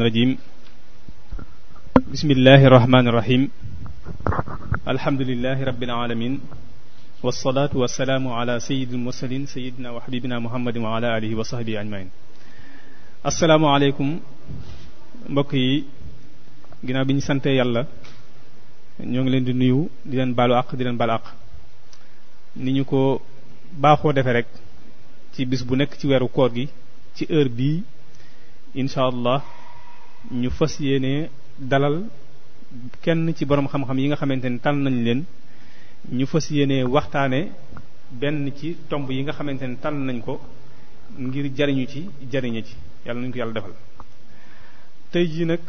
الشيطان الرجيم بسم الله الرحمن الرحيم الحمد لله رب العالمين والصلاة والسلام على سيد المرسلين سيدنا وحبيبنا محمد وعلى آله وصحبه mbokk yi ginnaaw bi ñu sante yàlla ñoo ngi leen di nuyu di leen baalu àq di leen baalu àq ni ñu ko baaxoo defee rek ci bis bu nekk ci weeru koor gi ci heure bii incha allah ñu fas yéene dalal kenn ci boroom xam-xam yi nga xamante ni tànn nañ leen ñu fas yéene waxtaane benn ci tomb yi nga xamante ni tànn nañ ko ngir jariñu ci jariñe ci yàlla nañ ko yàlla defal tey jii nag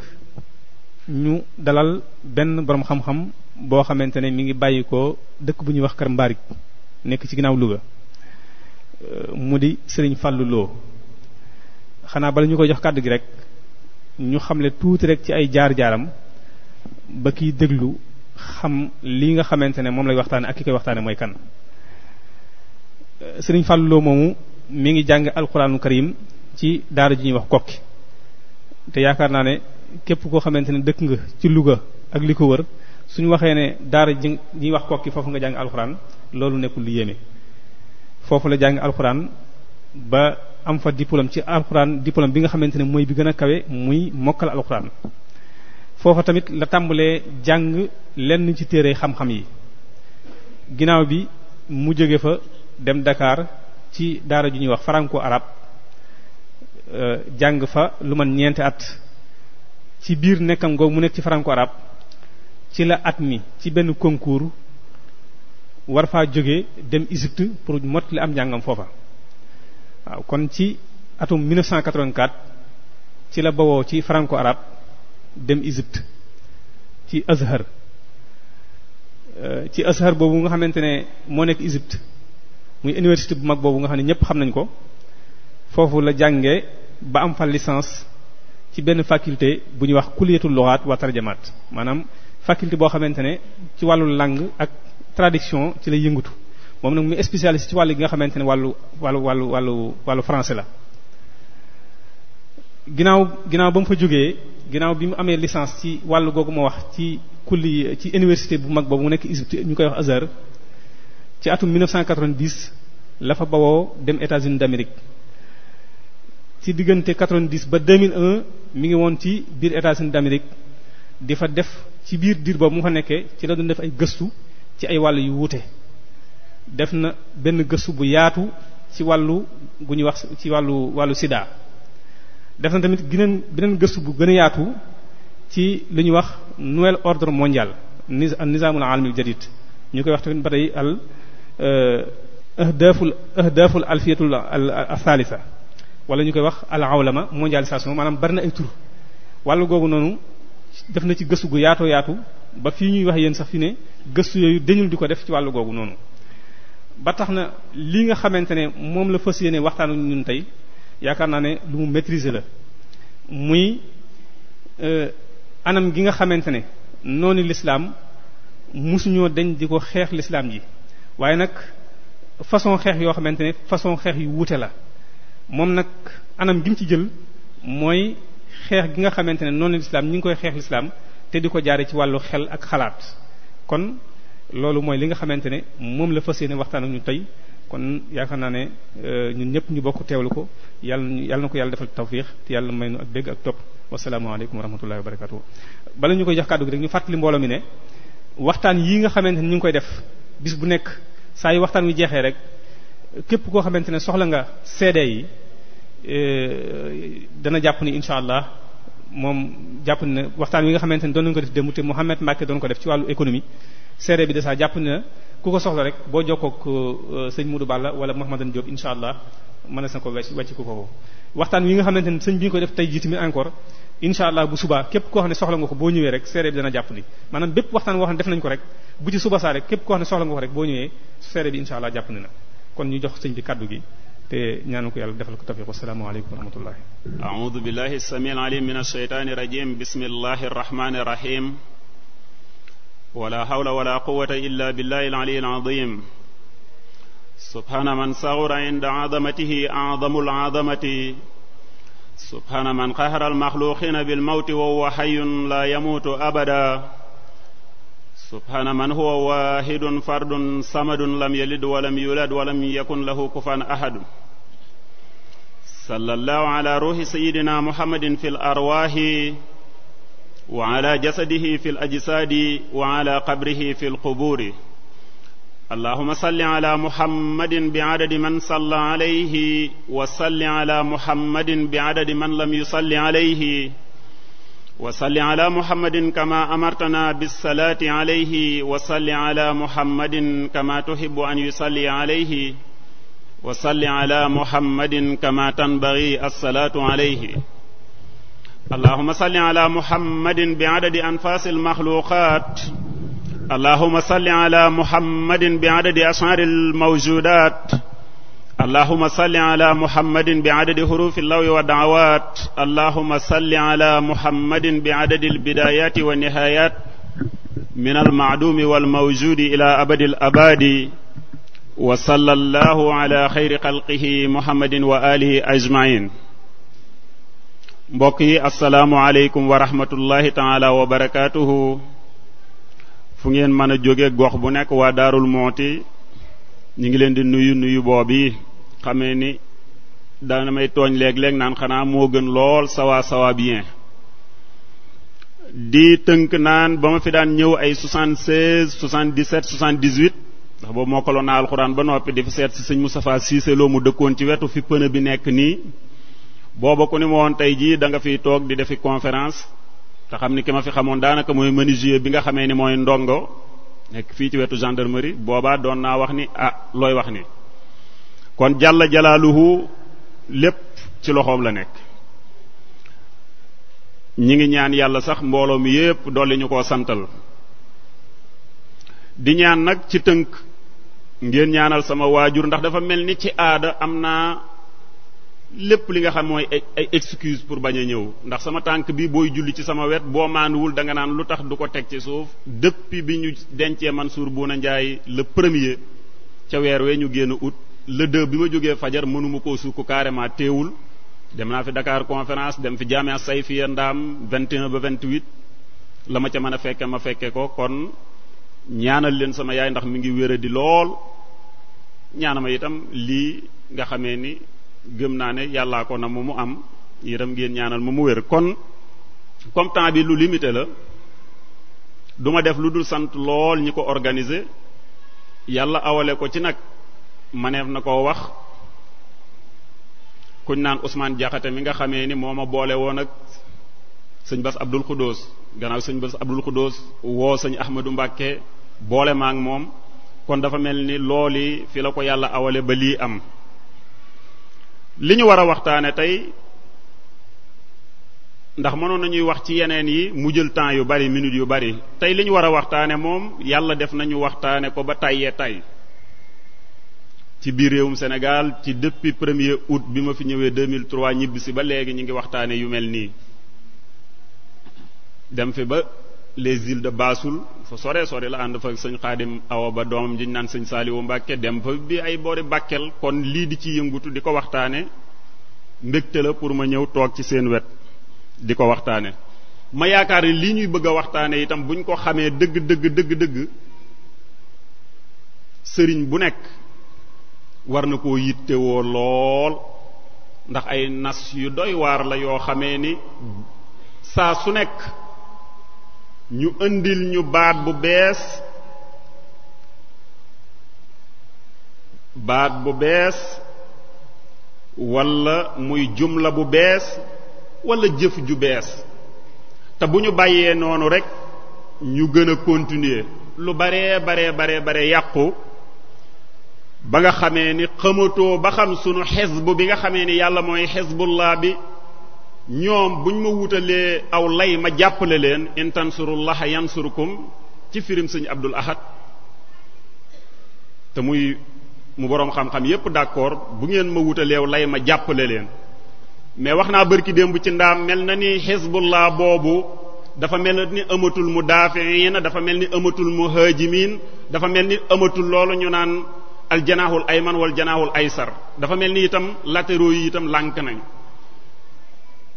ñu dalal benn boroom xam-xam boo xamante ne mi ngi bàyyi ko dëkk bu ñuy wax Kër Mbaarik nekk ci ginnaaw Louga mu di sëriñ Fallou xanaa bala ñu koy jox kàddu gi rek ñu xamle tuuti rek ci ay jaar-jaaram ba kiy déglu xam li nga xamante ne moom lay waxtaane ak ki koy waxtaane mooy kan sëriñ Fallou Lo moomu mi ngi jàng alxuraanu karim ci daara ji ñuy wax kokki te yaakaar naa ne képp koo xamante ne dëkk nga ci Louga ak li ko wër suñu waxee ne daara ji ñuy wax kokki foofu nga jàng alxuraan loolu nekkul lu yéeme foofu la jàng alxuraan ba am fa diplôme ci alxuraan diplôme bi nga xamante ne mooy bi gën a kawe muy mokkal alxuraan foofa tamit la tàmbalee jàng lenn ci téere xam-xam yi ginnaaw bi mu jóge fa dem dakaar ci daara ju ñuy wax franco arab euh, jàng fa lu man ñeenti at ci biir nekkam googu mu nekk ci franco arab ci la at mi ci benn concours war faa jóge dem Égypte pour li am jàngam foofa waaw kon ci atum 1984 ci la bawoo ci franco arabe dem Égypte ci Azhar euh, ci Azhar boobu nga xamante ne moo nekk Égypte muy université bu mag boobu nga xam ne ñépp xam nañ ko foofu la jànge ba am fa licence ci benn faculté bu ñuy wax kulliyatul lughat wa tarjamaat maanaam faculté boo xamante ne ci wàllu langue ak traduction ci lay yëngatu moom nag mu spécialiste ci wàll gi nga xamante ne wàllu wàllu wàllu wàllu wàllu français la ginnaaw ginnaaw ba mu fa jógee ginnaaw bi mu amee licence ci wàll googu ma wax ci kulli ci université bu mag boobu mu nekk Égypte ñu koy wax Azhar ci atum 1990 la fa bawoo dem États-Unis d'Amérique ci diggante 90 ba 2001 mi ngi woon ci biir États-Unis d'Amérique di fa def ci biir diir boobu mu fa nekkee ci la doon def ay gëstu ci ay wàll yu wuute def na benn gëstu bu yaatu ci wàllu gu ñuy wax ci wàllu wàllu sida def na tamit gineen beneen gëstu bu gën a yaatu ci li ñuy wax nouvel ordre mondial nizamul alamil jadid ñu koy wax tamit ba tey al euh, ahdaful ahdaful alfiyatul athalitha wala ñu koy wax al awlama mondialisation maanaam bari na ay tur wàllu googu noonu def na ci gëstu gu yaatoo yaatu ba fii ñuy wax yéen sax fi ne gëstu yooyu dañul di ko def ci wàllu googu noonu ba tax na lii nga xamante ne moom la fas yéene waxtaan ñun tey yaakaar naa ne lu mu maîtriser la muy euh, anam gi nga xamante ne noonu lislaam musuñoo dañ di ko xeex lislaam ji waaye nag façon xeex yoo xamante ne façon xeex yu wuute la moom nag anam gi mu ci jël mooy xeex gi nga xamante ne noonu lislaam ñi ngi koy xeex lislaam te di ko jaare ci wàllu xel ak xalaat kon loolu mooy li nga xamante ne moom la fas yéene waxtaan ak ñu tey kon yaakaar naa ne euh, ñun ñëpp ñu bokk teewlu ko yàlla yàlla na ko yàlla defal tawfiix te yàlla may nu ak dégg ak topp wasalaamaaleykum wa rahmatullahi wa bala ñu koy jox kàddu gi rek ñu fàttali mbooloo mi ne waxtaan yi nga xamante ne ñu ngi koy def bis bu nekk saa yu waxtaan wi jeexee rek képp koo xamante ne soxla nga CD yi euh, dana jàpp ni incha allah moom jàpp ne waxtaan wi nga xamante ne doon nañu ko def démb ko def ci wàllu économie seere bi de saa jàpp na ku ko soxla rek boo jokkoog euh, sëñ Modou Balla wala Mouhamadou Diop incha allah mën na sa ko wecc wecc ku ko waxtaan wi nga xamante ne sëñ bi ñu ko def tey jii encore incha allah bu subaa képp koo xam ne soxla nga ko boo ñëwee rek seere bi dana ko rek ne soxla boo ñëwee seere bi incha allah jàpp ni na kon ñu jox sëñ bi kaddu gi te ñaanu ko yàlla defal ko tawfiq wasalaamu aleykum wa rahmatullahi a'udhu billahi as-sami'il alim minash shaytanir rajim bismillahir rahmanir wala hawla wala quwwata illa billahi al-ali al-azim subhana man saghura inda azamatihi azamu al-azamati subhana man qahara al-makhluqina bil mawti wa huwa hayyun la yamutu abada subhana man huwa wahidun fardun samadun lam yalid wa lam yulad wa lam yakun lahu kufuwan ahad sallallahu ala ruhi sayyidina muhammadin fil arwahi wa ala jasadihi fi alajsaadi wa ala qabrihi fi alqubuuri allahuma salli ala muhammadin bi adadi man salla alayhi wa salli ala muhammadin bi adadi man lam yusalli alayhi wa salli ala muhammadin kama amartana bisalaati alayhi wa salli ala muhammadin kama tuhibbu an yusalli alayhi wa salli ala muhammadin kama tanbaghi assalaatu alayhi allahuma salli ala muhammadin bi adadi anfasil maxluqaat allahuma salli ala muhammadin bi adadi asharil mawjudaat allahuma salli ala muhammadin bi adadi hurufi lawi wa daawaat allahuma salli ala muhammadin bi adadi albidayaati wa nihayaat min almaadumi walmawjudi ila abadi alabadi wa salla allahu ala xayri xalqihi muhammadin wa alihi ajmain mbokk yi asalaamualeykum wa rahmatullahi taala wa barakaatuhu fu ngeen mën a jóge gox bu nekk waa daarul mooti ñu ngi leen di nuyu nuyu boob yi xamee ni dana may tooñ léeg-léeg naan xanaa moo gën lool sawa sawa bien di tënk naan ba ma fi daan ñëw ay 76 77 78 ndax boobu mokkaloon naa alxuraan ba noppi di fi seet si sëñ Moustapha Cissé loo mu dëkkoon ci wetu fi pënë bi nekk nii booba ku ni ma woon tey jii da nga fiy toog di defi conférence te xam ni ki ma fi xamoon daanaka mooy menuisier bi nga xamee ni mooy ndongo nekk fii ci wetu gendarmerie boobaa doon naa wax ni ah looy wax ni kon jàlla jalaaluhu lépp ci loxoom la nekk ñi ngi ñaan yàlla sax mbooloo mi yépp dolli ñu koo santal di ñaan nag ci tënk ngeen ñaanal sama waajur ndax dafa mel ni ci aada am naa lépp li nga xam mooy ay excuse pour bañ a ñëw ndax sama tànk bi booy julli ci sama wet boo maanuwul da nga naan lu tax du ko teg ci suuf depuis bi ñu dencee man Mansour na Ndiaye le premier ca weer wee ñu génn août le deux bi ma jógee fajar mënuma koo sukk carrément teewul dem naa fi Dakar conférence dem fi Jamia Sayfiya Ndaam 21 ba vingt 28 la ma ca mën a fekke ma fekke ko kon ñaanal leen sama yaay ndax mi ngi wéradi lool ñaanama itam gëm naa ne yàllaa ko na mu mu am itam ngéen ñaanal ma mu wér kon comme temps bi lu limité la duma def lu dul sant lool ñi ko organise yàlla awale ko ci nag maneef na koo wax kuñ naan Ousmane Diakhaté mi nga xamee ni moo ma boole woon ak sëñ Bas Abdul Xuddoos gannaaw sëñ Bas Abdul Xuddoos woo sëñ Ahmadou Mbàkke boole ma ak moom kon dafa mel ni looli fi la ko yàlla awale ba lii am li ñu war a waxtaane tey ndax mënoon nañuy wax ci yeneen yi mu jël temps yu bari minutes yu bari tey li ñu war a waxtaane moom yàlla def nañu waxtaane ko ba tayyee tay ci biir réewum Sénégal ci depuis premier août bi ma fi ñëwee 2003 ñibbisi ba léegi ñu ngi waxtaane yu mel nii dem fi ba les îles de baasul fa sore sore la ànd fa sëñ xaadim awa ba doomam ji naan sëñ Saliou Mbacke dem bi ay boori Bakel kon lii di ci yëngutu di ko waxtaane mbégte la pour ma ñëw toog ci seen wet di ko waxtaane ma yaakaar ni lii ñuy bëgg a waxtaane itam buñ ko xamee dëgg dëgg dëgg sëriñ bu nekk war na koo yittewoo lool ndax ay nas yu doy waar la yoo xamee ni saa su nekk ñu indil ñu baat bu bees baat bu bees walla muy jumla bu bees walla jëf ju bees te bu ñu bàyyee noonu rekk ñu gën a continuer lu baree baree baree bare yàqu ba nga xamee ni xamatoo ba xam sunu xisbu bi nga xamee ni yàlla mooy xisbullah bi ñoom buñ ma wutalee aw lay ma jàppale leen in tansurullaha yansurukum ci firim sëñ Abdul Ahad te muy mu boroom xam-xam yépp d'accord bu ngeen ma wutalee aw lay ma jàppale leen mais wax naa bërki démb ci ndaam mel na ni xisbullah boobu dafa mel ni amatul mu daafiina dafa mel ni amatul mu hajimiin dafa mel ni amatul loolu ñu naan aljanaaxul ayman wal janaaxul aysar dafa mel ni itam latéraux yi itam lànk nañ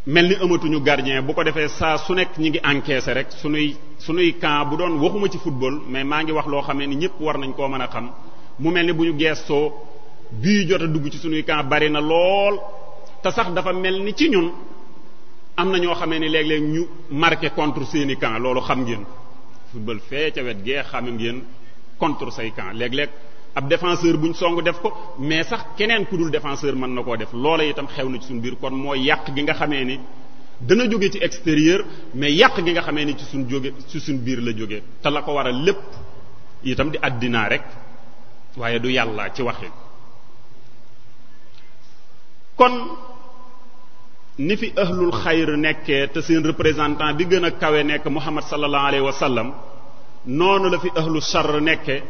mel ni amatuñu gardien bu ko defee saa su nekk ñi ngi encaisser rek sunuy sunuy camp bu doon waxuma ci football mais maa ngi wax loo xam xamee ni ñëpp war nañ koo mën a xam mu mel ni bu ñu gees soo bii jot a dugg ci sunuy camp bari na lool te sax dafa mel ni ci ñun am na ñoo xamee ni léeg-léeg ñu marqué contre seeni camp loolu xam ngeen football fee ca wet gee xam ngeen contre say camp léeg-léeg ab bu ñu song def ko mais sax keneen ku dul défenseur mën na koo def loola itam xew na ci suñu biir kon mooy yàq gi nga xamee ni dana jóge ci extérieur mais yàq gi nga xamee ni ci suñ jóge ci suñ biir la jóge te la ko waral lépp itam di àddinaa rek waaye du yàlla ci waxi kon ni fi ahlul xayr nekkee te seen représentant bi gën a kawe nekk Muhammad sallallahu alayhi wa sallam noonu la fi ahlu shar nekke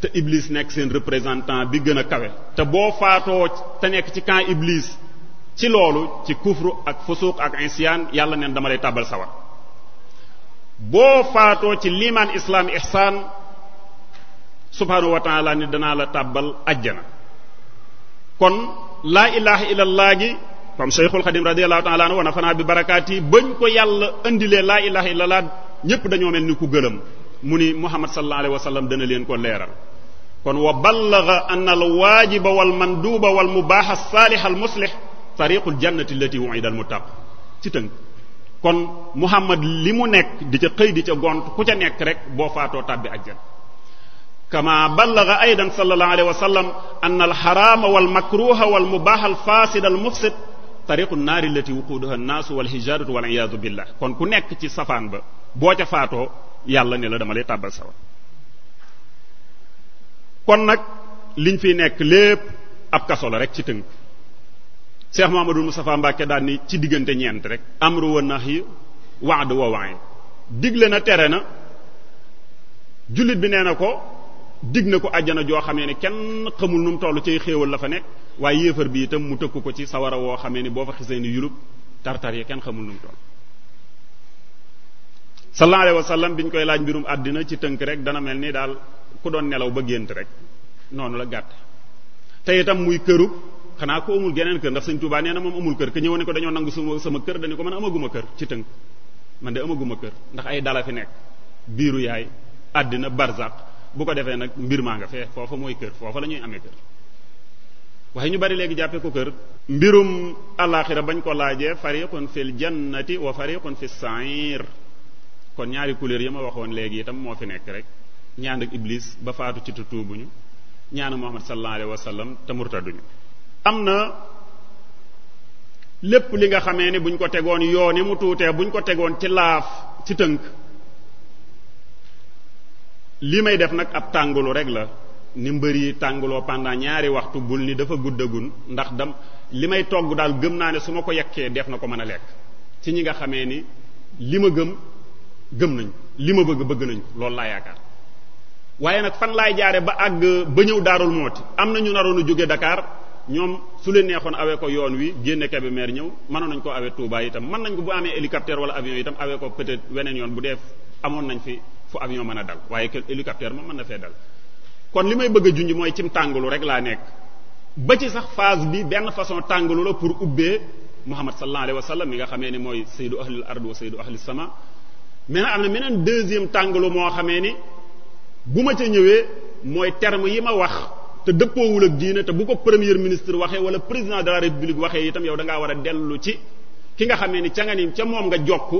te Iblis nekk seen représentant bi gën a kawe te boo faatoo te nekk ci camp Iblis ci loolu ci kufru ak fusuq ak insiyaan yàlla neen dama lay tàbbal sawar boo faatoo ci liimaan islaam ihsaan subhaanahu wa taala ni danaa la tàbbal ajjana kon laa ilaha illallah gi comme Cheikhul Khadim radiyallahu taala anhu wa nafanaa bi barakaat yi bañ ko yàlla indilee laa ilaha illallah ñépp dañoo mel ni ku gëlëm mu ni Muhammad sallallahu alayhi wa sallam dana leen ko leeral kon wa ballaga an al waajiba wal manduuba wal mubaax al saalix al muslix tariqul jannati allati wuida al muttaq ci tënk kon muhammad li mu nekk di ca xëy ca gont ku ca nekk rek boo faatoo tàbbi ajjan kama ballaga aydan sallallahu alayhi wa sallam an al xaraama wal makruha wal mubaax al faasid al mufsid tariqu naari allati wuquduha annaasu wal hijaaratu wal iyaadu billah kon ku nekk ci safaan ba boo ca faatoo yàlla ne la dama lay tàbbal sawar kon nag liñ fi nekk lépp ab kaso la rek ci tënk Cheikh Mamadou Moustapha Mbacke daal ni ci diggante ñeent rek amru wa nahyi wa'd wa wa'i digle na tere na jullit bi nee na ko dig na ko àjjana joo xamee ne kenn xamul nu mu toll ci xéewal la fa nekk waaye yéefar bi itam mu tëkku ko ci sawara woo xamee ni boo fa xisee ni yulub tartar yi kenn xamul nu mu toll sallallahu alayhi wasallam biñ koy laaj mbirum àddina ci tënk rek dana mel nii daal ku doon nelaw ba gént rek noonu la gàtt te itam muy këru xanaa ko amul geneen kër ndax sëñ Tuubaa nee na moom amul kër ke ñëwoon ne ko dañoo nangu sama sama kër dañu ko mën amaguma kër ci tënk man de amaguma kër ndax ay dala fi nekk biiru yaay àddina barzaq bu ko defee nag mbir maa nga fee foofa mooy kër foofa lañuy ñuy amee wax waaye ñu bari léegi jàppee ko kër mbirum alaxira bañ ko laajee fariqun fil jannati wa fariqun fis sa'ir kon ñaari couleur yi ma waxoon léegi itam moo fi nekk rek ñaan ak ba faatu ci te tuubuñu ñaanu muhammad sallallahu alayhi wa sallam te murtaduñu am na lépp li nga xamee ni buñ ko tegoon yoon yi mu tuutee buñ ko tegoon ci laaf ci tënk li may def nag ab tàngulu rek la ni mbër yi tànguloo pendant ñaari waxtu bul ni dafa guddagun ndax dam li may togg daal gëm naa ne su ma ko yekkee def na ko mën a lekk ci ñi nga xamee ni li ma gëm gëm nañu li ma bëgg bëgg nañ ko loolu laa yaakaar waaye nag fan laay jaare ba àgg ba ñëw daarul mooti am na ñu naroon a jóge dakaar ñoom su leen neexoon awee ko yoon wi génne Kébémer ñëw mënoon nañ ko awee Touba itam mën nañ ko bu amee hélicoptère wala avion itam awee ko peut-être weneen yoon bu dee amoon nañ fi fu avion mën a dal waaye kër hélicoptère moom mën na fee dal kon li may bëgg a junj mooy cim tàngalu rek laa nekk ba ci sax phase bi benn façon tàngalu la pour ubbee Muhammad sallallahu alayhi wa sallam mi nga xamee ne mooy sayyidu ahlil ard wa sayyidu ahlis sama mais am na meneen deuxième tàngalu moo xamee ni bu ma ca ñëwee mooy terme yi ma wax te dëppoowul ak diina te bu ko premier ministre waxee wala président de la république waxee itam yow da ngaa war a dellu ci ki nga xamee ni ca nga ni ca moom nga jokk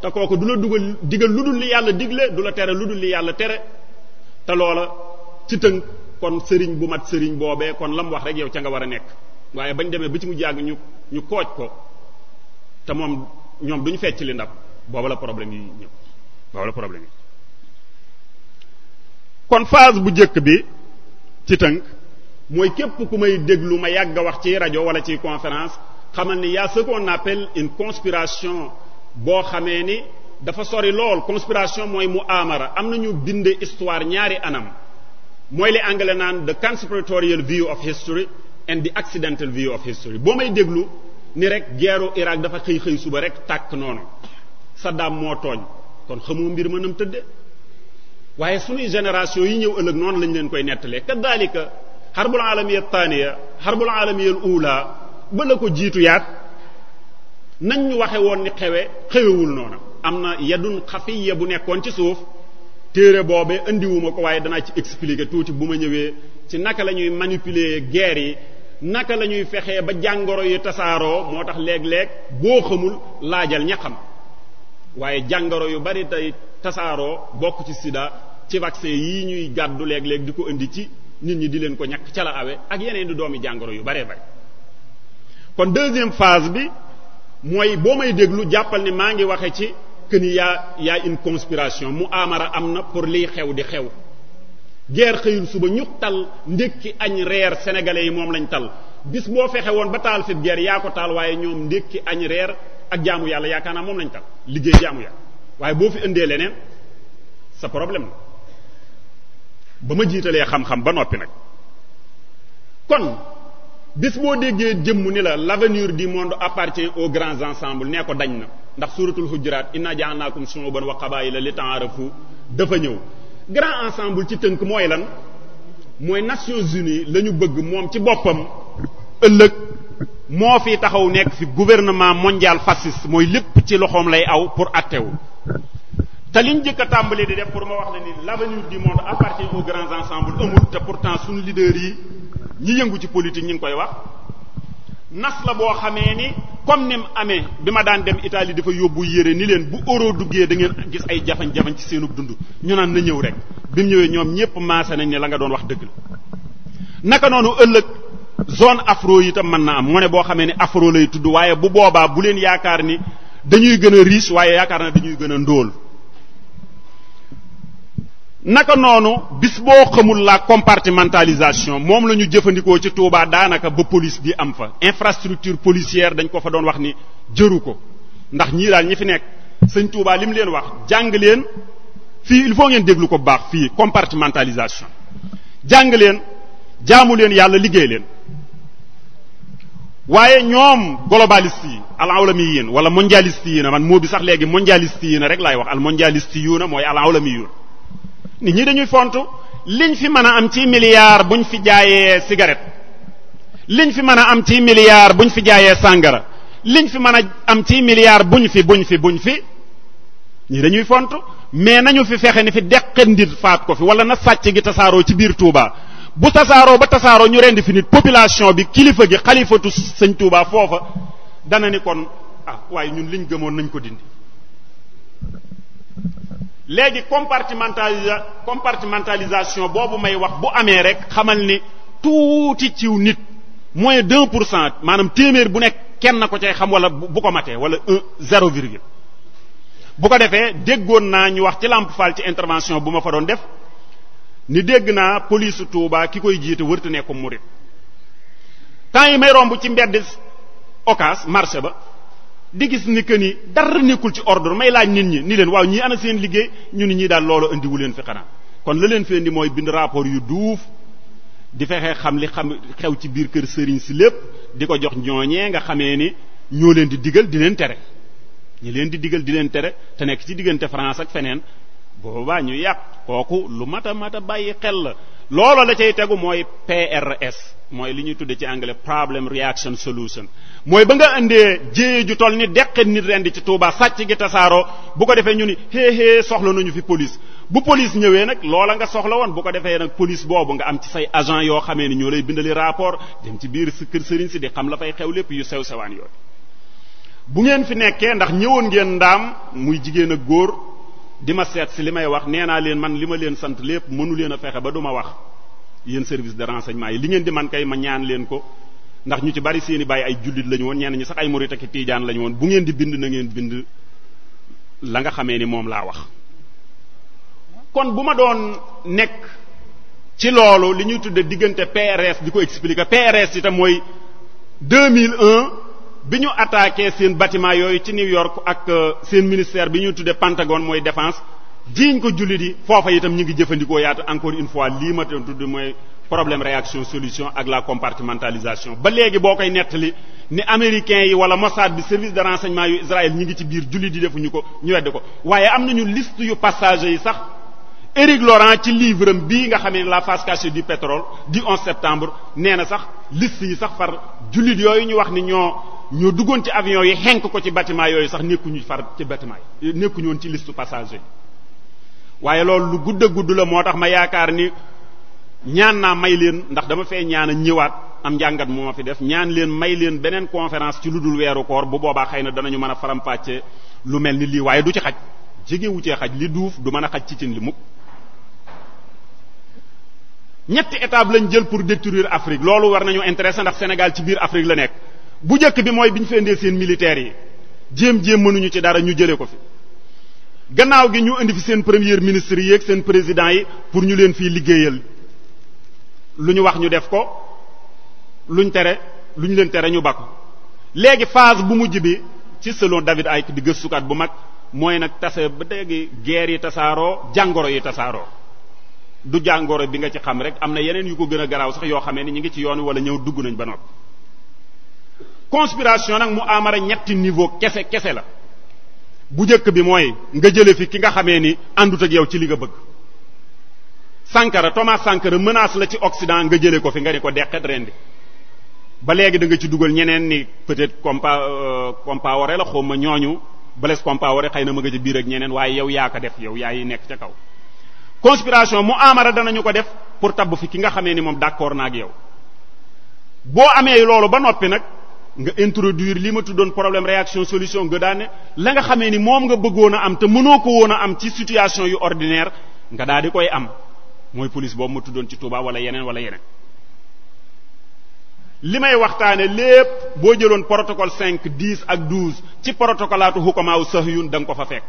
te kooku du la dugal digal lu dul li yàlla digle du la tere lu dul li yàlla tere te loola ci tënk kon sëriñ bu mat sëriñ boobee kon la mu wax rek yow ca nga war a nekk waaye bañ demee ba ci mu jàng ñu ñu kooj ko te moom ñoom duñu fecc li ndab booba la problème yi ñëw problème kon phase bu njëkk bi ci tënk mooy képp ku may déglu ma yàgg a wax ci rajo wala ci conférence xamal ni yaa ce qu'on une conspiration boo xamee ni dafa sori lool conspiration mooy mu amara am nañu bind histoire ñaari anam mooy li anglais naan the conspiratorial view of history and the accidental view of history boo may déglu ni rek guerru Irak dafa xëy xëy suba rek tàkk noonu Saddam moo tooñ kon xamoo mbir mënam tëdde waaye sunuy génération yi ñëw ëllëg noonu lañ leen koy nettalee kadalika xarbul alamiya taaniya xarbul alamiya uulaa ba la ko jiitu yaat nañ ñu waxe woon ni xewe xewewul noona am na yadun xafiya bu nekkoon ci suuf téere boobee indiwuma ko waaye danaa ci explique tuuti bu ma ñëwee ci naka lañuy manipule manipuler yi naka la ñuy fexee ba jàngoro yi tasaaroo moo tax léeg-léeg boo xamul laajal ñaxam waaye jàngoro yu bari tey tasaaroo bokk ci sida ci vaccin yi ñuy gàddu léeg-léeg di ko indi ci nit ñi di leen ko ñàkk ca la awe ak yeneen di doomi jàngoro yu baree bari kon deuxième phase bi mooy boo may déglu jàppal ni maa ngi waxe ci que ni yaa yaa une conspiration mu amara am na pour liy xew di xew guerre xëyul suba ñu tal ndékki añ reer sénégalais yi moom lañ tal bis boo fexe woon ba taal fi guerre yaa ko taal waaye ñoom ndékki añ reer ak jaamu yàlla yaakaar naa moom lañ tal liggéey jaamu yàlla waaye boo fi indee leneen sa problème la ba ma jiitalee xam-xam ba noppi nag kon bis boo déggee jëmm ni la l'avenir du monde appartient aux grands ensembles nee ko dañ na ndax suratul hujurat inna ja'alnakum shu'uban wa qabaa'ila li ta'arafu dafa ñëw grand ensemble ci tënk mooy lan mooy Nations Unies lañu bëgg moom ci boppam ëllëg moo fi taxaw nekk fi gouvernement mondial fasciste mooy lépp ci loxoom lay aw pour attewu te liñ jëkk tàmbali di def pour ma wax la ni l'avenir du monde appartient aux grands ensembles amul te pourtant suñu leaders yi ñi yëngu ci politique ñu ngi koy wax nas la boo xamee ni comme ni mu amee bi ma daan dem Italie dafa yóbbu yére ni leen bu euro duggee dangeen ngeen gis ay jafañ-jafañ ci seenu dund ñu naan na ñëw rek bi mu ñëwee ñoom ñépp maase nañ ne la nga doon wax dëgg zone afro yi itam mën na am ne boo xamee ni afro lay tudd waaye bu boobaa bu leen yaakaar ni dañuy gën a waaye yaakaar na dañuy gën a ndóol naka noonu bis boo xamul la compartimentalisation moom la ñu jëfandikoo ci Touba daanaka ba police di am fa infrastructure policière dañ ko fa doon wax ni jëru ko ndax ñii daal ñi fi nekk sëñ Touba lim leen wax jàng leen fii il faut ngeen déglu ko bu baax fii compartimentalisation jàng leen jaamu leen yàlla liggéey leen waaye ñoom globaliste yi al awlamiyyin wala mondialiste yi na man moo bi sax léegi mondialiste yi na rek laay wax al mondialiste yu na mooy al awlamiyyun nit ñi dañuy fontu liñ fi mën a am ci milliard buñ fi jaayee cigarette liñ fi mën a am ci milliard buñ fi jaayee sàngara liñ fi mën a am ci milliard buñ fi buñ fi buñ fi ñii dañuy font mais nañu fi fexe ni fi deqandir faat ko fi wala na sàcc gi tasaaroo ci biir tuubaa bu tasaaroo ba tasaaroo ñu rendi fi nit population bi kilifa gi xalifatu sañ Touba foofa dana ni kon ah waaye ñun liñ gëmoon nañ ko dindi léegi compartimentalisa compartimentalisation boobu may wax bu amee rek xamal ni tuuti ciw nit moins d'un pour cent maanaam téeméer bu nekk kenn ko cay xam wala bu ko matee wala un zéro virgule bu ko defee déggoon naa ñu wax ci Lamp Fall ci intervention bu ma fa doon def ni dégg naa police Touba ki koy jiite wërta nekku murit temps yi may romb ci mbedd occas marché ba di gis ni que ni dara nekkul ci ordre may laaj nit ñi ni leen waaw ñii ana seen liggéey ñu ni ñii daal loolu indiwu leen fi xanaa kon la leen fi indi mooy bind rapport yu duuf di fexee xam li xam xew ci biir kër sëriñ si lépp di ko jox ñooñee nga xamee ni ñoo leen di diggal di leen tere ñi leen di diggal di leen tere te nekk ci diggante France ak feneen boobaa ñu yàq kooku lu mat a mat a bàyyi xel la loolo la cay tegu mooy PRS mooy li ñuy tudde ci anglais problem reaction solution mooy ba nga indee jéye ju toll ni deqe nit ren di ci Touba sàcc gi tasaaroo bu ko defee ñu ni xéexée soxla nañu fi police bu police ñëwee nag loola nga soxla woon bu ko defee nag police boobu nga am ci say agent yoo xamee ni ñoo lay bindali rapport dem ci biir kër sëriñ si di xam la fay xew lépp yu sew sewaan yooyu bu ngeen fi góor di ma seet si li may wax nee naa leen man li ma leen sant lépp mënu leen a fexe ba du ma wax yéen service de renseignement yi li ngeen di man kay ma ñaan leen ko ndax ñu ci bari seen i bàyyi ay jullit lañu woon ñenn ñi sax ay murit ak tiijaan lañu woon bu ngeen di bind na ngeen bind la nga xamee ni moom laa wax. kon bu ma doon nekk ci loolu li ñuy tudde diggante PRS di ko expliquer PRS itam mooy 2001. bi ñu attaqué seen bâtiment yooyu ci New York ak euh, seen ministère bi ñuy tuddee Pentagone mooy défense jiiñ ko jullit yi foofa itam ñu ngi jëfandikoo yaatu encore une fois lii ma doon tudd mooy problème réaction solution ak la compartimentalisation ba léegi boo koy nettali ni américains yi wala Mossad bi service de renseignement yu Israël ñi ngi ci biir jullit yi defuñu ko ñu weddi ko waaye am nañu liste yu passagers yi sax. Éric Laurent ci livre am bii nga xam ne la face cachée du pétrole du 11 septembre neena sax liste yi sax far jullit yooyu ñu wax ni ñoo ñoo duggoon ci avion yi xenk ko ci batiment yooyu sax nekkuñu far ci bâtiment yi nekkuñu ci liste passager waaye loolu lu gudd a gudd la moo tax ma yaakaar ni ñaan naa may leen ndax dama fee ñaan a ñëwaat am njàngat mu ma fi def ñaan leen may leen beneen conférence ci lu dul weeru koor bu boobaa xëy na danañu mën a farampàcce lu mel ni lii waaye du ci xaj jegewu cee xaj li duuf du mën a xaj ci cin li mukk ñetti étape lañ jël pour détruire Afrique loolu war nañu intéressé ndax Sénégal ci biir Afrique la nekk bu njëkk bi mooy bi ñu fi indee seen militaires yi jéem jéem mënuñu ci dara ñu jëlee ko fi gannaaw gi ñu indi fi seen premier ministre yi seen président yi pour ñu leen fii liggéeyal lu ñu wax ñu def ko luñ tere lu ñu leen tere ñu bakk léegi phase bu mujj bi ci selon David Icke di gëstukat bu mag mooy nag tase ba léegi guerre yi tasaaroo jàngoro yi tasaaroo du jàngooro bi nga ci xam rek am na yeneen yu ko gën a garaaw sax yoo xamee ni ñu ngi ci yoon wala ñëw dugg nañ ba noppi conspiration nag mu amara ñetti niveau kese kese la bu njëkk bi mooy nga jële fi ki nga xamee ni àndut ak yow ci li nga bëgg Sankara Thomas Sankara menace la ci Occident nga jële ko fi nga ne ko deqet rendi ba léegi da nga ci dugal ñeneen ni peut-être compa euh, Compaoré la xaw ma ñooñu Blaise Compaoré xëy na ma nga ci biir ak ñeneen waaye yow yaa ko def yow yaa yi nekk ca kaw conspiration mu amara danañu ko def pour tabb fi ki nga xamee ni moom d'accord na ak yow boo amee loolu ba noppi nag nga introduire lii ma tuddoon problème réaction solution nga daane la nga xamee ni moom nga bëggoon a am te mënoo ko woon a am ci situation yu ordinaire nga daal di koy am mooy police boobu ma tuddoon ci Touba wala yeneen wala yeneen. li may waxtaane lépp boo jëloon protocole 5 10 ak 12 ci protocolaatu xukamaawu sahyun da nga ko fa fekk.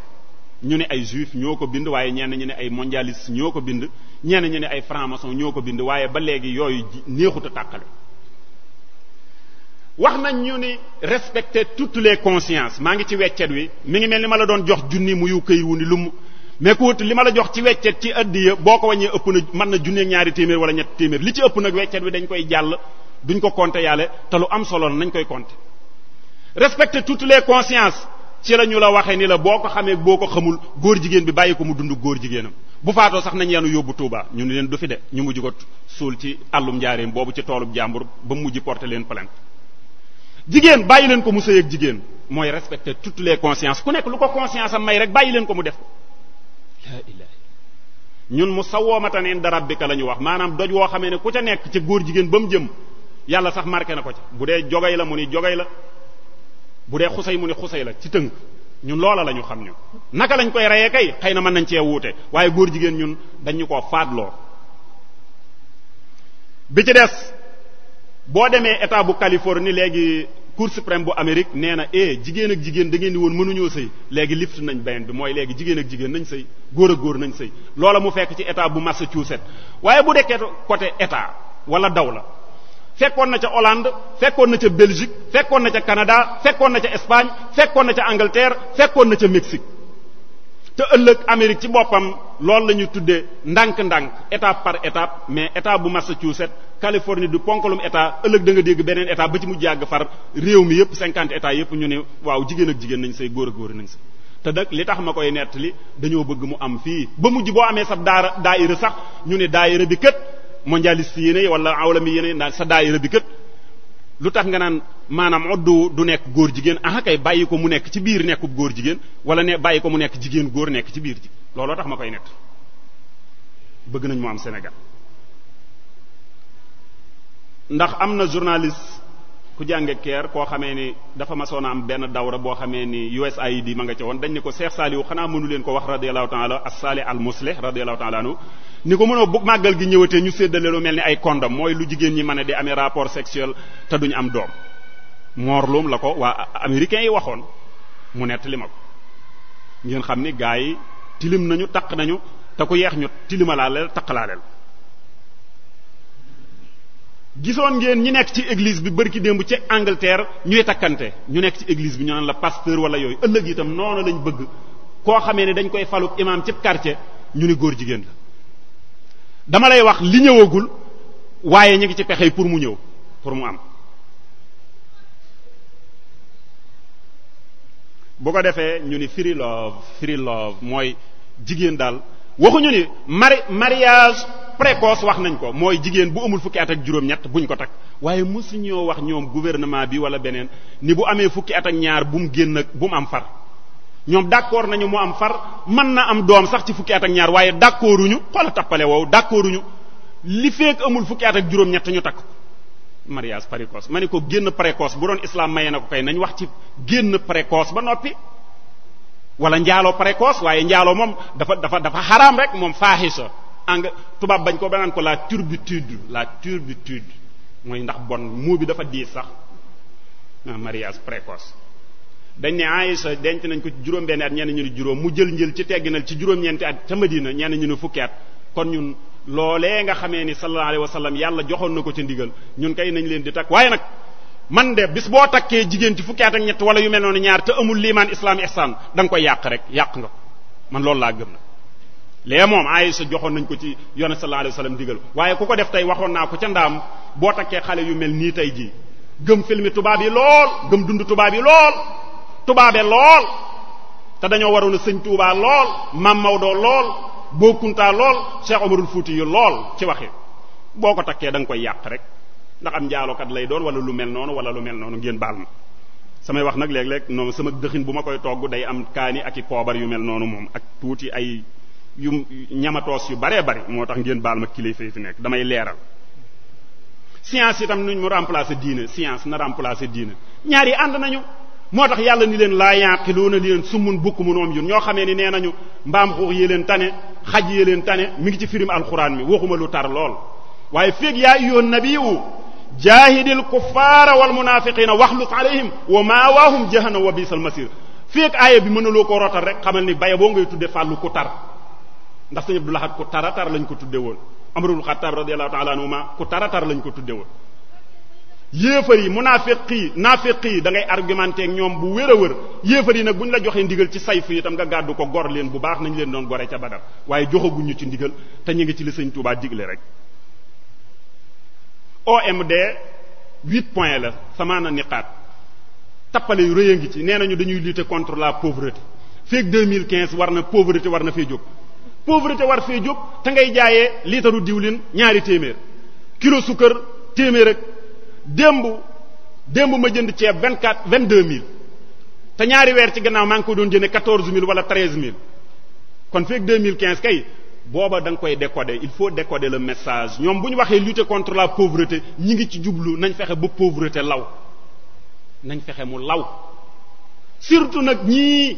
ñu ne ay juif ñoo ko bind waaye ñeen ñu ne ay mondialiste ñoo ko bind ñeen ñu ne ay franc-maçon ñoo ko bind waaye ba léegi yooyu néexut a tàqale wax nañ ñu ni respecter toutes les consciences maa ngi ci weccet wi mi ngi mel ni ma la doon jox junni muyu këy wu ni lum mais ku li ma la jox ci weccet ci addiya boo ko wàññee ëpp na mën na junneeg ñaari téeméer wala ñett téeméer li ci ëpp nag weccet wi dañ koy jàll duñ ko compter yàlla te lu am solo nañ koy compter respecter toutes ci la ñu la waxee ni la boo ko xamee boo ko xamul góor jigéen bi bàyyi ko mu dund góor jigéenam bu faatoo sax nañ yenu yóbbu Touba ñu ne leen du fi de ñu mujj ko suul ci àllum njaareem boobu ci toolub jàmbur ba mujj porter leen plainte jigéen bàyyi leen ko mu sëy jigéen mooy respecter toutes les consciences ku nekk lu ko conscience am may rek bàyyi leen ko mu def ko la ilaha ñun mu sawwamatan inda rabbika la ñu wax maanaam doj woo xamee ne ku ca nekk ca góor jigéen ba mu jëm yàlla sax marqué na ko ca bu dee jogay la mu ni jogay la bu dee xusay mu ne xusay la ci tënk ñun loola la ñu xam ñu naka lañ koy reyee kay xëy na mën nañ cee wuute waaye góor jigéen ñun dañu koo faatloo bi ci des boo demee état bu Californie léegi Cour suprême bu Amérique nee na eh, jigéen ak jigéen da ngeen di woon mënuñoo sëy léegi lift nañ benn bi mooy léegi jigéen ak jigéen nañ sëy góor ak góor nañ sëy loola mu fekk ci état bu Massachusetts waaye bu dekkee côté état wala la fekkoon na ca Hollande fekkoon na ca Belgique fekkoon na ca Canada fekkoon na ca Espagne fekkoon na ca Angleterre fekkoon na ca Mexique te ëllëg Amérique ci boppam loolu la ñu tuddee ndànk-ndànk étape par étape mais état bu Massachusetts Californie du ponkalum état ëllëg da nga dégg beneen état ba ci mu jàgg far réew mi yépp cinquante états yépp ñu ne waaw jigéen ak jigéen nañ say góor a góor nañ si te nag li tax ma koy nettali dañoo bëgg mu am fii ba mujj boo amee sab daara daayira sax ñu ne daayira bi kët mondialiste yéene wala awlami yéene naan sa daayira bi kët lu tax nga naan maanaam oddu du nekk góor jigéen ah kay bàyyi ko mu nekk ci biir nekkub góor jigéen wala ne bàyyi ko mu nekk jigéen góor nekk ci biir ji looloo tax ma koy nekk bëgg nañ mu am Sénégal ndax am na journaliste ku jànge keer koo xamee ni dafa masoon a am benn dawra boo xamee ni USAID ma nga ca woon dañ ne ko Cheikh Saliou xanaa mënu leen ko wax radiyallahu ta'ala as-salih al-muslih radiyallahu ta'ala anhu ni ko mënoo bu màggal gi ñëwatee ñu séddale lu mel ni ay condom mooy lu jigéen ñi mën a di amee rapport sexuel te duñu am doom moorloom la ko waa américains yi waxoon mu nettali ma ko ngeen xam ni gars yi tilim nañu taq nañu te ku yeex ñu tilimalaale taqalaaleel gisoon ngeen ñi nekk ci église bi bërki démb ci Angleterre ñuy takkante ñu nekk ci église bi ñu naan la pasteur wala yooyu ëllëg itam noonu lañ bëgg koo xamee ne dañ koy faluk imaam cib quartier ñu ni góor jigéen la dama lay wax li ñëwagul waaye ñu ngi ci pexe pour mu ñëw pour mu am bu ko defee ñu ni free love free love mooy jigéen daal waxuñu ni mari mariage précoce wax nañ ko mooy jigéen bu amul fukki at ak juróom-ñett buñ ko takk waaye mosu ñoo wax ñoom gouvernement bi wala beneen ni bu amee fukki at ak ñaar bu mu génn bu mu am far ñoom d'accord nañu mu am far mën na am doom sax ci fukki at ak ñaar waaye d'accorduñu xoola tappale wow d'accorduñu li fekk amul fukki at ak juróom-ñett ñu takk mariage précoce ma ne ko génn précoce bu doon islam maye na ko kay nañ wax ci génn précoce ba noppi wala njaaloo précoce waaye njaaloo moom dafa dafa dafa xaraam rek moom faaxisa nga tubaab bañ ko banaan ko la turpitude la turpitude mooy ndax bon muu bi dafa diis sax mariage précoce dañ ne Aïcha denc nañ ko juróom-benn at ñenn ñu ne juróom mu jël njël ci tegg tegginal ci juróom-ñeenti at ca Madina ñenn ñu ne fukki at kon ñun loolee nga xamee ni sallallahu alayhi wa sallam yàlla joxoon na ko ci ndigal ñun kay nañ leen di takk waaye nag man de bis boo takkee jigéen ci fukki at ak ñett wala yu mel noonu ñaar te amul liimaan islaam ihsaan da koy yàq rek yàq nga ko man loolu laa lee moom sa joxoon nañ ko ci yonent sallallahu alayhi wasallam waaye ku ko def tey waxoon naa ko ca ndaam boo takkee xale yu mel nii tey jii gëm filmi tubaab yi lool gëm dund tubaab yi lool tubaabe lool te dañoo waroon a sëñ Tuubaa lool Mam Maodo lool Bokunta lool Cheikh Omarul Fuuti yu lool ci waxi boo ko takkee da koy yàq rek ndax am njaalokat lay doon wala lu mel noonu wala lu mel noonu ngeen baal ma samay wax nag léeg-léeg noonu sama dëxin bu ma koy togg day am kaani ak i poobar yu mel noonu moom ak tuuti ay yu ñamatoos yu baree bari moo tax ngeen baal ma kilifa yi fi nekk damay leeral science itam nuñ mu remplacer diine science na remplacer diine ñaar yi ànd nañu moo tax yàlla ni leen laa yaqiluuna li leen summun bukk mu noom yun ñoo xamee ni nee nañu mbaam xuux yee leen tane xaj yee leen tane mu ngi ci firim alxuraan mi waxuma lu tar lool waaye feeg yaa ayyuhan nabiyyu jaahidil kuffaara wal munaafiqiina waxluq alayhim wa maawaahum jahannam wa biisal masiir feeg aaya bi mënuloo ko rotal rek xamal ni baye boo ngay tudde fàllu ku tar ndax sëñ Abdul Ahad ku taratar lañ ko tudde woon Amarul Xattaab radiyallahu ta'ala anhuma ku taratar lañ ko tudde woon yéefar yi munaafiq yi naafiq yi da ngay argumenté ak ñoom bu wér a wér yéefar yi nag bu ñu la joxee ndigal ci sayf yi itam nga gàddu ko gor leen bu baax nañ leen doon gore ca Badar waaye joxaguñu ci ndigal te ñu ngi ci li sëñ Tuubaa digle rek OMD huit point la samaana niqaat tappale yu rëy ngi ci nee nañu dañuy lutter contre la pauvreté feeg 2015 war na pauvreté war na fee jóg pauvreté war fee jóg te ngay jaayee liitaru diwlin ñaari téeméer kilo sukkër téeméer ak démb démb ma jënd ceeb vingt quatre vingt deux mille te ñaari weer ci gannaaw maa ngi ko doon jëndee quatorze mille wala treize mille kon feeg deux mille quinze kay booba danga koy décoder il faut décoder le message ñoom bu ñu waxee lutter contre la pauvreté ñi ngi ci jublu nañ fexe ba pauvreté law nañ fexe mu law surtout nag ñii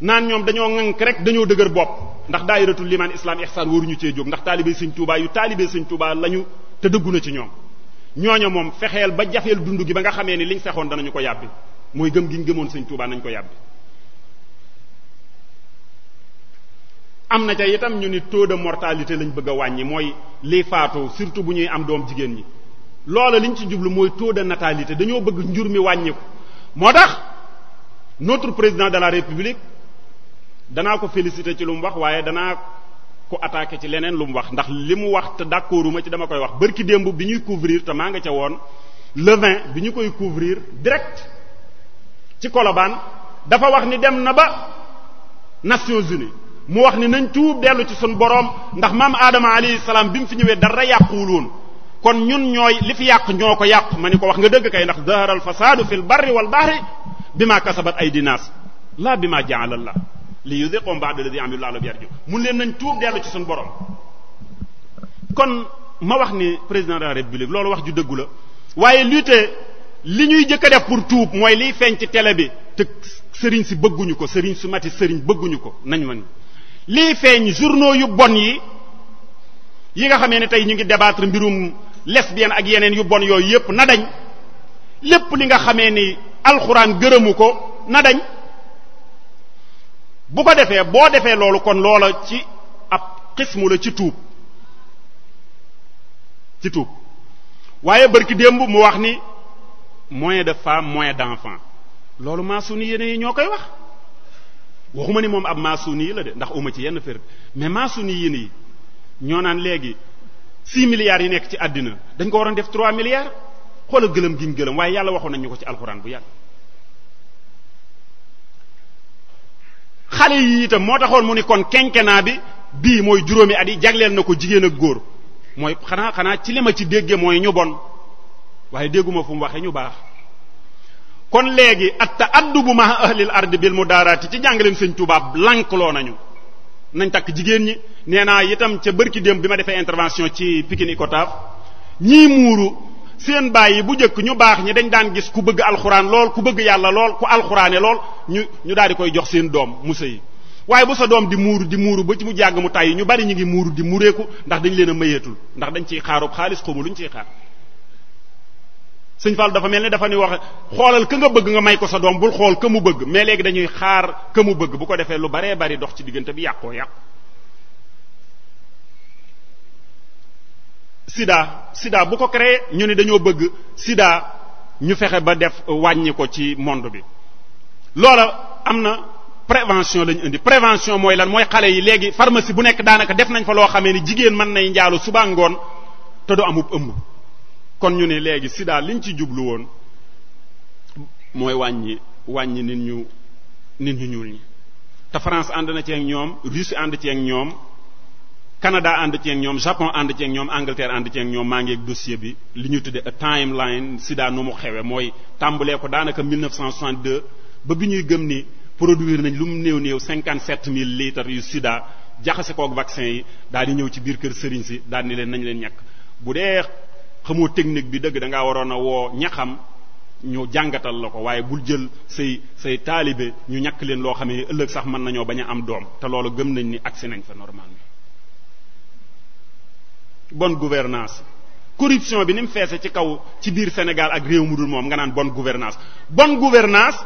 naan ñoom dañoo ŋànk rek dañoo dëgër bopp ndax daayiratul limaan islam ihsan waruñu cee jóg ndax taalibé sëñ Tuubaa yu taalibé sëñ Tuubaa lañu te dëggu na ci ñoom ñooña moom fexeel ba jafeel dund gi ba nga xamee ni liñ fexoon danañu ko yàbbi mooy gëm gi ñu gëmoon sëñ Tuubaa nañ ko yàbbi am na ca itam ñu ni taux de mortalité lañ bëgg a wàññi mooy lii faatu surtout bu ñuy am doom jigéen ñi loola liñ ci jublu mooy taux de natalité dañoo bëgg njur mi wàññiku moo tax notre président de la république danaa ko féliciter ci lu mu wax waaye danaa ko attaquer ci leneen lu mu wax ndax li mu wax te d'accorduma ci dama koy wax bërki démb bi ñuy couvrir te maa nga ca woon le bi ñu koy couvrir direct ci kolobaan dafa wax ni dem na ba Nations Unies mu wax ni nañ tuub dellu ci suñ boroom ndax maam Adama alayhi salaam bi mu fi ñëwee dara yàquwul woon kon ñun ñooy li fi yàq ñoo ko yàq ma ni ko wax nga dëgg kay ndax zahara al fasaadu fil barri wal bahri bima kasabat aydi naas la bima ja'ala Allah li yudhiqum ba'da alladhi amilu la'allahum yarji'un mun leen nañ tuub dellu ci suñu borom kon ma wax ni président de la république loolu wax ju dëggu la waaye lutter li ñuy jëkk a def pour tuub mooy liy feeñ ci tele bi teg sëriñ si bëgguñu ko sëriñ su mati sëriñ bëgguñu ko nañ man liy feeñ journaux yu bon yi yi nga xamee ne tey ñu ngi débattre mbirum lesbienne ak yeneen yu bon yooyu yépp na dañ lépp li nga xamee ni alxuraan gërëmu ko na dañ bu ko defee boo defee loolu kon loola ci ab xismu la ci tuub ci tuub waaye bërki démb mu wax ni moyen de femme moyen d'enfant loolu maasuni yéene yi ñoo koy wax waxuma ni moom ab maasuni yi la de ndax uma ci yenn fér mais maasuni yéene yi ñoo naan léegi six milliards yi nekk ci àddina dañ ko waroon def trois milliards xoola gëlëm gi ñu gëlëm waaye yàlla waxoon nañ ñu ko ci alxuraan bu yàgg xale yi itam moo taxoon mu ni kon kenkenaa bi bii mooy juróomi at yi jagleel na ko jigéen góor mooy xanaa xanaa ci li ma ci dégge mooy ñu bon waaye dégguma fu mu waxe ñu baax kon léegi at ta addu bu ma ahlil ardi bil mu daaraati ci jàngaleen sëñ tubaab lankloo nañu nañ takk jigéen ñi nee naa itam ca bërki démb bi ma defee intervention ci Pikine Icotaf ñii muuru seen bàyyi bu njëkk ñu baax ñi dañ daan gis ku bëgg alxuraan lool ku bëgg yàlla lool ku alxuraane lool ñu ñu daal di koy jox seen doom mu sëy waaye bu sa doom di muuru di muuru ba mu jàgg mu tàyyi ñu bari ñu ngi muuru di mureeku ndax dañ leen a mayeetul ndax dañ ciy xaarub xaalis xamu ñu ciy xaar sëñ Fall dafa mel ni dafa ni wax xoolal ka nga bëgg nga may ko sa doom bul xool ka mu bëgg mais léegi dañuy xaar ka mu bëgg bu ko defee lu baree bari dox ci diggante bi yàqoo yàqu sida sida bu ko créé ñu ne dañoo bëgg sida ñu fexe ba def wàññi ko ci monde bi loola am na prévention lañu indi prévention mooy lan mooy xale yi léegi pharmacie bu nekk daanaka def nañ fa loo xamee ni jigéen mën nay njaalu suba ngoon te du amub ëmb kon ñu ne léegi sida liñ ci jublu woon mooy wàññi wàññi nit ñu nit ñu ñuul ñi te France ànd na ci ak ñoom Russie ànd ci ak ñoom Canada ànd ceeg ñoom Japon ànd ceeg ñoom Angleterre ànd ceeg ñoom maa ngi ak dossier bi li ñu tuddee a timeline sida nu mu xewee mooy tàmbalee ko daanaka 1962 ba bi ñuy gëm ni produire nañ lu mu néew néew 57000 litres yu sidaa jaxase koog vaccin yi daal di ñëw ci biir kër sëriñ si daal ni leen nañ leen ñàkk bu dee xamoo technique bi dëgg da ngaa waroon a woo ñaxam ñu jàngatal la ko waaye bul jël say say taalibe ñu ñàkk leen loo xam ne ëllëg sax mën nañoo ba a am doom te loolu gëm nañ ni agsi nañ fa normalement bon gouvernance corruption bi ni mu feese ci kaw ci biir Sénégal ak réew mu dul moom nga naan bon gouvernance bon gouvernance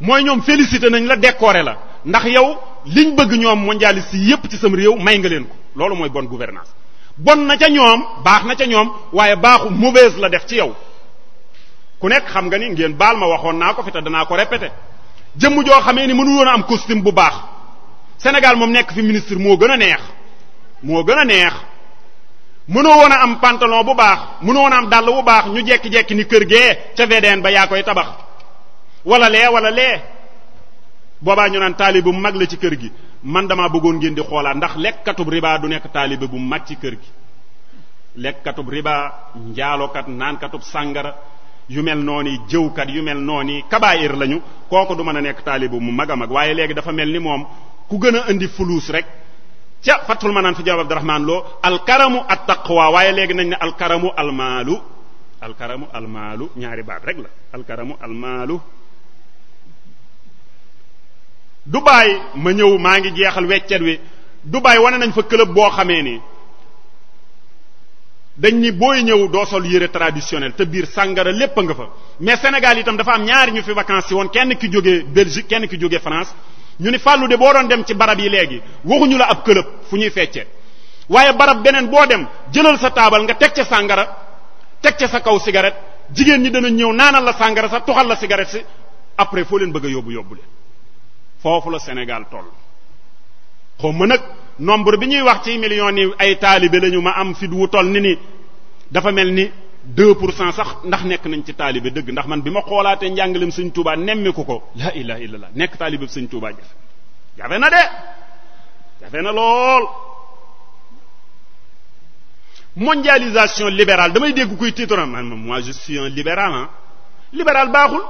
mooy ñoom félicité nañ la décoré la ndax yow liñ bëgg ñoom mondialistes yi yépp ci sama réew may nga leen ko loolu mooy bon gouvernance bon na ca ñoom baax na ca ñoom waaye baaxu mauvaise la def ci yow ku nekk xam nga ni ngeen baal ma waxoon naa ko fi danaa ko répété jëmm joo xamee ni mënu woon a am costume bu baax Sénégal moom nekk fi ministre moo gën a neex moo gën a neex mënoo woon a am pantalon bu baax mënoo woon a am dàll bu baax ñu jekki-jekki ni kër gee ca VDN ba yaa koy tabax wala lee wala lee boobaa ñu naan taalibe bu mag la ci kër gi man damaa bëggoon ngeen di xoolaat ndax lekkatub riba du nekk taalibe bu mag ci kër gi lekkatub riba njaalokat naankatub sàngara yu mel noonu jëwkat yu mel noonu kabaayir lañu kooku du mën a nekk taalibe mu mag a mag waaye léegi dafa mel ni moom ku gën a indi fulus rek ca fathul manaan fi jawaab abdurahman loo alkaramu at taqwa waaye léegi nañ ne alkaramu almaalu alkaramu almaalu ñaari baat rek la alkaramu almaalu Dubaay ma ñëw maa ngi jeexal weccet wi Dubaay wane nañ fa club boo xamee ni dañ ni booy ñëw doo sol yére traditionnel te biir sàngara lépp nga fa mais Sénégal itam dafa am ñaari ñu fi vacances si woon kenn ki jóge Belgique kenn ki jógee France ñu ni fàllu de boo doon dem ci barab yi léegi waxuñu la ab këlëb fu ñuy fecce waaye barab beneen boo dem jëlal sa taabal nga teg ca sàngara teg ca sa kaw cigarette jigéen ñi dana ñëw naanal la sàngara sa tuxal la cigarette si après foo leen bëgg a yóbbu yóbbu leen foofu la Sénégal toll xaw ma nag nombre bi ñuy wax ci million ni ay taalibe lañu ma am fit wu toll ni ni dafa mel ni deux pour cent sax ndax nekk nañ ci taalibe dëgg ndax man bi ma xoolaatee njàngaleem sëñ Touba nemmeeku ko la ilaha illallah nekk taalibe sëñ Touba jafe jafe na de jafe na lool. mondialisation libérale damay dégg kuy titre man moi je suis un libéral ah libéral baaxul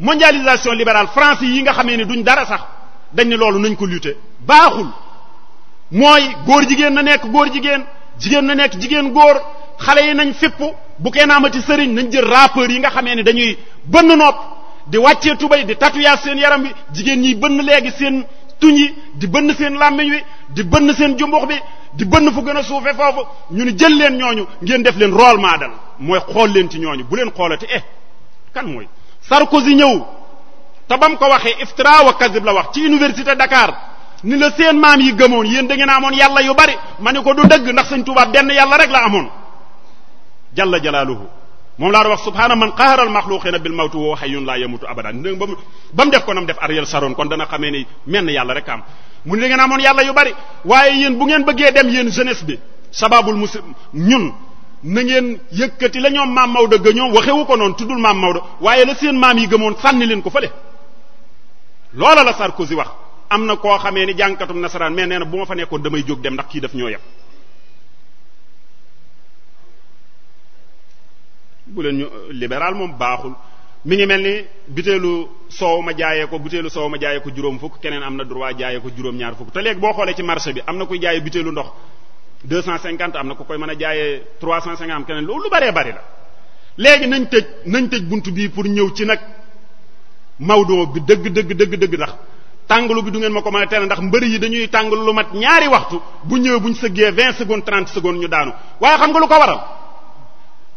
mondialisation libérale français yi nga xame ne duñ dara sax dañ ne loolu nañ ko lutter baaxul mooy góor jigéen na nekk góor jigéen jigéen na nekk jigéen góor. xale yi nañ fipp bu ma amati sëriñ nañ jël rappeurs yi nga xamee ni dañuy bënn nopp di wàccee tubay di tatouage seen yaram wi jigéen ñiy bënn léegi seen tuñ yi di bënn seen làmmiñ wi di bënn seen jumbux bi di bënn fu gën a suufe foofu ñu ni jël leen ñooñu ngeen def leen rôle modèle mooy xool leen ci ñooñu bu leen xoolati eh kan mooy Sarkozy ñëw te ba mu ko waxee iftira wa kazib la wax ci université dakaar ni la seen maam yi gëmoon yéen da ngeen amoon yàlla yu bari ma ne ko du dëgg ndax Sëñ Tuubaa benn yàlla rek la amoon jalla jalaaluhu moom laa wax subhaana man qahara al maxluqina bil mawti wa hayyun laa yamutu abadan ba mu ba mu def ko nam def Ariel Sharon kon dana xamee ni menn yàlla rek am mu ne da ngeen amoon yàlla yu bari waaye yéen bu ngeen bëggee dem yéen jeunesse bi sababul muslim ñun na ngeen yëkkati la ñoom maam Maodo ga ñoom waxewu ko noon tuddul maam Maodo waaye la seen maam yi gëmoon sànni leen ko fële loola la Sarkozy wax am na koo xamee ni jànkatum nasaraan mais nee na bu ma fa nekkoon damay jóg dem ndax kii daf ñoo yem bu leen ñu libéral moom baaxul mi ngi mel ni butéelu soow ma jaayee ko butéelu soow ma jaayee ko juróom fukk keneen am na droit jaayee ko juróom-ñaar fukk te léegi boo xoolee ci marché bi am na kuy jaayee butéelu ndox cinquante am na ku koy mën a jaayee 350 keneen loolu lu baree bari la léegi nañ tëj nañ tëj bunt bii pour ñëw ci nag mawdo bi dëgg dëgg dëgg dëgg ndax tàngalu bi du ngeen ma ko mën a tere ndax mbëri yi dañuy tàngalu lu mat ñaari waxtu bu ñëwee bu ñu sëggee 20 secondes 30 secondes ñu daanu lu ko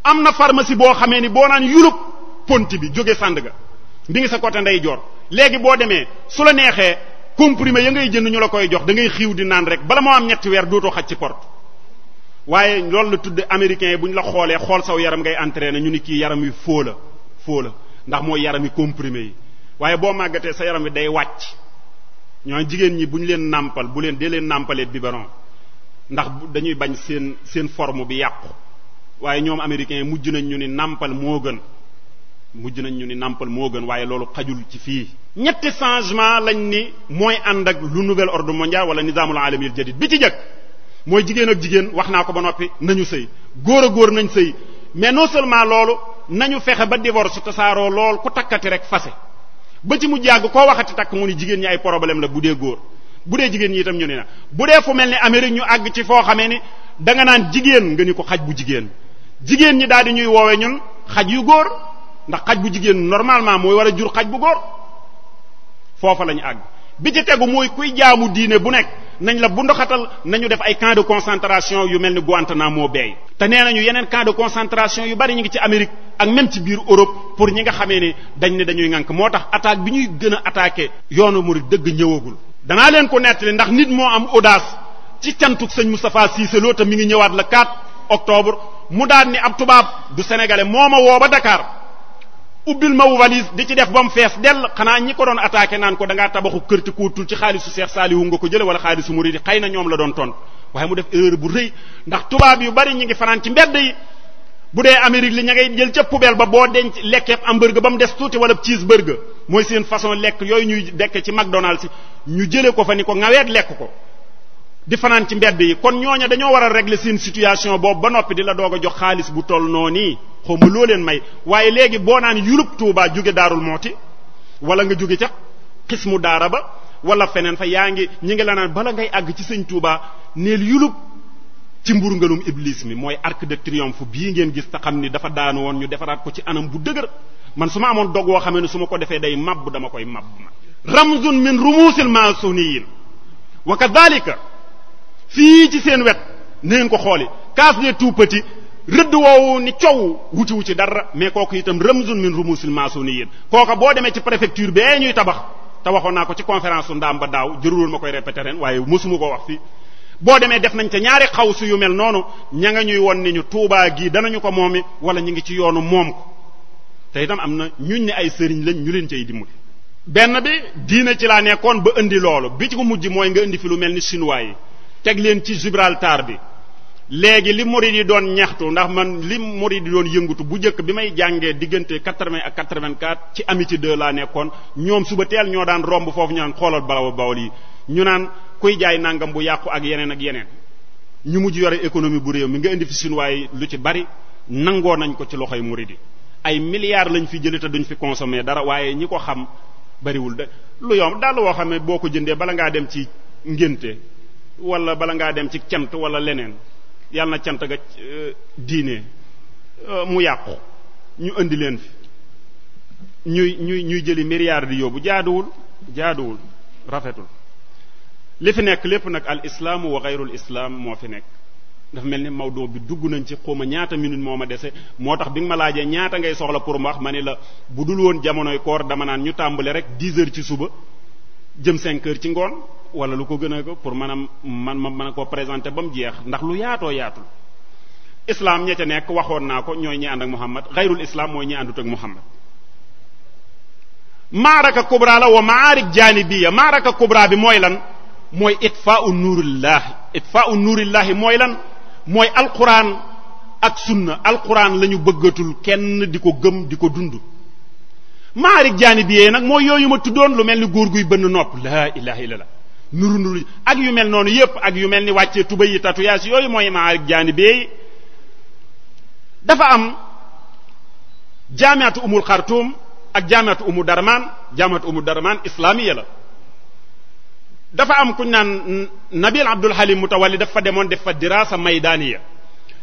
am na pharmacie boo xamee ni boo naan yulub pont bi jóge Sandaga bi ngi sa côté ndey léegi boo demee su la neexee comprimé ya ngay jënd ñu la koy jox da ngay xiiw di naan rek bala moo am ñetti weer dootoo xaj ci port waaye loolu la tudd américain yi bu ñu la xoolee xool saw yaram ngay na ñu ni kii yaram wi foo la foo la ndax mooy yaram yi comprimé yi waaye boo màggatee sa yaram wi day wàcc ñoo jigéen ñi bu ñu leen nàmpal bu leen dee leen nàmpalee biberon ndax dañuy bañ seen seen forme bi yàqu waaye ñoom américain mujj nañ ñu ni nàmpal moo gën mujj nañ ñu ni nàmpal moo gën waaye loolu xajul ci fii ñetti changement lañ ni mooy ànd ak lu nouvel ordre mondial wala nizaamul alamil jadid bi ci jëkk mooy jigéen ak jigéen wax naa ko ba noppi nañu sëy góor a góor nañ sëy mais non seulement loolu nañu fexe ba divorce tasaaroo lool ku takkati rek fase ba ci mu jàgg koo waxati takk mu ni jigéen ñi ay problème la bu dee góor bu dee jigéen ñi itam ñu ne nag bu dee fu mel ni Amérique ñu àgg ci foo xamee ni danga naan jigéen nga ni ko xaj bu jigéen jigéen ñi daal di ñuy woowee ñun xaj yu góor ndax xaj bu jigéen normalement mooy war a jur xaj bu góor foofa lañu àgg bi ci tegu mooy kuy jaamu diine bu nekk nañ la bu ndoxatal nañu def ay camp de concentration yu mel ni moo bey te nee nañu yeneen camp de concentration yu bari ñu ngi ci Amérique ak même ci biir Europe pour ñi nga xamee ne dañ ne dañuy ŋànk moo tax attaque bi ñuy gën a attaqué yoonu murid dëgg ñëwagul. danaa leen ko nettali ndax nit moo am audace ci cantuk sëñ Moustapha Cissé Lo te mi ngi ñëwaat la 4 octobre mu daan ni ab tubaab du sénégalais moo ma woo ba Dakar ubbil ma valise di ci def ba mu fees dell xanaa ñi ko doon attaqué naan ko da ngaa tabaxu kër ci kuutul ci xaalisu Seex Saaliwu nga ko jële wala xaalisu Muridi xay na ñoom la doon tontu waaye mu def erreur bu rëy ndax tubaab yu bari ñu ngi fanaan ci mbedd yi. bu dee Amérique li ña ngay jël ca poubelle ba boo denc lekkeeb hamburger ba mu des tuuti wala cheeseburger mooy seen façon lekk yooyu ñuy dekk ci McDonald's ñu jëlee ko fa ngaweet lekk ko di fanaan ci mbedd yi kon ñooña dañoo war a seen situation boobu ba noppi di la doog a jox xaalis bu toll noo nii xaw loo leen may waaye léegi boo naan yurub Touba jóge daarul mooti wala nga jóge ca xismu daara ba wala feneen fa yaa ngi ñu ngi la naan bala ngay àgg ci sëñ Touba neel yulub ci mburngalum iblis mi mooy arc de bii ngeen gis te xam ni dafa daanu woon ñu defaraat ko ci anam bu dëgër man su ma amoon dog woo xamee ne su ma ko defee day màbb dama koy màbb ma ramzun min rumuusil maasuniyin wa kadhalika fii ci seen wet neen ko xooli kaas ne tout petit rëdd woowu ni coow wuti wu ci dara mais kooku itam ramzun min ni maasoniyyin kooka boo demee ci préfecture bee ñuy tabax te waxoon ko ci conférence su ndaam ba daaw jëruloon ma koy répéter ren waaye mosuma ko wax fii boo demee def nañ ca ñaari xaw su yu mel noonu ña nga ñuy won ni ñu tuubaa gii danañu ko moom moomi wala ñu ngi ci yoonu moom ko te tam am na ñu ne ay sëriñ lañ ñu leen cay dimbali benn bi diina ci laa nekkoon ba indi loolu bi ko mujj mooy nga indi lu mel ni chinois yi teg leen ci Gibraltar bi léegi li murid yi doon ñaxtu ndax man li murid yi doon yëngutu bu njëkk bi may jàngee diggante 80 ak 84 ci amitié de laa nekkoon ñoom suba teel ñoo daan romb foofu ñu naan xoolal bawol bawol yi ñu naan kuy jaay nangam bu yàqu ak yeneen ak yeneen ñu mujj yore économie bu réew mi nga indi fi suñu waaye lu ci bari nangoo nañ ko ci loxoy murid yi ay milliards lañ fi jëlee te duñ fi consommer dara waaye ñi ko xam bariwul de lu yomb woo xam ne boo ko jëndee bala ngaa dem ci ngénte wala bala ngaa dem ci cant wala leneen yàlla na cant ga euh, diine euh, mu yàqu ñu indi leen fi ñuy ñuy ñuy jëli milliard di yóbbu jaaduwul jaaduwul rafetul li fi nekk lépp nag al islam wa xayrul islaam moo fi nekk dafa mel ni mawdo bi dugg nañ ci xawma ñaata minute moo ma dese moo tax bi nga ma laajee ñaata ngay soxla pour mu ma ni la bu dul woon jamonoy koor dama naan ñu tàmbale rek 10 heures ci suba jëm cinq heures ci ngoon wala lu ko gën a pour mën a man ma mën a koo ba mu jeex ndax lu yaatoo yaatul islam ña ca nekk waxoon naa ko ñooy ñi ànd ak Muhammad xayrul islam mooy ñi àndut ak Muhammad maaraka kubra la wa maarik jaanibiya maaraka kubra bi mooy lan mooy itfaau nuurillaahi itfaau nuurillaahi mooy lan mooy alquran ak sunna alquran la ñu bëggatul kenn di ko gëm di ko dund maarik jaani bi nag mooy yooyu ma tuddoon lu mel ni góor guy bënn nopp laa ilaha illallah nuru nuru ak yu mel noonu yépp ak yu mel ni wàccee tuba yi tatouage yooyu mooy maarik jaani bi dafa am jaamiatu umul xartuum ak jaamiatu umu darmaan jaamiatu umu darmaan islamiya la dafa am kuñ naan nabil abdul halim mutawalli daf fa demoon def fa dirasa maydaniya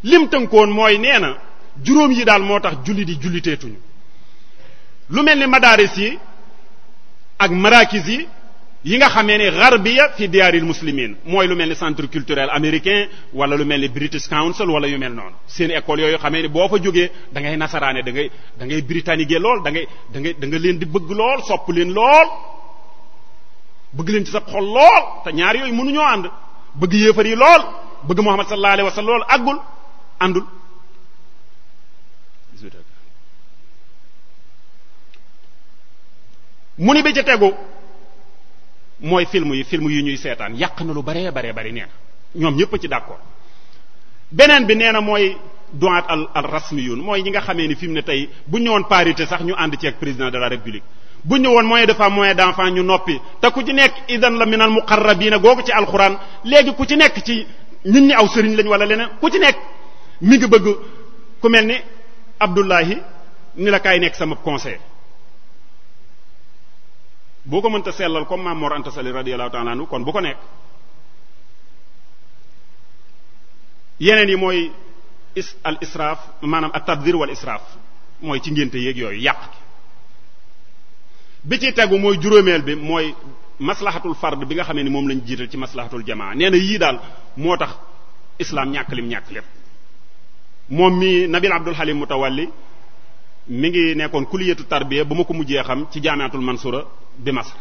lim tënkoon mooy nee na juróom yi daal moo tax julli di julliteetuñu lu mel ni madaaris yi ak marakis yi yi nga xamee ne garbiya fi diyaaril muslimin mooy lu mel ni centre culturel américain wala lu mel ni British Council wala yu mel noonu seen école yooyu xamee ne boo fa jógee dangay nasaraane dangay ngay da ngay lool da ngay da ngay leen di bëgg lool sopp leen lool bëgg leen ci sa xol lool te ñaar yooyu mënuñoo ànd bëgg yéefar yi lool bëgg Muhammad sallallahu alayhi wa sallam lool àggul àndul mu ni bi ci tegu mooy film yi film yu ñuy seetaan yàq na lu baree baree bari nee na ñoom ñëpp ci d'accord beneen bi nee na mooy du'at al al rasmiyun mooy ñi nga xamee ni fi mu ne tey bu ñëwoon parité sax ñu ànd ci ak président de la république bu ñëwoon moyen de femme moyen d'enfant ñu noppi te ku ci nekk idan la minal muqarrabina googu ci alxuraan léegi ku ci nekk ci nit ñi aw sëriñ lañ wala leneen ku ci nekk mi ngi bëgg ku mel ni Abdullahi ni la kaay nekk sama conseil boo ko mënta sellal comme maam Mor Anta Sali kon bu ko nekk yeneen yi mooy is al israaf maanaam at tabdir wal israaf mooy ci ngénte yeeg yooyu yàq bi ci tegu mooy juróomeel bi mooy maslahatul fard bi nga xamee ni moom lañ jiital ci maslahatul jamaa nee yii daal moo tax islaam ñàkk lim ñàkk lépp moom mii nabil abdul halim mutawalli mi ngi nekkoon kuliyatu tarbiya bu ma ko mujjee xam ci jaamiatul mansura bi Masr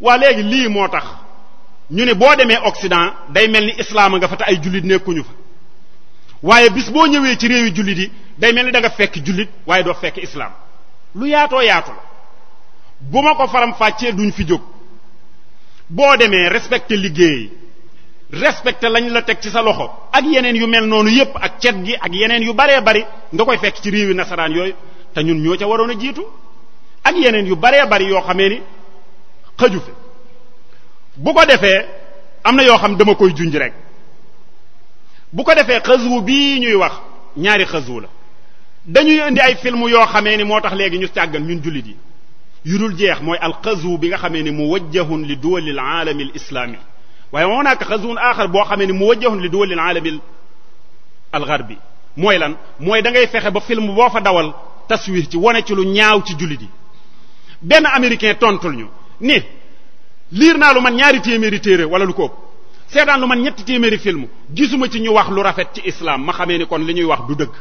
waa léegi lii moo tax ñu ne boo demee Occident day mel ni islaam nga fa te ay jullit nekkuñu fa waaye bis boo ñëwee ci réewi jullit yi day mel ni da nga fekk jullit waaye doo fekk islaam lu yaatoo yaatu la bu ma ko faram fàccee duñ fi jóg boo demee respecté liggéey respecté lañ la teg ci sa loxo ak yeneen yu mel noonu yépp ak cet gi ak yeneen yu baree bari nga koy fekk ci yi nasaraan yooyu te ñun ñoo ca waroon a jiitu ak yeneen yu baree bari yoo xamee ni xëju fi bu ko defee am na yoo xam dama koy junj rek bu ko defee xëswu bi ñuy wax ñaari xëswu la dañuy indi ay film yoo xamee ni moo tax léegi ñu càggan ñun jullit yi yu dul jeex mooy alxëswu bi nga xamee ni muwajjahun li duwalil aalami al islami waaye wa hunaaka xazwun axar boo xamee ni muwajjahun li duwalil alamil algarbi mooy lan mooy da ngay fexe ba film boo fa dawal taswir ci wane ci lu ñaaw ci jullit yi benn américain tontul ñu ni liir naa lu man ñaari téeméeri téere wala lu ko ëpp seetaan lu man ñetti téeméeri film gisuma ci ñu wax lu rafet ci islaam ma xamee ni kon li ñuy wax du dëgg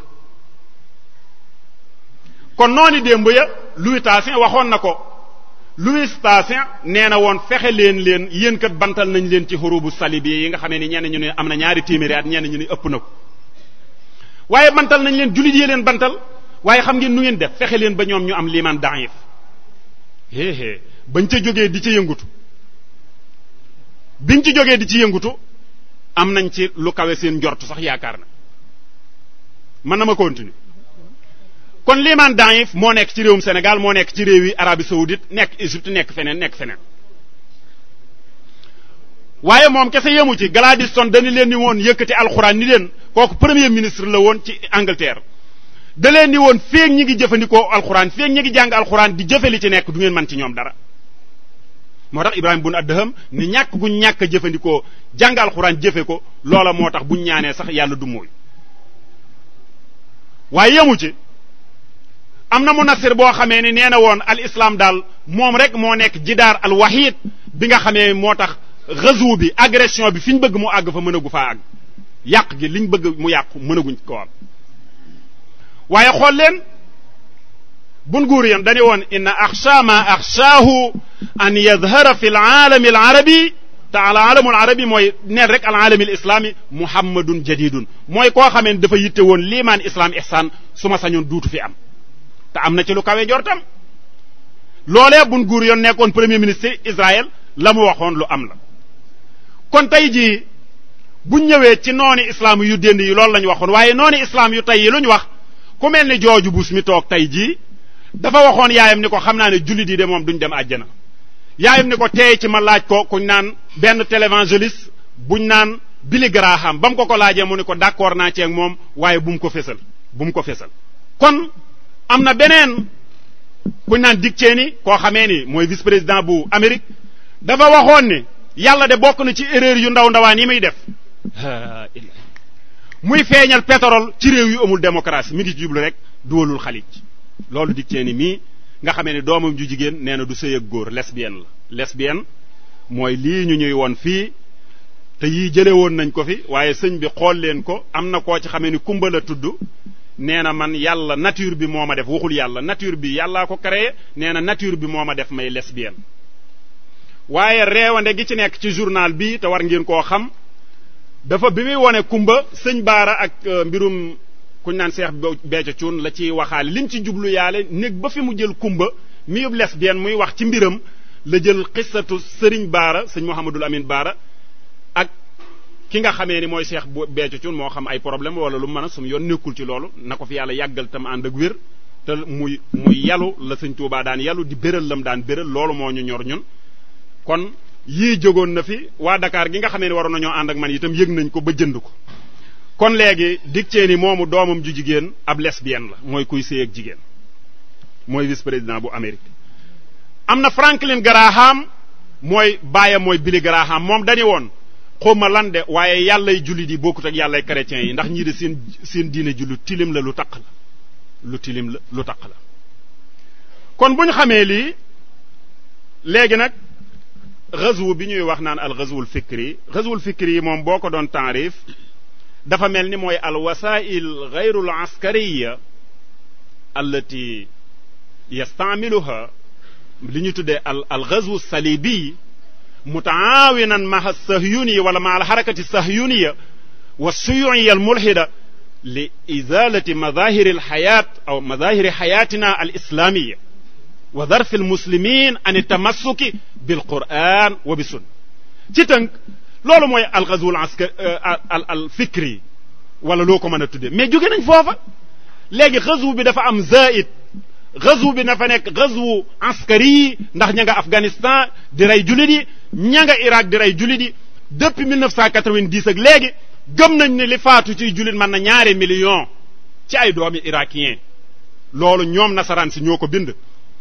kon noonu démb ya Louis Tassin waxoon na ko Louis Passin nee na woon fexe leen leen yéen kat bantal nañ leen ci xurubu salib yi nga xamee ni ñenn ñu ne am na ñaari téeméeri at ñenn ñu ni ëpp na ko waaye bantal nañ leen jullit yi leen bantal waaye xam ngeen nu ngeen def fexe leen ba ñoom ñu am liman daif éé bañ ca jógee di ca yëngutu biñ ci jógee di ci yëngutu am nañ ci lu kawe seen njort sax yaakaar na mën na ma continuer kon liman daif moo nekk ci réewum Sénégal moo nekk ci réew yi Arabie saoudite nekk Égypte nekk feneen nekk feneen waaye moom kese yemu ci Gladstone dañu leen ni woon yëkkati alxuraan ni leen kooku premier ministre la woon ci Angleterre da leen ni woon feeg ñi ngi jëfandikoo alxuraan feeg ñi ngi jàng alxuraan di jëfe li ci nekk du ngeen mën ci ñoom dara moo tax Ibrahima bun Adham ni ñàkk gu ñàkk jëfandikoo jàng alxuraan jëfe ko loola moo tax buñ ñaanee sax yàlla du mooy am na mu munassir boo xamee ni nee na woon al islam daal moom rek moo nekk jidaar al wahid bi nga xamee moo tax réseau bi agression bi fi ñu bëgg mu àgg fa mënagu fa àgg yàq gi liñ bëgg mu yàq mënaguñ ko am waaye xool leen bun guur yam dañu woon inna axsha ma axshaahu an yadhara fi alaalami alarabi te alaalamul arabi mooy neel rek alaalami alislaami muhammadun jadidun mooy koo xamee dafa yitte woon liimaan islaam ihsaan su ma sañoon duutu fi am te am na ci lu kawe tam loolee bun guur yoon nekkoon premier ministre Israël la mu waxoon lu am la kon tey jii bu ñëwee ci nooni islam yu dend yi loolu la ñu waxoon waaye nooni islam yu tey yi lu ñu wax ku mel ni jooju buus mi toog tey jii dafa waxoon yaayam ni ko xam naa ne jullit yi de moom duñ dem àjjana yaayam ni ko teey ci ma laaj ko kuñ naan benn télévangéliste buñ naan Billy Graham ba mu ko ko laajee mu ni ko d'accord naa ceeg moom waaye bum ko fesal bu mu ko fesal am na beneen buñ naan Dick Cheney koo xamee ni mooy vice président bu Amérique dafa waxoon ni yàlla de bokk na ci erreur yu ndaw ndawaan yi muy def muy feeñal pétrole ci réew yu amul démocratie mi ngi jublu rek duwalul xalij loolu Dick Cheney mii nga xamee ni doomam ju jigéen nee na du sëy ak góor lesbienne la lesbienne mooy lii ñu ñuy woon fii te yii jële woon nañ ko fi waaye sëñ bi xool leen ko am na ko ci xamee ni kumba la tudd nee na man yàlla nature bi moo ma def waxul yàlla nature bi yàllaa ko créé nee na nature bi moo ma def may lesbienne waaye reewande gi ci nekk ci journal bi te war ngeen koo xam dafa bi muy wone kumba sëñ baara ak euh, mbirum kuñ naan seex beeco cuun la ci waxaale lim ci jublu yaale néeg ba fi mu jël kumba mi yëpp lesbienne muy wax ci mbiram la jël xisatu sëriñ baara sëñ Mouhamadul Amin baara ki nga xamee ni mooy seex beeco cun moo xam ay problème wala lu mën a sumu yoon nekkul ci loolu na ko fi yàlla yàggal tam ànd ak wér te muy muy yalu la sëñ Tuubaa daan yalu di béral lam daan béral loolu moo ñu ñor ñun kon yii jógoon na fi waa Dakar gi nga xamee ni waroon nañoo ànd ak man itam yëg nañ ko ba jënd ko kon léegi digtee ni moomu doomam ju jigéen ab lesbienne la mooy kuy séy ak jigéen mooy vice président bu Amérique am na Franklin Graham mooy baayam mooy Billy Graham moom dañu woon xawma lan de waaye yàllay jullit yi boo ko teg yàllay chrétiens yi ndax ñii de seen seen diine ji lu tilim la lu taq la lu tilim la lu taq la kon bu ñu xamee lii léegi nag ghazwu bi ñuy wax naan al ghazwul fikri ghazwul fikri yi moom boo ko doon taarif dafa mel ni mooy al wasaa'il ghayrul askariya allati yastaamiluha li ñu tuddee al al ghazwu salibi mutaawinan maha sahyuniya wala maa al xarakati sahyuniya wa suyuiya al mulxida li izalati madahiri al xayaat aw madahiri xayaatina al islaamiya wa darfi al muslimin an tamassuki bil quran wa bi sunna ci tënk loolu mooy al ghazwul askari al al fikri wala loo ko mën a tuddee mais jóge nañ foofa léegi ghazwu bi dafa am zaid xazwu bi na fa nekk xazwu askari yi ndax ña nga Afghanistan di rey jullit yi ña nga Irak di rey jullit yi depuis 1990 ak léegi gëm nañ ni li faatu ci jullit man na ñaari million ci ay doomi irakien loolu ñoom nasaraan si ñoo ko bind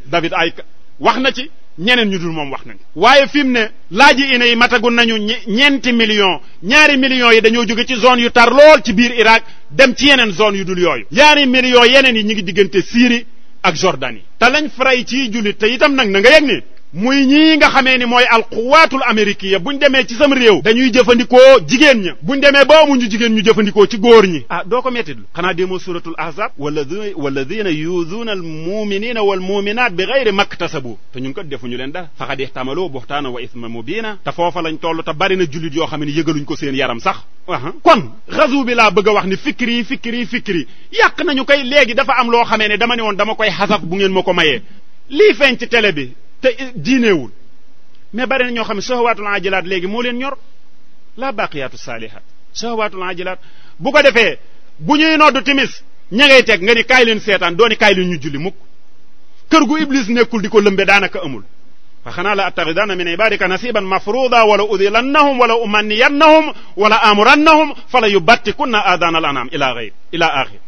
David ay wax na ci ñeneen ñu dul moom wax nañ waaye fi mu ne laaji ina yi matagu nañu ñeenti million ñaari million yi dañoo jóge ci zone yu tar lool ci biir Irak dem ci yeneen zone yu dul yooyu ñaari millions yeneen yi ñu ngi diggante Syrie ak Jordanie te lañ faray ci jullit te itam nag na nga yegg muy ñii nga xamee ni mooy alquwaatul américain buñ demee ci sam réew dañuy jëfandikoo jigéen ña buñ demee ba ñu jigéen ñu jëfandikoo ci góor ñi ah doo ko mettitlu xanaa déemoo suratul ahzab wala walladina yuuzuuna almuminina walmuminat bi gayri maktasabu te ñun kat defuñu leen dara faqad ihtamaloo buxtaana wa isma mubina te foofa lañ toll te bari na jullit yoo xam ne yëgaluñ ko seen yaram sax aa kon xasu bi laa bëgg wax ni fikri fikri fikri yàq nañu koy léegi dafa am loo xamee ne dama ne woon dama koy xasaf bu ngeen ko mayee lii feeñ ci télé bi te diineewul mais bari na ñoo xam ne saxawaatul ajilaat léegi moo leen ñor la baaqiyaatu saalihaat saxawaatul ajilaat bu ko defee bu ñuy noodu timis ña ngay teg nga ni kaay leen seetaan dooni kaay ñu julli muk kër gu iblis nekkul di ko lëmbe daanaka amul fa xanaa la attaxidaana min ibadika nasiban mafruda wala udilannahum wala umanniyannahum wala amurannahum fala yubattikunna aadaana al anaam ila gayr ila axir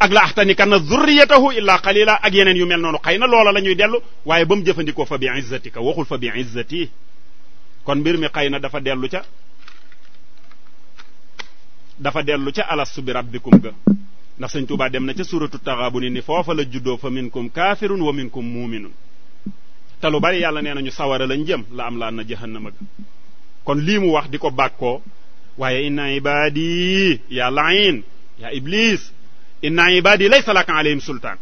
ak la axtanikanna zurriyatahu illaa qalila ak yeneen yu mel noonu xëy na loola la ñuy dellu waaye ba mu jëfandikoo fa bi izzatika waxul fa bi izzati kon mbir mi xëy na dafa dellu ca dafa dellu ca alastu bi rabbikum ga ndax sëñ Tuubaa dem na ca suratu taxaabuni ni foofa la juddoo fa minkum kaafirun wa minkum muuminun te lu bari yàlla nee na ñu sawara lañ jëm la am laan na jahannama ga kon lii mu wax di ko bàkkoo waaye inna ibaadi yaa layin yaa iblis inna ibadi laysa laka alayhim sultaan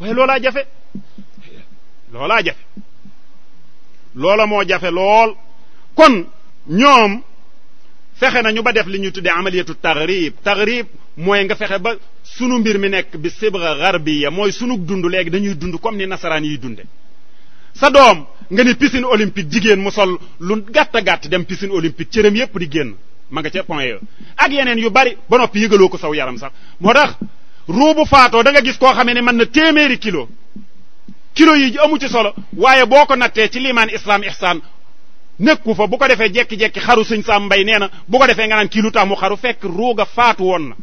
waaye loolaa jafe loolaa jafe loola moo jafe lool kon ñoom fexe nañu ba def li ñu tuddee amaliyatu tagrib tagrib mooy nga fexe ba sunu mbir mi nekk bi sibra garbiya mooy sunu dund léegi dañuy dund comme ni nasaraan yi dunde sa doom nga ni piscine olympique jigéen mu sol lu gàtt a dem piscine olympique cëram yépp di génn ma nga ca point e. ak yeneen yu bari ba noppi yëgaloo ko saw yaram sax moo tax ruu bu faatoo da nga gis koo xamee ne man na téeméeri kilo kilo yi amu ci solo waaye boo ko nattee ci liimaan islaam ihsaan nekku fa bu ko defee jekki-jekki xaru sëñ saam mbay nee na bu ko defee nga naan kii lu tax mu xaru fekk ruuga faatu woon na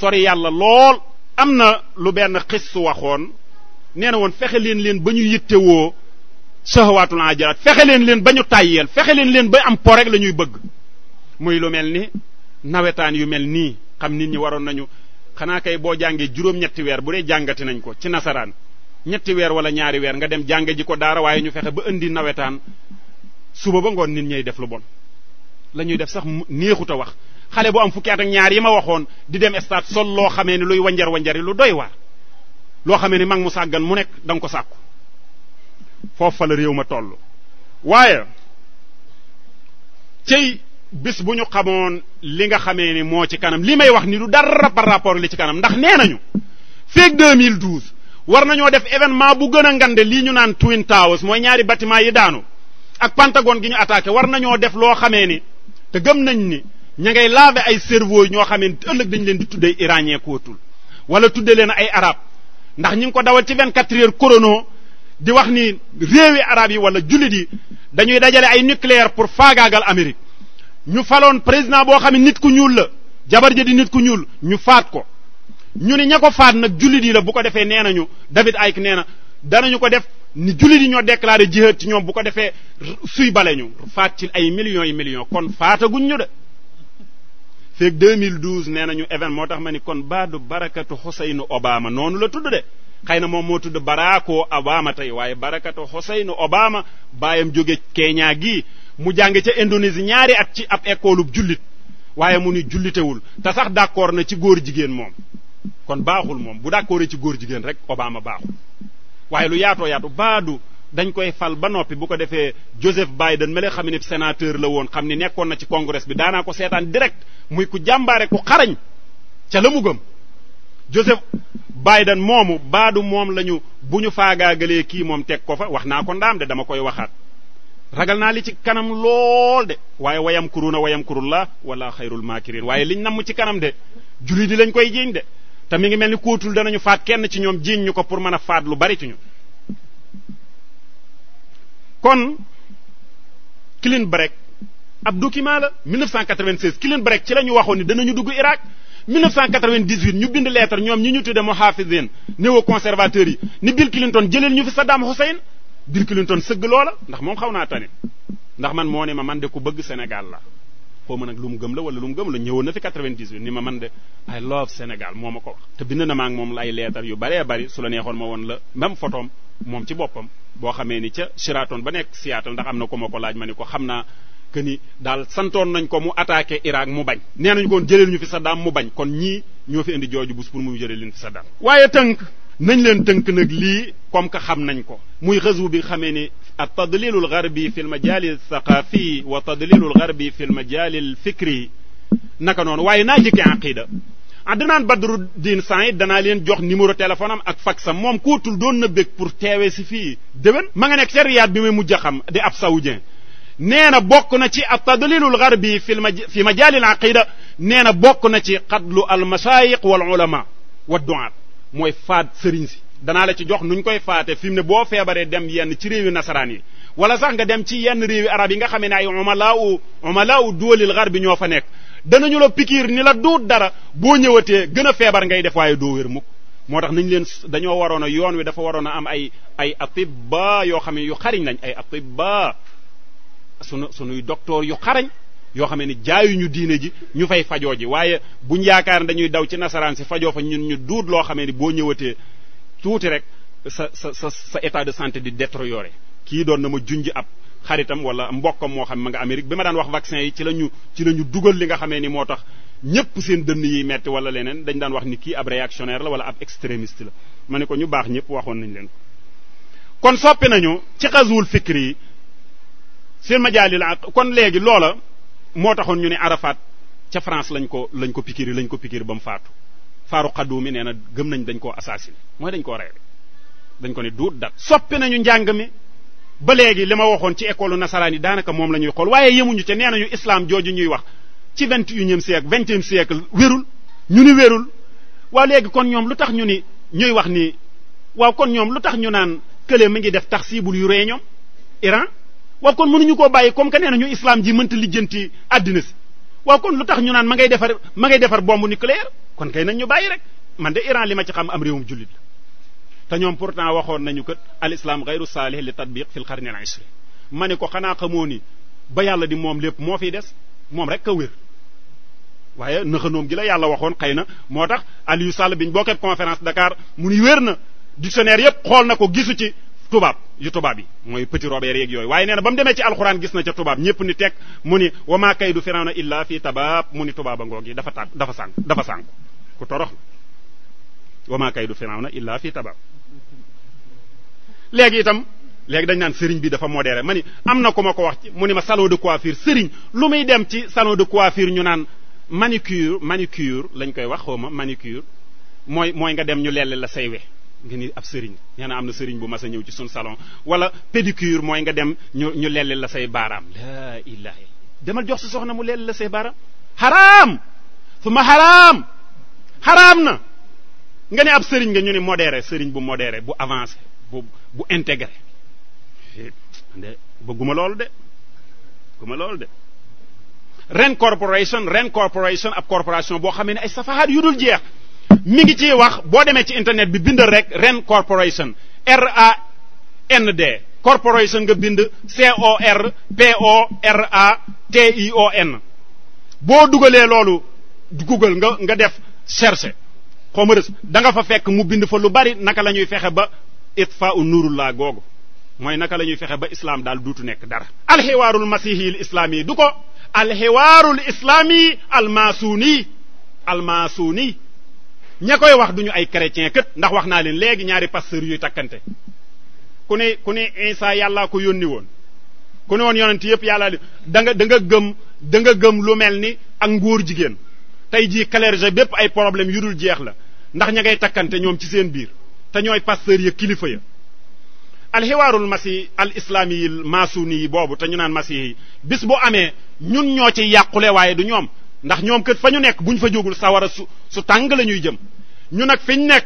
sori yàlla lool am na lu benn xis waxoon nee na woon fexe leen leen ba ñu yittewoo sahawaatul ajaraat fexe leen leen ba ñu tàyyeel fexe leen leen ba am po rek la ñuy bëgg muy lu mel ni nawetaan yu mel nii xam nit ñi waroon nañu xanaa kay boo jàngee juróom-ñetti weer bu dee jàngati nañ ko ci nasaraan ñetti weer wala ñaari weer nga dem jànge ji ko daara waaye ñu fexe ba indi nawetaan suba ba ngoon nit ñay def lu bon la ñuy def sax néexut a wax xale bu am fukki at ak ñaar yi ma waxoon di dem stade sol loo xamee ni luy wanjar wanjari lu doy waar loo xamee ni mag mu sàggan mu nekk da nga ko sàkku foofa la réew ma toll waaye cey bis bu ñu xamoon li nga xamee ni moo ci kanam li may wax ni du dara par rapport li ci kanam ndax nee nañu feeg 2012 war nañoo def événement bu gën a ngande lii ñu naan Twin Towers mooy ñaari bâtiment yi daanu ak Pentagone gi ñu attaqué war nañoo def loo xamee ni te gëm nañ ni ña ngay laver ay cerveau ñoo xamee ni ëllëg dañ leen di tuddee iranien kootul wala tudde leen ay arab ndax ñi ngi ko dawal ci 24 heures chrono di wax ni réewi arab yi wala julit yi dañuy dajale ay nucléaire pour faagaagal Amérique ñu faloon président boo xam ne nit ku ñuul la jabar ji di nit ku ñuul ñu faat ko ñu ni ña ko faat nag jullit yi la bu ko defee nee nañu David Icke nee na danañu ko def ni jullit yi ñoo déclaré jihad ci ñoom bu ko defee suy bale ñu faat ci ay millions yi millions kon faataguñ ñu de feeg 2012 nee nañu even moo tax ma ni kon baadu barakatu Hussein Obama noonu la tudd de xëy na moom moo tudd Barack Obama tey waaye barakatu Hussein Obama baayam jóge Kenya gii mu jànge ca Indonésie ñaari at ci ab école jullit waaye mu ni jullitewul te sax d'accord na ci góor jigéen moom kon baaxul moom bu d'accord ci góor jigéen rek Obama baaxul waaye lu yaato yaatu baadu dañ koy fal ba noppi bu ko defee Joseph Biden ma leen xam ne sénateur la woon xam ni nekkoon na ci congrès bi daanaa ko seetaan direct muy ku jàmbaare ku xarañ ca la mu gëm Joseph Biden moomu baadu moom lañu bu ñu faagaagalee kii moom teg ko fa wax naa ko ndaam dama koy waxaat ragal naa li ci kanam lool de waaye wayam kuruna wayam la wala xayrul maakirin waaye liñ nam ci kanam de jullit yi lañ koy jiiñ de te mi ngi mel ni kóotul danañu faat kenn ci ñoom jiiñ ñu ko pour mën a faat lu bari ci ñu kon clean break ab document la 1996 clean break ci la ñu waxoon ni danañu dugg Irak 1998 ñu bind lettre ñoom ñi ñu tudde muhafizin néo conservateurs yi ni Bill Clinton jëleel ñu fi Saddam Hussein Bill Clinton sëgg loola ndax moom xaw naa tane ndax man moo ne ma man de ku bëgg Sénégal la xaw ma nag lu mu gëm la wala lu mu gëm la ñëwoon na fi yu ni ma man de I love Sénégal moo ma ko wax. te bind na ma ak moom ay leetar yu baree bari su la neexoon ma woon la même photoom moom ci boppam boo xamee ni ca Sheraton ba nekk Seattle ndax am na ko ma ko laaj ma ni ko xam naa. que ni daal santoon nañ ko mu attaqué Irak mu bañ nee nañu kon jëlee ñu fi Saddam mu bañ kon ñii ñoo fi indi jooju bus pour mu jëlee leen fi Saddam waaye nañ leen tënk nag lii comme que xam nañ ko muy xësu bi xamee ni ak tadlilul garbi fi l majaali saqaafi wa tadlilul garbi fi l majaali fikri naka noonu waaye naa jëkkee aqida Adnan ah, Badruddin Saïd danaa leen jox numéro téléphone ak ak faxam moom kootul doon na bég pour teewee si fii déwén ma nga nekk ca bi muy mujj xam di ab saoudien nee na bokk na ci ab tadlilul garbi fi ma fi majaalil aqida nee na bokk na ci xadlu al masayiq wal ulama wa du'at mooy faat sëriñ si danaa la ci jox nuñ koy faate fi mu ne boo feebaree dem yenn ci réewi nasaraan yi wala sax nga dem ci yenn réewi arab yi nga xamee ne ay umalaaw umalaaw doolil xar bi ñoo fa nekk danañu la pikiir ni la duut dara boo ñëwatee gën a feebar ngay def waaye doo wér mukk moo tax nañ leen dañoo waroon a yoon wi dafa waroon am ay ay atibba yoo xam ne yu xariñ lañ ay atibba sunu sunuy docteur yu xarañ yoo xam ne jaayuñu diine ji ñu fay fajoo ji waaye buñ yaakaar ne dañuy daw ci nasaraan si fajoo fa ñun ñu duut loo xamee ni boo ñëwatee tuuti rek sa sa sa sa état de santé di détérioré kii doon na ma junj ab xaritam wala mbokkam moo xam ma nga Amérique bi ma daan wax vaccin yi ci la ñu ci la dugal li nga xamee ni moo tax ñépp seen dënn yi metti wala leneen dañ daan wax ni kii ab réactionnaire la wala ab extrémiste la ma ne ko ñu baax ñépp waxoon nañ leen kon soppi nañu ci xasuwul fikri yi seen kon léegi loola moo taxoon ñu ne Arafat ca France lañ ko lañ ko pikiri lañ ko pikiri ba mu faatu faaru xaddu mi nee na gëm nañ dañ koo assassiné mooy dañ koo rey dañ ko ne duut dat soppi nañu njàng mi ba léegi li ma waxoon ci école nasaraan yi daanaka moom la ñuy xool waaye yemuñu ca nee nañu islam jooju ñuy wax ci vingt et unième siècle vingtième siècle wérul ñu ni wérul waa léegi kon ñoom lu tax ñu ni ñuy wax nii waaw kon ñoom lu tax ñu naan kële mi ngi def tax siibul yu ree ñoom Iran waaw kon mënuñu koo bàyyi comme que nee nañu islam ji mënta lijjanti àddina si waaw kon lu tax ñu naan ma ngay defar ma ngay defar bombe nucléaire kon kay nañ ñu bàyyi rek man de Iran li ma ci xam am réewum jullit la te ñoom pour pourtant waxoon nañu kat al islam gayru saalih li tatbiq fil qarni al ishri ma ne ko xanaa xamoo ni ba yàlla di moom lépp moo fiy des moom rek ka wér waaye naxanoom gi la yàlla waxoon xëy na moo tax Aliou Sall biñ bokkee conférence Dakar mu ni wér na dictionnaire yépp xool na ko gisu ci tubaab yu tubaab yi mooy petit robert yeeg yooyu waaye nee ba mu demee ci alxuraan gis na ca tubaab ñëpp ni teg mu ni wa maa kaydu firawna illa fii tabaab mu ni tubaaba ngoog yi dafa tàn dafa sànk dafa sànk ku torox na wa maa kaydu firawna illa tabaab léegi itam léegi dañ naan sëriñ bi dafa modéré ma ni am na ku ma ko wax ci mu ni ma salon de coiffure sëriñ lu muy dem ci salon de coiffure ñu naan manicure manicure lañ koy wax xaw ma manicure mooy mooy nga dem ñu lell la say we nga ni ab sëriñ nee na am na sëriñ bu mas a ñëw ci suñu salon wala pédicure mooy nga dem ñu ñu lelli la say baaraam laa ilaha illa demal jox sa soxna mu lelli la say baaraam xaraam su xaraam xaraam na nga ne ab sëriñ nga ñu ne modéré sëriñ bu modéré bu avancé bu bu intégré eh, de bëgguma loolu de bëgguma loolu de Ren Corporation Ren Corporation ab corporation boo xamee ne ay safahaat yu dul jeex mi ngi ciy wax boo demee ci internet bi bindal rek ren corporation R A N corporation nga bind C O boo dugalee loolu Google nga nga def chercher xaw danga fa fekk mu bind fa lu bari naka la ñuy fexe ba itfa u nuurullah googu mooy naka la ñuy fexe ba islam daal duutu nekk dara. alxiwaarul masihil islaami du ko alxiwaarul islaami almaasuni ña koy wax duñu ay chrétien kët ndax wax naa leen léegi ñaari pasteur yuy takkante ku ne ku ne Isa yàllaa ko yónni woon ku ne woon yonent yëpp yàllaa li da nga da gëm da nga gëm lu mel ni ak ngóor jigéen tey jii clergé bépp ay problème yu dul jeex la ndax ña ngay takkante ñoom ci seen biir te ñooy pasteur ya kilifa ya alxiwaarul masi al islaami yi maasuni yi boobu te ñu naan masi yi bis bu amee ñun ñoo ci yàqule waaye du ñoom ndax ñoom kër fa ñu nekk bu ñu fa jógul sawara su su tàng la ñuy jëm ñu nag fi ñu nekk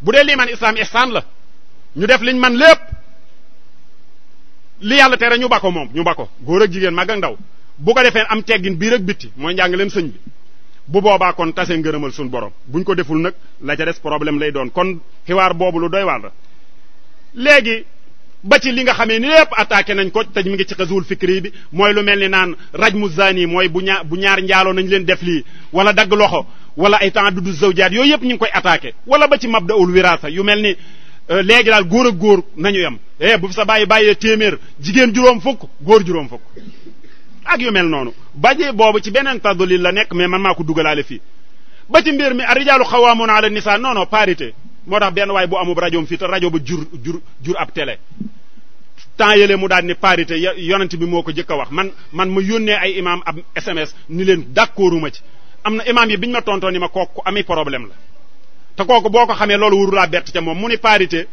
bu dee liimaan islaam ihsaan la ñu def liñ man lépp li yàlla tere ñu bakko moom ñu bakko ko góor ak jigéen mag ak ndaw bu ko defee am teggin biir ak bitti mooy leen sëñ bi bu boobaa kon tase ngërëmal suñu borom ñu ko deful nag la ca des problème lay doon kon xiwaar boobu lu doy waar la ba ci li nga xamee ni lépp attaqué nañ ko te mi ngi ci xasuwul fikri bi mooy lu mel ni naan raj mu zani mooy bu ñaar bu ñaar njaaloo nañ leen def lii wala dagg loxo wala ay ta'addud zawjaat yooyu yëpp ñu ngi koy attaqué wala ba ci mabda'ul wirasa yu mel ni euh, léegi daal góor ak góor nañu yem eh bu fi sa bàyyi bàyyee téeméer jigéen juróom fukk góor juróom fukk ak yu mel noonu baje boobu ci beneen tadlil la nekk mais man maa ko dugalaale fii ba ci mi ar-rijaalu xawaamuuna ala nisaa non non parité moo tax benn waay bu amub rajoom fii te rajo ba jur jur jur ab télé temps yële mu daal ni parité yonent bi moo ko jëkk a wax man man ma yónnee ay imam ab SMS ni leen d'accorduma ci am na imam yi biñ ma tontoo ni ma kooku ami problème la te kooku boo ko xamee loolu wurulaa bett ca moom mu ni parité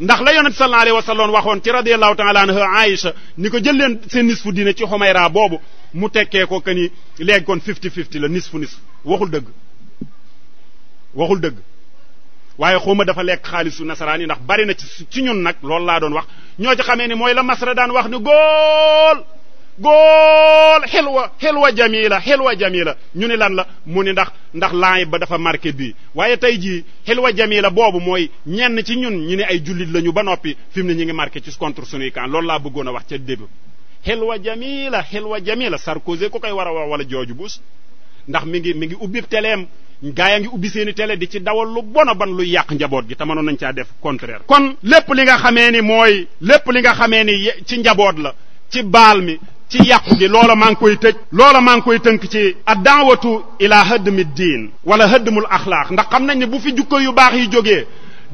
ndax la yonent sallallahu alayhi wasallam waxoon ci radiyallahu ta'ala anha Aïcha ni ko jël leen seen nisfu diine ci Humayra boobu mu tekkee ko que ni léegi kon fifty fifty la nisfu nisfu waxul dëgg waxul dëgg waaye xawma dafa lekk xaalisu nasaraan yi ndax bari na ci ñun nag loolu laa doon wax ñoo ci xamee ni mooy la masra daan wax ni góol góol xelwa xelwa jamila xelwa jamila ñu ni lan la mu ni ndax ndax laay ba dafa marqué bii waaye tey jii xelwa jamila boobu mooy ñenn ci ñun ñu ni ay jullit lañu ba noppi fim mu ñu ngi marqué ci contre sunuy camp loolu laa bëggoon a wax ca début xelwa jamila xelwa jamila Sarkozy ko koy war a wax wala jooju buus ndax mi ngi mi ngi ubbi teleem gaa yaa ngi ubbi seeni tele di ci dawal lu bon a ban luy yàq njaboot gi te mënoon nañ caa def contraire kon lépp li nga xamee ni mooy lépp li nga xamee ni ci njaboot la ci baal mi ci yàqu gi loola maa ngi koy tëj loola maa ngi koy tënk ci addaawatu ila hëddmi diin wala hëddmul axlaaq ndax xam nañ ne bu fi jukko yu baax yi jógee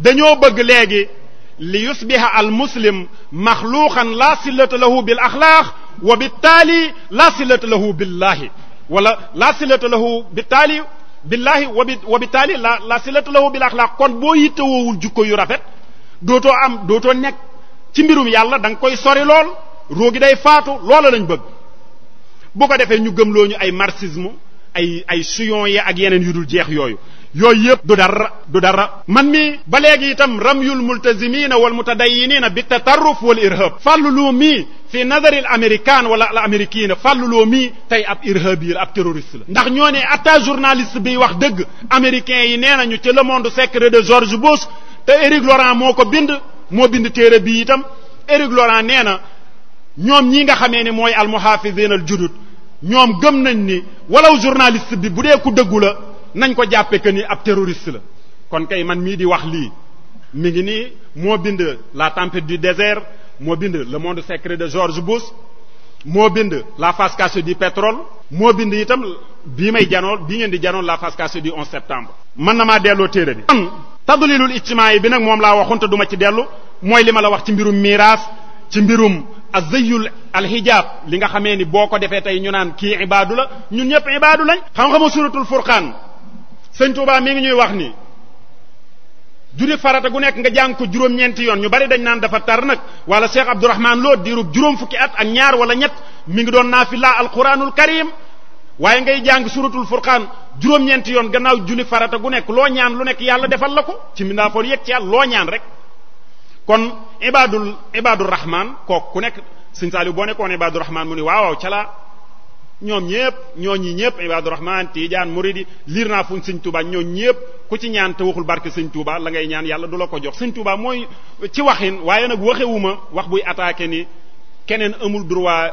dañoo bëgg léegi li yusbiha al muslim maxluuqan la sillata lahu bil axlaaq wa bittaali la sillata lahu billahi wala la sillata lahu bittaali billahi wabi wabi taali la la silatu lahu bil axlaaq kon boo yittewoowul jukko yu rafet dootoo am dootoo nekk ci mbirum yàlla da nga koy sori lool roogi day faatu loola lañ bëgg boo ko defee ñu gëmloo ñu ay marxisme ay ay suyon yi ak yeneen yu dul jeex yooyu yooyu yëpp du dara du dara man mi ba léegi itam ramyul multazimina wal mutadayyinina bi tatarruf wal irhab fàlluloo mii fi nazari al américain wala al américain fàlluloo mii tey ab irhab yi ab terroriste la ndax ñoo ne atta journaliste bi wax dëgg américains yi nee nañu ci le monde secret de George Bush te Éric Laurent moo ko bind moo bind téere bi itam Éric Laurent nee na ñoom ñii nga xamee ne mooy almuhafizin al judud ñoom gëm nañ ni wala journaliste bi bu dee ku dëggu la nañ ko jàppe que ni ab terroriste la kon kay man mii di wax lii mi ngi nii moo bind la tempête du désert moo bind le monde secret de George Bush moo bind la face cachée du pétrole moo bind itam bii may janool bii ngeen di janool la face cachée du 11 septembre mën na maa delloo téere bi kon tadlilul ijtimaa'i bi nag moom laa waxoon te duma ci dellu mooy li ma la wax ci mbirum miraas ci mbirum azayul alxijaab li nga xamee ni boo ko defee tey ñu naan kii ibaadu la ñun ñëpp ibaadu lañ xam-xamu suratul furqaan sëñ Touba mi ngi ñuy wax ni julli farata gu nekk nga jàng ko juróom-ñeenti yoon ñu bari dañ naan dafa tar nag wala Cheikh Abdourahman loo diirub juróom fukki at ak ñaar wala ñett mi ngi doon naafila alquranul karim waaye ngay jàng suratul furqaan juróom-ñeenti yoon gannaaw julli farata gu nekk loo ñaan lu nekk yàlla defal la ko ci mindaafoon yëg ci yàlla loo ñaan rek kon ibadul ibadul rahman kook ku nekk sëñ Saliou boo nekkoon ibadul rahman ñoom ñépp ñooñi ñépp ibaadu rahmaan tiijaan muridi liir naa fuñ sëñ Touba ñooñ ñépp ku ci ñaan te waxul barke sëñ Touba la ngay ñaan yàlla du la ko jox sëñ Touba mooy ci waxin waaye nag waxewuma wax buy attaqué ni keneen amul droit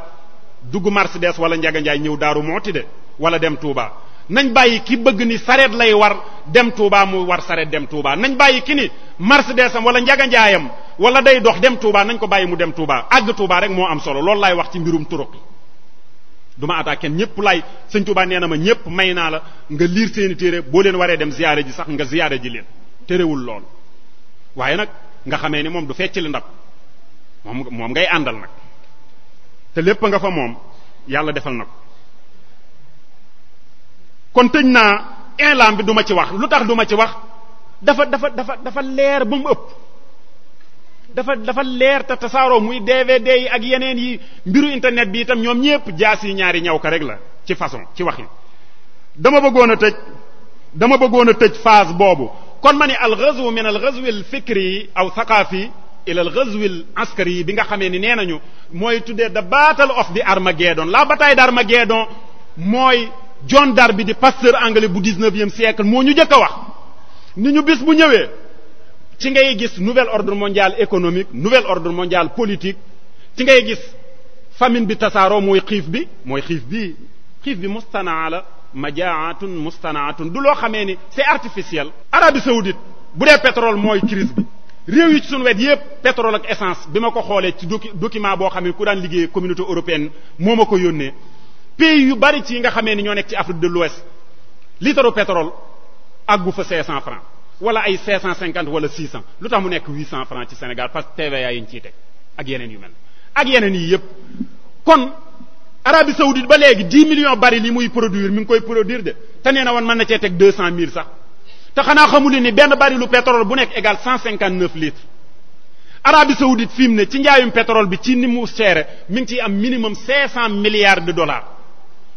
dugg Mercedes wala Ndiaga ñëw Daaru Muxti de wala dem Touba nañ bàyyi ki bëgg ni sareet lay war dem Touba mu war sareet dem Touba nañ bàyyi ki ni Mercedes am wala Ndiaga Ndiaye wala day dox dem Touba nañ ko bàyyi mu dem Touba àgg Touba rek am solo loolu laay wax ci mbirum turuq du ma attaqué kenn ñëpp lay sëñ Touba nee na ma ñëpp may naa la nga liir seeni téere boo leen waree dem ziyaare ji sax nga ziyaare ji leen terewul lool waaye nag nga xamee ni moom du fecc li ndab moom moom ngay àndal nag te lépp nga fa moom yàlla defal na ko kon tëj naa inlam bi du ci wax lu tax duma ci wax dafa dafa dafa dafa leer ba mu ëpp dafa dafa leerta te tasaaroo muy DVD yi ak yeneen yi mbiru internet bi itam ñoom ñépp jaas yi ñaari ñaw ka rek la ci façon ci waxin dama bëggoon a tëj dama bëggoon a tëj phase boobu kon ma ni al ghazw min al ghazw al fikri aw thaqafi ila al ghazw al askari bi nga xamee ni nee nañu mooy tuddee the battle of the Armageddon la bataille d'Armageddon mooy John Darby di pasteur anglais bu 19e siècle moo ñu jëkk a wax ni ñu bis bu ñëwee ci ngay gis nouvel ordre mondial économique nouvel ordre mondial politique ci ngay gis famine bi tasaaroo mooy xiif bi mooy xiif bi xiif bi mustanaa la majaatun mustanaatun du loo xamee ni c'est artificiel Arabie saoudite bu dee pétrole mooy crise bi réew yi ci suñu wet yépp pétrole ak essence bi ma ko xoolee ci document boo xam ne ku daan liggéey communauté européenne moo ma ko yónnee pays yu bari ci yi nga xamee ni ñoo nekk ci Afrique de l'Ouest litre pétrole àggu fa 500 francs wala ay 550 wala 600 lu tax mu nekk 800 francs ci Sénégal parce que TVA yi ñu ciy teg ak yeneen yu mel ak yeneen yi yëpp kon Arabie saoudite ba léegi million bari baril yi muy produire mu ngi koy produire de te nee na woon mën na cee teg 200000 sax te xanaa xamul ni benn bari barilu pétrole bu nekk égal 159 litres Arabie saoudite fi mu ne ci njaayum pétrole bi ci ni mu seere mi ngi ciy am minimum 500 milliards de dollars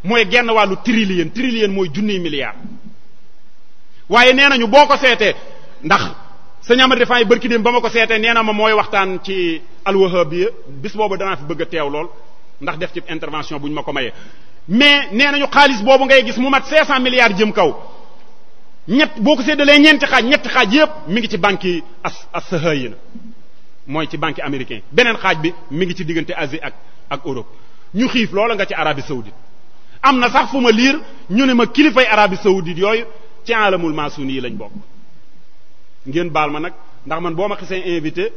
mooy genn wàllu trillion trillion mooy junniy milliards. waaye nee nañu boo ko seetee ndax sëñ Amady Faye barki dem ba ma ko seetee nee na ma mooy waxtaan ci alwahab bi bis boobu danaa fi bëgg teew lool ndax def ci intervention bu ñu ma ko mayee mais nee nañu xaalis boobu ngay gis mu mat 500 milliards jëm kaw ñett boo ko séddalee ñeenti xaaj ñetti xaaj yépp mi ngi ci banque yi as as sahayi na mooy ci banque américain beneen xaaj bi mi ngi ci diggante Asie ak ak Europe ñu xiif loola nga ci Arabie saoudite am na sax fu ma liir ñu ne ma kilifay Arabie saoudite yooyu ci alamul maasuun yi lañ bokk ngeen baal ma nag ndax man boo ma xisee invité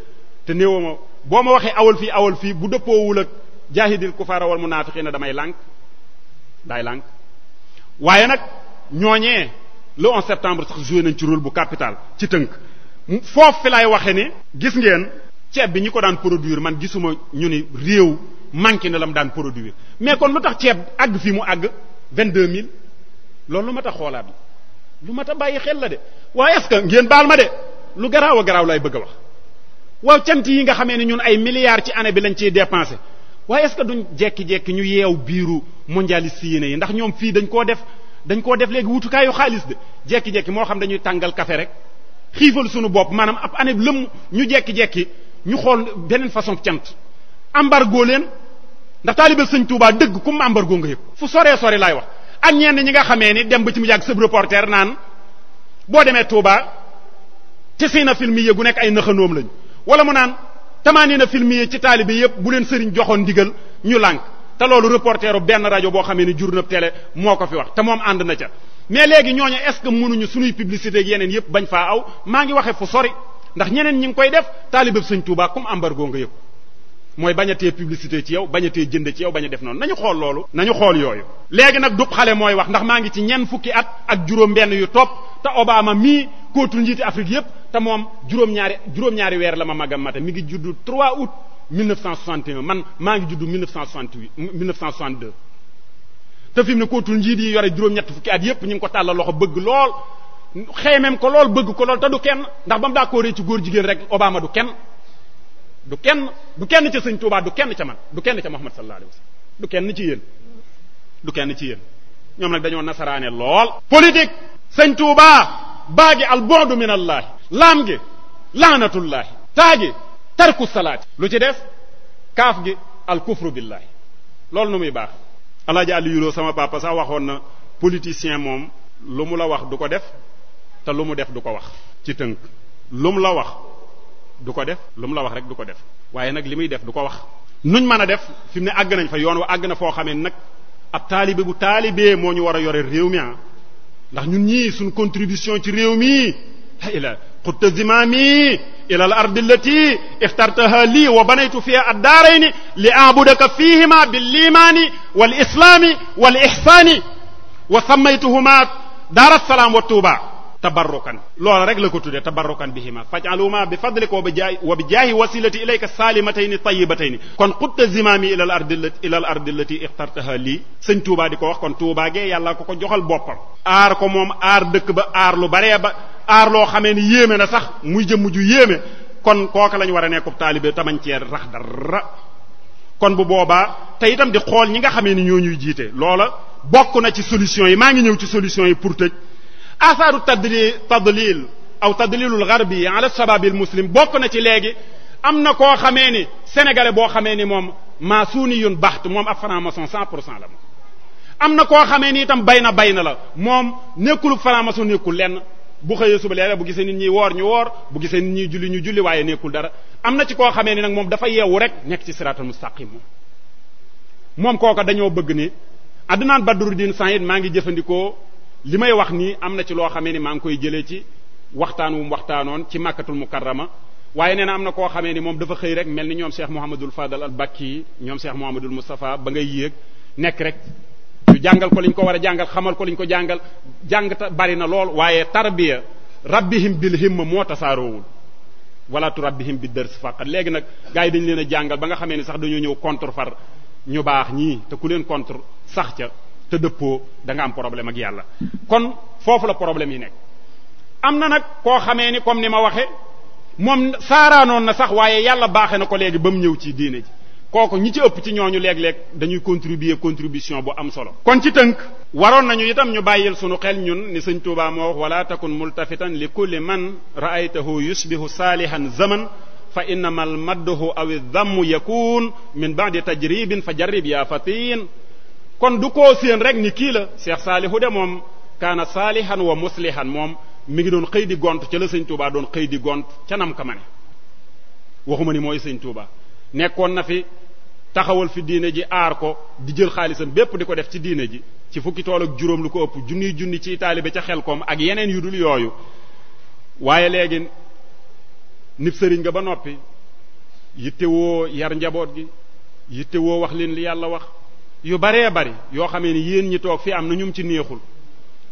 te néewa ma boo ma waxee awal fii awal fii bu dëppoowul ak jaahidil kufaara wal munaafiqiina damay lànk daay lànk waaye nag ñooñee le 11 septembre sax joué nañ ci rôle bu capital ci tënk foofu fi laay waxe ni gis ngeen ceeb bi ñi ko daan produire man gisuma ñu ni réew manqué na la mu daan produire mais kon lu tax ceeb àgg fi mu àgg vingt-deux mille loolu lu ma tax xoolaat la lu mat a bàyyi xel la de waaye est ngeen baal ma de lu garaaw a garaaw lay bëgg a wax waaw cant yi nga xamee ne ñun ay milliards ci année bi lañ ciy dépensé waaye est-ce duñ jekki-jekki ñu yeew biiru mondialiste yi ne yi ndax ñoom fii dañ koo def dañ koo def léegi wutukaayu xaalis de jekki-jekki moo xam dañuy tàngal kafe rek xiifal sunu bopp maanaam ab année lëmm ñu jekki-jekki ñu xool beneen façon cant embargo leen ndax taalibe sëñ Touba dëgg comme embargo nga yëpp fu soree sore laay wax ak ñenn ñi nga xamee ni dem ba ci mu yàgg sëb reporter naan boo demee Touba te seen film yi gu nekk ay nëxanoom lañ wala mu naan tamaani na film yi ci taalibe yëpp bu leen sëriñ joxoon ndigal ñu lànk te loolu reporteru benn rajo boo xamee ni jur na télé moo ko fi wax te moom ànd na ca mais léegi ñooñu est-ce que mënuñu suñuy publicité ak yeneen yëpp bañ faa aw maa ngi waxe fu sori ndax ñeneen ñi ngi koy def taalibe suñ Touba comme embargo nga yëpp mooy bañ a tee publicité ci yow bañ a tee jënd ci yow bañ a def noonu nañu xool loolu nañu xool yooyu léegi nag dub xale mooy wax ndax maa ngi ci ñenn fukki at ak juróom benn yu topp te Obama mii kootul njiiti Afrique yépp te moom juróom-ñaari juróom-ñaari weer la ma magam mate mi ngi juddu 3 août 1961 man maa ngi juddu 1968 1962 te fi mu ne kootul njiit yi yore juróom-ñett fukki at yépp ñu ngi ko tàllal loxo bëgg lool xeemeem ko lool bëgg ko lool te du kenn ndax ba mu daa ci góor jigéen rek Obama du kenn du kenn du kenn ca sëñ Touba du kenn ca man du kenn ca Muhammad sallallahu alayhi wasallam du kenn ci yéen du kenn ci yéen ñoom nag dañoo nasaraane lool. politique sëñ Touba baa gi al bu'du min allah laam gi laanatullahi taa gi tarku salaat lu ci des kaaf gi al kufru billahi loolu nu muy baax. alaaji àlli yuloo sama papa sax waxoon na politicien moom lu mu la wax du ko def te lu mu def du ko wax ci tënk lu mu la wax du ko def lu mu la wax rek du ko def waaye nag li muy def du ko wax nuñ mën a def fi mu ne àgg nañ fa yoon wa àgg na foo xamee nag ab taalibe bu taalibee moo ñu war a yore réew mi ah ndax ñun ñii suñ contribution ci réew mi ila xutta zimami ila al ardi allati ixtartaha lii wa banaytu fiha addaarayni li abudaka fihima bil limaani wal islaami wal ihsaani wa sammaytuhuma daar assalaam wa tuuba tabarrukan loola rek la ko tuddee tabarrukan bihima faj'aluma bi fadlika wa bi jaahi wa bi jaahi wasilati ilayka saalimatayni tayyibatayni kon xutta zimaami ilal ardi ilal ardi allati ixtartaha lii sëñ Touba di ko wax kon Touba gee yàlla ko ko joxal boppam aar ko moom aar dëkk ba aar lu baree ba aar loo xamee ni yéeme na sax muy jëmm ju yéeme kon kooka lañ war a nekkub taalibe tamañ cee rax dara kon bu boobaa te itam di xool ñi nga xamee ni ñoo ñuy jiite loola bokk na ci solution asaru tadli tadlil aw tadlilul garbi ala shababil muslim bokk na ci léegi am na koo xamee ni sénégalais boo xamee ni moom maasuni yun baxtu moom ab franc-maçon cent pour cent la moom am na koo xamee ni itam bay na bay na la moom nekkul franc-maçon nekkul lenn bu xëyee suba leer bu gisee nit ñi woor ñu woor bu gisee nit ñi julli ñu julli waaye nekkul dara am na ci koo xamee ni nag moom dafa yeewu rek nekk ci siraatal mustaqim moom moom kooka dañoo bëgg ni Adnan Badruddin Said maa ngi jëfandikoo li may wax nii am na ci loo xamee ni maa ngi koy jëlee ci waxtaan wu mu waxtaanoon ci makkatul mukarrama waaye nee na am na koo xamee ni moom dafa xëy rek mel ni ñoom Cheikh Mouhamadul Fadal al Bakki ñoom Cheikh Mouhamadul Moustapha ba ngay yéeg nekk rek. ñu jàngal ko liñ ko war a jàngal xamal ko liñ ko jàngal jàngta bari na lool waaye tarbiya rabbihim bil himma moo tasaaroowul wala tu rabbihim bi dërs faqat léegi nag gars yi dañu leen a jàngal ba nga xamee ni sax dañoo ñëw contre far ñu baax ñii te leen contre sax ca. te dëppoo da nga am problème ak yàlla kon foofu la problème yi nekk am na nag koo xamee ni comme ni ma waxe moom saaraanoon na sax waaye yàlla baaxe na ko léegi ba mu ñëw ci diine ji kooku ñi ci ëpp ci ñooñu léeg-léeg dañuy contribuer contribution bu am solo kon ci tënk waroon nañu itam ñu bàyyil sunu xel ñun ni sëñ Tuubaa moo wax wala takun multafitan li kulli man ra'aytahu yusbihu saalihan zaman fa innama al madduhu aw dammu yakun min ba'di tajribin fa jarrib ya fatin kon du ko séen rek ni kii la Cheikh Saalihu de moom kaana saalihan wa muslihan moom mi ngi doon xëy di gont ca la sëñ Touba doon xëy di gont ca nam ma ne waxuma ni mooy sëñ Touba nekkoon na fi taxawal fi diine ji aar ko di jël xaalisam bépp di ko def ci diine ji ci fukki tool ak juróom lu ko ëpp junniy junni ci taalibe ca xel koom ak yeneen yu dul yooyu waaye léegi nib sëriñ nga ba noppi yittewoo yar njaboot gi yittewoo wax leen li yàlla wax yu baree bari yoo xamee ni yéen ñi toog fi am na ñum ci neexul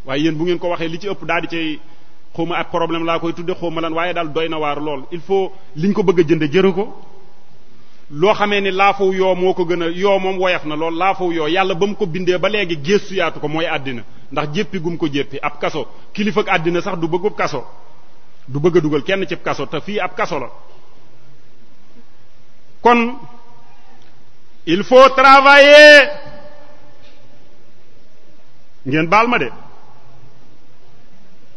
waaye yéen bu ngeen ko waxee li ci ëpp daal di cay xawma ab problème laa koy tudde xawma lan waaye daal doy na waar lool il faut liñ ko bëgg a jënd jëru ko loo xamee ni laafaw yoo moo ko gën a yoo moom woyaf na lool laafaw yoo yàlla ba mu ko bindee ba léegi gestu ko mooy àddina ndax jéppi gum ko jéppi ab kaso kilifa ak àddina sax du bëggub kaso du bëgg a dugal kenn cib kaso te fii ab kaso il faut travailler ngeen baal ma de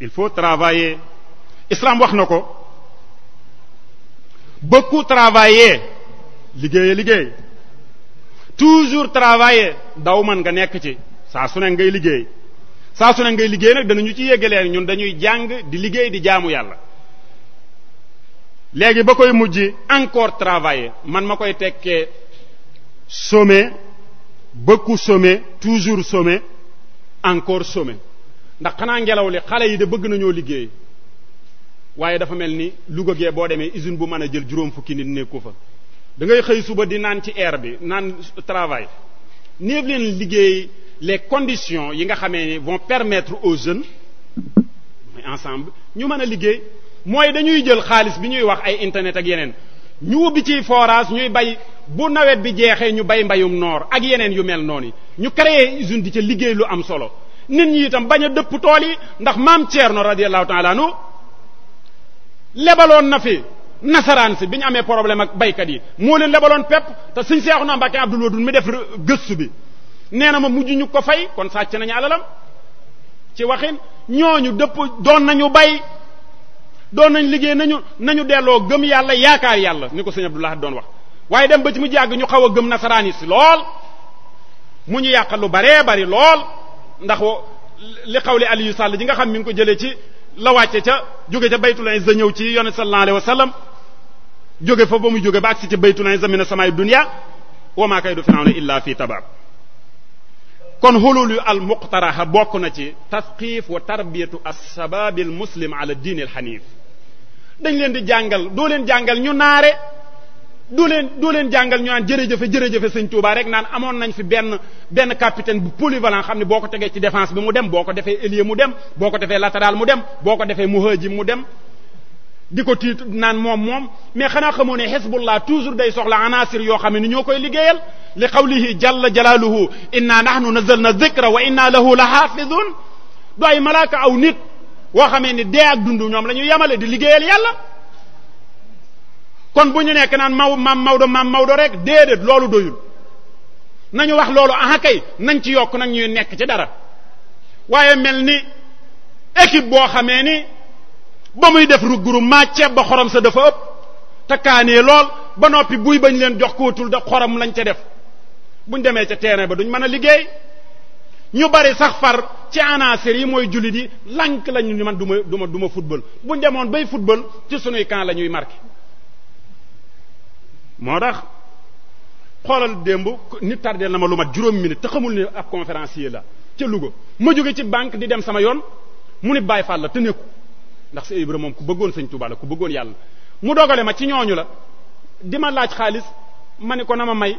il faut travailler islam wax na ko beaucoup travailler liggéeye liggéey toujours travailler daw man nga nekk ci saa su ne ngay liggéey saa su ne ngay liggéey nag danañu ci yégaleen ñun dañuy jàng di liggéey di jaamu yàlla léegi ba koy mujj encore travailler man ma koy tekkee sommet beaucoup sommet toujours sommet encore sommet ndax xanaa ngelaw li xale yi de bëgg nañoo liggéey waaye dafa mel ni Louga gee boo demee usine bu mën a jël juróom fukki nit nekku fa da ngay xëy suba di naan ci air bi naan travail néew leen liggéey les conditions yi nga xamee ni vont permettre aux jeunes ensemble ñu mën a liggéey mooy dañuy jël xaalis bi ñuy wax ay internet ak yeneen ñu ubbi ci forage ñuy bay bu nawet bi jeexee ñu bay mbayum noor ak yeneen yu mel noon yi ñu créé usine di ca liggéey lu am solo nit ñi itam bañ a dëpp tool yi ndax maam Thierno radiyallahu ta'ala anhu lebaloon na fi nasaraan si bi ñu amee problème ak baykat yi moo leen lebaloon pepp te suñ seexu na Mbàkke Abdul Wadud mi def gëstu bi nee na ma mujj ñu ko fay kon sàcc nañu alalam ci waxin ñooñu dëpp doon nañu bay doon nañ liggéey nañu nañu delloo gëm yàlla yaakaar yàlla ni ko sëñ Abdullah doon wax waaye dem ba ci mu jàgg ñu xaw a gëm nasaraani si lool mu ñu yàqal lu bare bari lool ndax li xawle Aliou Sall ji nga xam mi ngi ko jëlee ci la wàcce ca jóge ca baytul izza ñëw ci yonent sallallahu alayhi wasallam jóge fa ba mu jóge ba agsi ci baytul izza a samay dunya wa ma kaydu fir'auna illa fi tabab kon hulul yu al muqtaraha bokk na ci tasqif wa tarbiyatu as-shabab al muslim ala diin al dañ leen di jàngal doo leen jàngal ñu naare doo leen doo leen jàngal ñu naan jërëjëfe jërëjëfe sëñ Touba rek naan amoon nañ fi benn benn capitaine bu polyvalent xam ne boo ko tegee ci défense bi mu dem boo ko defee ailier mu dem boo ko defee latéral mu dem boo ko defee muhajim mu dem di ko tiit naan moom moom mais xanaa xamoon ne Hezbollah toujours day soxla anasir yoo xam ne ni koy liggéeyal li qawlihi jalla jalaluhu inna nahnu nazzalna dhikra wa inna lahu la hafizun do ay malaaka aw nit woo xamee ni dee ak dund ñoom la ñuy yemale di liggéeyal yàlla kon bu ñu nekk naan maw maam Maodo maam Maodo rek déedéet loolu doyul nañu wax loolu ah kay nañ ci yokk nag ñuy nekk ci dara waaye mel ni équipe boo xamee ni ba muy def regroupement ceeb ba xorom sa dafa ëpp te lool ba noppi buy bañ leen jox kootul da xorom lañ ca def buñ demee ca terrain ba duñ mën a liggéey ñu bari sax far ci anaaseer yi mooy jullit yi lank lañu ni man du ma du ma du bu demoon bay football ci suñuy camp la ñuy marqué moo tax xoolal démb nit tardé na ma lu mat juróom minute te xamul ne ab conférencier la ca Louga ma jóge ci banque di dem sama yoon mu ni Baay Faal la te nekku ndax si Ibra moom ku bëggoon Sëñ Tuubaa la ku bëggoon yàlla mu dogale ma ci ñooñu la di ma laaj xaalis ma ni ko na ma may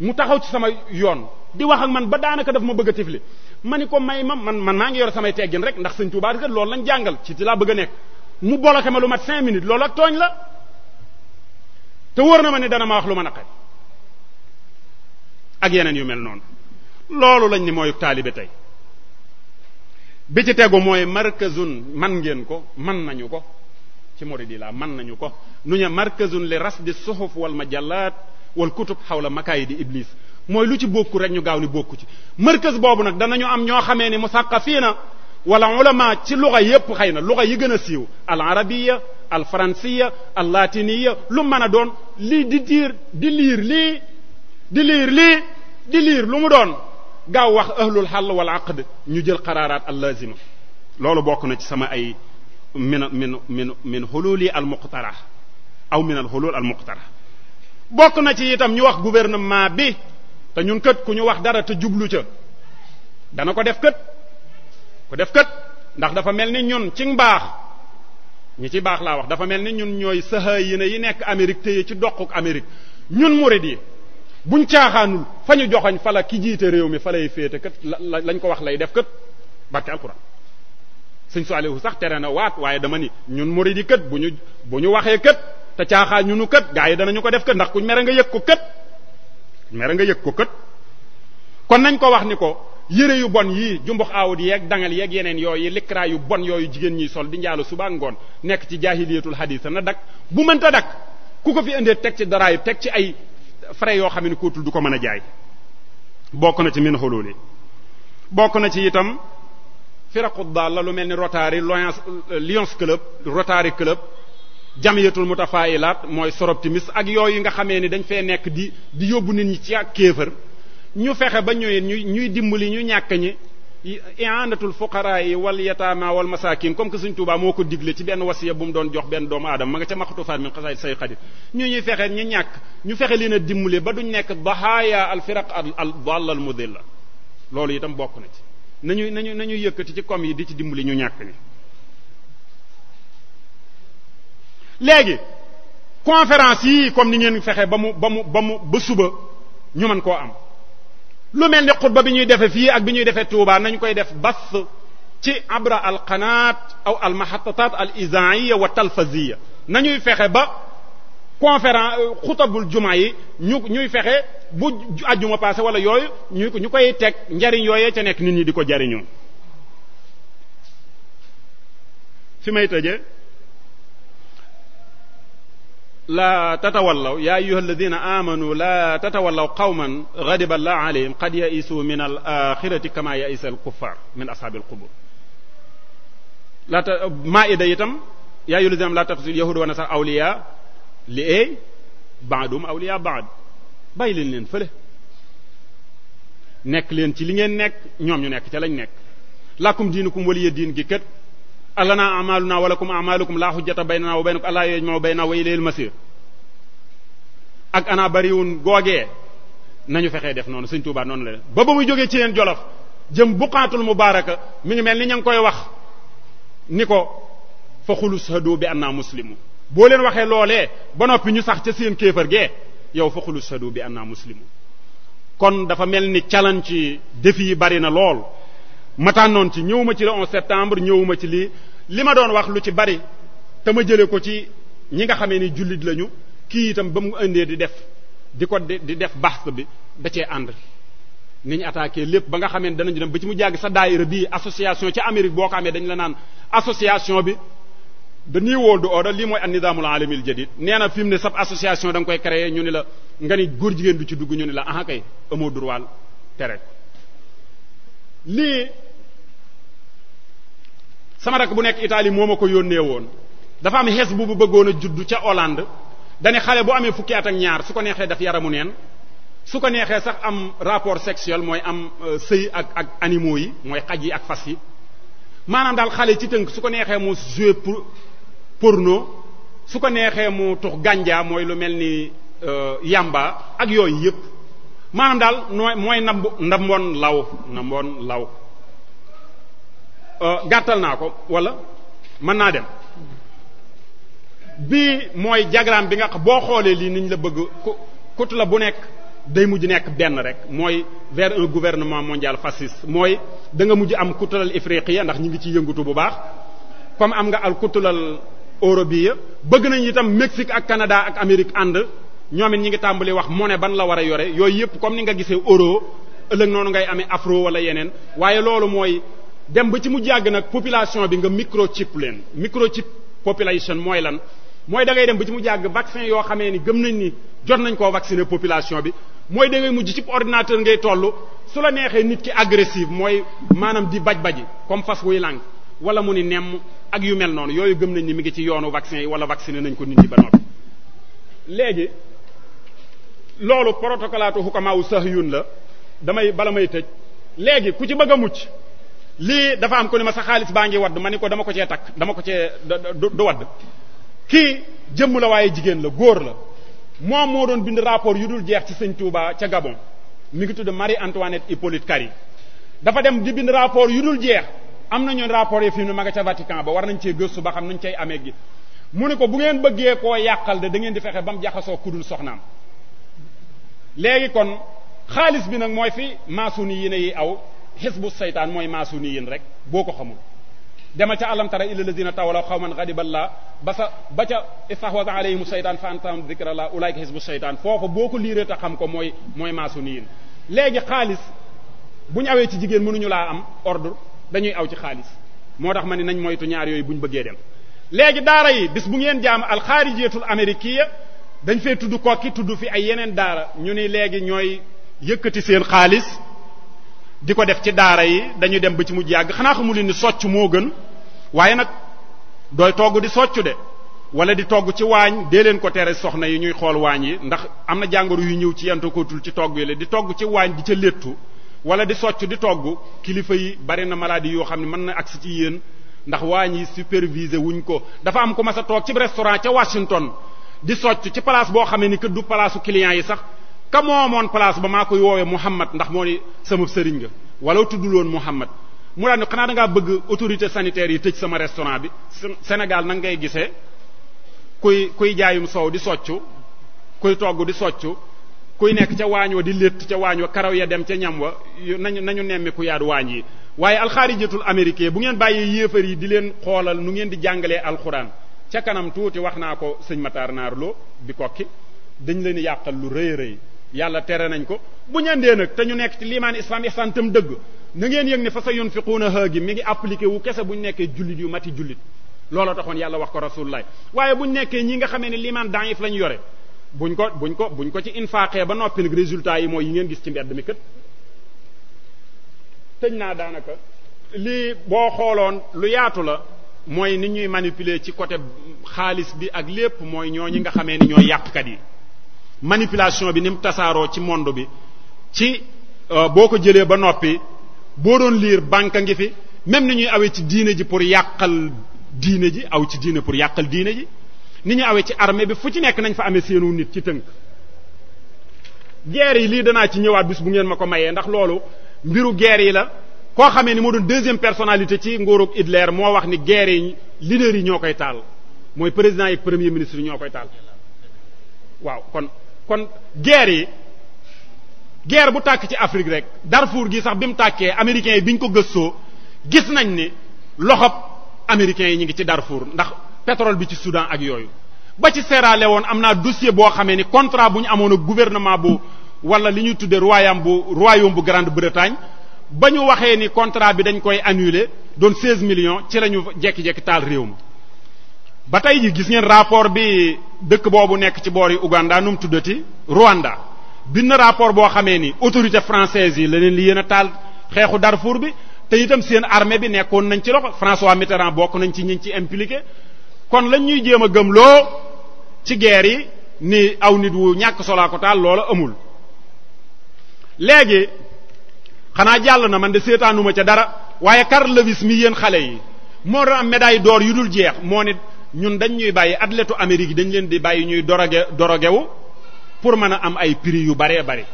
mu taxaw ci sama yoon di wax ak man ba daanaka daf ma bëgg a tifli ma ni ko may ma man man maa ngi yor samay teggin rek ndax sëñ Tuubaa kat loolu lañ jàngal ci ci laa bëgg a nekk mu boloke ma lu mat cinq minutes loolu ak tooñ la na ma ne dana ma wax lu ma naqari ak yeneen yu mel noonu loolu lañ ni mooy taalibe tey bi ci tegu mooy markazun man ngeen ko man nañu ko ci muridi la man nañu ko nu ñu markazun li rasdi suhuf wal ma majallaat wal kutub xawla makayi di iblis mooy lu ci bokku rek ñu gaaw ni bokku ci markaz boobu nag danañu am ñoo xamee ni musaqafiina wala ulama ci luga yépp xëy na luga yi gën a siiw al arabiya al faransiya al latiniya lu mën a doon lii di diir di liir lii di liir lii di liir lu mu doon gaaw wax ahlul xàll wal aqd ñu jël qaraaraat al loolu bokk na ci sama ay min min min min xululi al muqtara aw min al xulul al muqtara bokk na ci itam ñu wax gouvernement bi te ñun kët ku ñu wax dara te jublu ca dana ko def kët ko def kët ndax dafa mel ni ñun ci mbaax ñi ci baax laa wax dafa mel ni ñun ñooy sahaayina yi nekk Amérique téye ci doquk Amérique ñun murid yi buñ caaxaanul fa ñu joxoñ fa la ki jiite réew mi fa lay féete kat lañ ko wax lay def kat barke alquran sëñ Saalihu sax tere na waat waaye dama ni ñun murid yi kat bu ñu bu ñu waxee kat te ñu nu kët gaa yi danañu ko def kët ndax ku mere nga yëg ko kët kuñ mere nga yëg ko kët kon nañ ko wax ni ko yére yu bon yii jumbux aawut yeeg dangal yeeg yeneen yooyu likra yu bon yooyu jigéen ñiy sol di njaalu suba ngoon nekk ci jaahiliyatul hadisa na dak bu mënta dak ku ko fi indee teg ci daraayu teg ci ay frais yoo xam ne kootul du ko mën a jaay bokk na ci min xolooli bokk na ci itam firaqu daal la lu mel ni Rotary Lions Lions club Rotary club jamiyatul mutafaa'ilaat mooy soroptimis ak yooyu nga xamee ni dañ fee nekk di di yóbbu nit ñi ci ak kéefër ñu fexe ba ñuy ñuy dimbali ñu ñàkk ñi i'anatul fuqaraa yi wal yataama wal masaakin comme que Sëriñ Tuubaa moo ko digle ci benn wasiya bu mu doon jox benn doomu aadama ma nga ca maxtufaat min xasaay say xadir ñu ñuy fexe ñu ñàkk ñu fexe leen a dimbali ba duñ nekk dahaaya al firaq al dall al la loolu itam bokk na ci na nañu na nañu yëkkati ci kom yi di ci dimbali ñu ñàkk ñi léegi conférence yi comme ni ngeen fexe ba mu ba mu ba ba suba ñu mën koo am lu mel ni ba bi ñuy defee fii ak bi ñuy defee Touba nañu koy def bas ci abra al qanaat aw al mahattatat al izaiya wa talfaziya nañuy fexe ba conférence euh, xutabul juma yi ñu ñuy fexe bu ajjuma passé wala yooyu ñu ko ñu koy teg njariñ yooyee ca nekk nit ñi di ko jariñoo fi may tëje la tatawallaw ya ayyuha alladina amanu laa tatawallaw qawman ghadiba allah alayhim qad ya'isu min al axirati kama ya'isa al kuffar min ashaabi al qubur laata maida itam yaa ayyuha alladina laa tattakhidhu yahuda wa nasara awliya li eey ba'dum awliya ba'd bàyyi leen leen fële nekk leen ci li ngeen nekk ñoom ñu nekk ca lañ nekk lakum diinukum waliya diin gi alana amaluna walakum amalukum laa xujjata baynana wa baynakum allah yajma'u baynana wa ilayhil masir ak ana bariwun googee nañu fexee def noonu Sëriñ Tuubaa noonu la def ba ba muy jógee ci yeen jolof jëm buqaatul mubaaraka mi ngi mel ni ña ngi koy wax ni ko fa xulus hado bi anna muslimu boo leen waxee loolee ba noppi ñu sax ca seen kéefër gee yow fa xulus hado bi anna muslimu kon dafa mel ni challenge ci yi bari na lool ma tànnoon ci ñëwuma ci la 11 septembre ñëwuma ci lii li ma doon wax lu ci bari te ma jëlee ko ci ñi nga xamee ni jullit lañu kii itam ba mu indee di def di ko di def baax bi da cee ànd. ni ñu attaqué lépp ba nga xamee ne danañu dem ba ci mu jàgg sa daayira bii association ci Amérique boo ko amee dañu la naan association bi dañuy wóor du oda lii mooy an nizaamul alamil jadid nee na fi mu ne sab association da koy créer ñu ni la nga ni góor jigéen du ci dugg ñu ni la ah kay amoo droit tere sama rak bu nekk Italie moo ma ko yónnee woon dafa am xes bu bu bëggoon a juddu ca Hollande dane xale bu amee fukki atak ñaar su ko neexee daf yaramu neen su ko neexee sax am rapport sexuel mooy am euh, sëy ak ak animaux yi mooy xaj yi ak fas yi maanaam daal xale ci tënk su ko neexee mu jouer pour porno su ko neexee mu tux gànjaa mooy lu mel ni euh, yamba ak yooyu yëpp maanaam daal nooy mooy ndamb ndamboon law ndamboon law Euh, gàttal naa ko wala mën naa dem bii mooy diagramme bi nga xam boo xoolee lii ñu la bëgg ku kutu la bu nekk day mujj nekk benn rek mooy vers gouvernement mondial fasciste mooy da nga mujj am kutulal ifriqiya ndax ñu ngi ci yëngutu bu baax comme am nga al kutulal eurobiya bëgg nañ itam Mexique ak Canada ak Amérique ànd ñoom it ñi ngi tàmbali wax moo monnaie ban la war a yore yooyu yëpp comme ni nga gisee euro ëllëg noonu ngay amee afro wala yeneen waaye loolu mooy dem ba ci mu jàgg nag population bi nga microchip leen microchip population mooy lan mooy da ngay dem ba ci mu jàgg vaccin yoo xamee ni gëm nañ ni jot nañ koo vacciner population bi mooy da mujj ci ordinateur ngay toll su la neexee nit ki agressive mooy maanaam di baj baji comme fas wuy làng wala mu ni nemm ak yu mel noonu yooyu gëm nañ ni mi ngi ci yoonu vaccin yi wala vacciner nañ ko nit ñi ba noppi léegi loolu protocolaatu xukamaawu sahyun la damay bala may tëj léegi ku ci bëgg a mucc lii dafa am ko ni ma sa xaalis baa ngi wadd ma ni ko dama ko cee takk dama ko cee du wadd kii jëmm la waaye jigéen la góor la moom moo doon bind rapport yu dul jeex ci sëñ Touba ca Gabon mu ngi tudd Marie Antoinette Hippolyte Carry dafa dem di bind rapport yu dul jeex am nañu rapport yi fi mu ne ma nga ca Vatican ba war nañ cee gëstu ba xam nuñ cay amee gi mu ne ko bu ngeen bëggee koo yàqal de da ngeen di fexe ba mu jaxasoo kudul soxnaam léegi kon nag mooy fi maasuni yi ne aw xisbu saytaan mooy maasu nii yéen rek boo ko xamul dema ca alam tara ila lazina tawalaw xawman xadiballaa ba sa ba ca istahwaza alayhimu saytaan fa antam zikrallah ulaayka xisbu saytaan foofu boo ko liiree te xam ko mooy mooy maasu ni yéen léegi xaalis bu ñu awee ci jigéen mënuñu laa am ordre dañuy aw ci xaalis moo tax ma ni nañ moytu ñaar yooyu bu ñu bëggee dem léegi daara yi bis bu ngeen jaam alxaarijiyatul amérikiya dañ fee tudd kokki tudd fi ay yeneen daara ñu ni léegi ñooy yëkkati seen xaalis di ko def ci daara yi dañuy dem ba ci mujj yàgg xanaa xamu leen ni socc moo gën waaye nag dooy togg di socc de wala di togg ci waañ dee leen ko tere soxna yi ñuy xool waañ yi ndax am na jàngoro yu ñëw ci yanta kootul ci togg yi la di togg ci waañ di ca léttu wala di socc di togg kilifa yi bari na maladie yoo xam ne mën na agsi ci yéen ndax waañ yi supervisé wuñ ko dafa am ku ma a toog ci restaurant ca Washington di socc ci place boo xamee ni que du palaasu clients yi sax ka moomoon place ba maa koy woowee Muhammad ndax moo ni sama sëriñ nga wala tudduloon Muhammad mu daal ne xanaa da ngaa bëgg autorité sanitaire yi tëj sama restaurant bi Sénégal nag ngay gisee kuy kuy jaayum soow di soccu kuy togg di soccu kuy nekk ca waañ wa di létt ca waañ wa karaw ya dem ca ñam wa nañu nañu nemmiku yaadu waañ yi waaye alxaarijatul américain bu ngeen bàyyi yéefar yi di leen xoolal nu ngeen di jàngalee alxuraan ca kanam tuuti wax naa ko sëñ Matar Naar Lo bi dañ leen yàqal lu rëy rëy yàlla tere nañ ko bu ñu dee nag te ñu nekk ci limaan islam ihsan tam dëgg na ngeen yëg ne fa sa yunfiquuna ha gi mi ngi appliqué wu kese bu ñu nekkee jullit yu mati jullit looloo taxoon yàlla wax ko rasulullah waaye bu ñu nekkee ñi nga xamee ne liimaan daif lañ yore buñ ko buñ ko buñ ko ci infaqee ba noppi nag résultat yi mooy yi ngeen gis ci mbedd mi kët tëj naa daanaka lii boo xooloon lu yaatu la mooy ni ñuy manipuler ci côté xaalis bi ak lépp mooy ñooñi nga xamee ni ñooy yàqkat yi manipulation bi ni tasaaroo ci monde bi ci euh, boo ko jëlee ba noppi boo doon liir banque ngi fi même ni ñuy awee ci diine ji pour yàqal diine ji aw ci diine pour yàqal diine ji ni ñuy awee ci armée bi fu ci nekk nañ fa amee seenu nit ci tënk guerre yi lii danaa ci ñëwaat bis bu ngeen ma ko mayee ndax loolu mbiru geer yi la koo xamee ni moo doon deuxième personnalité ci nguurug Hitler moo wax ni guerre yi leaders yi ñoo koy tàll mooy président yi premier ministre yi ñoo koy taal waaw kon kon guerre yi guerre bu tàkk ci Afrique rek Darfour gi sax bi mu tàkkee américain yi bi ñu ko gëstoo gis nañ ni loxob américains yi ñu ngi ci Darfour ndax pétrole bi ci Soudan ak yooyu ba ci Sierra woon am naa dossier boo xamee ni contrat bu ñu amoon ak gouvernement bu wala li ñuy tuddee royaume bu royaume bu Grande-Bretagne ba ñu waxee ni contrat bi dañ koy annuler doon 16 millions ci la ñu jekki-jekki taal réew mi ba tey ji gis ngeen rapport bi dëkk boobu nekk ci boor yi Uganda nu mu tuddati Rwanda bind na rapport boo xamee ni autorité française yi la li yéen a taal xeexu Darfour bi te itam seen armée bi nekkoon nañ ci loxo François Mitterrand bokk nañ ci ñi ci impliqué kon lañuy ñuy jéem a gëmloo ci guerre yi ni aw nit wu ñàkk solaa ko taal loola amul léegi xanaa jàll na man de seetaanuma ca dara waaye Carl Lewis mi yéen xale yi moo doon am médaille d'or yu dul jeex moo ne ñun dañ ñuy bàyyi athlète Amérique yi dañu leen di bàyyi ñuy doroge dorogewu pour mën a am ay prix yu baree bari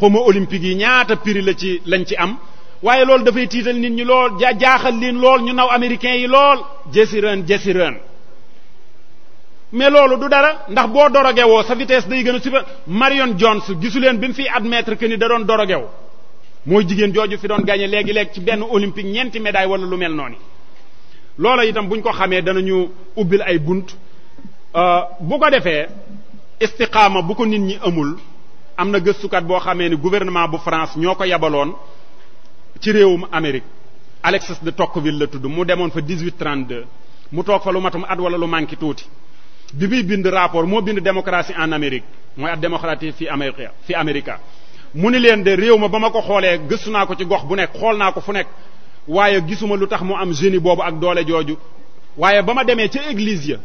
xawma olympique yi ñaata prix la ci lañ ci am waaye loolu dafay tiital nit ñi lool ja jaaxal leen lool ñu naw américains yi lool jesiren jesiren mais loolu du dara ndax boo dorogewoo sa vitesse day gën a super Marion Jones gisu leen bi mu fiy admettre que ni da doon dorogewu mooy jigéen jooju fi doon gagné léegi lekk ci benn olympique ñeenti médaille wala lu mel noonu loola itam bu ñu ko xamee danañu ubbil ay bunt euh, bu ko defee istiqaama bu ko nit ñi amul am na gëstukat boo xamee ni gouvernement bu France ñoo ko yabaloon ci réewum Amérique Alexis de Tocqueville la tudd mu demoon fa 1832 mu toog fa lu matum at wala lu manqué tuuti bi muy bind rapport moo bind démocratie en Amérique mooy at démocratie fi Amérique fi américa mu ni leen de réew ma ba ma ko xoolee gëstu naa ko ci gox bu nekk xool naa ko fu nekk waaye gisuma lu tax mu am génie boobu ak doole jooju waaye ba ma demee ca église ya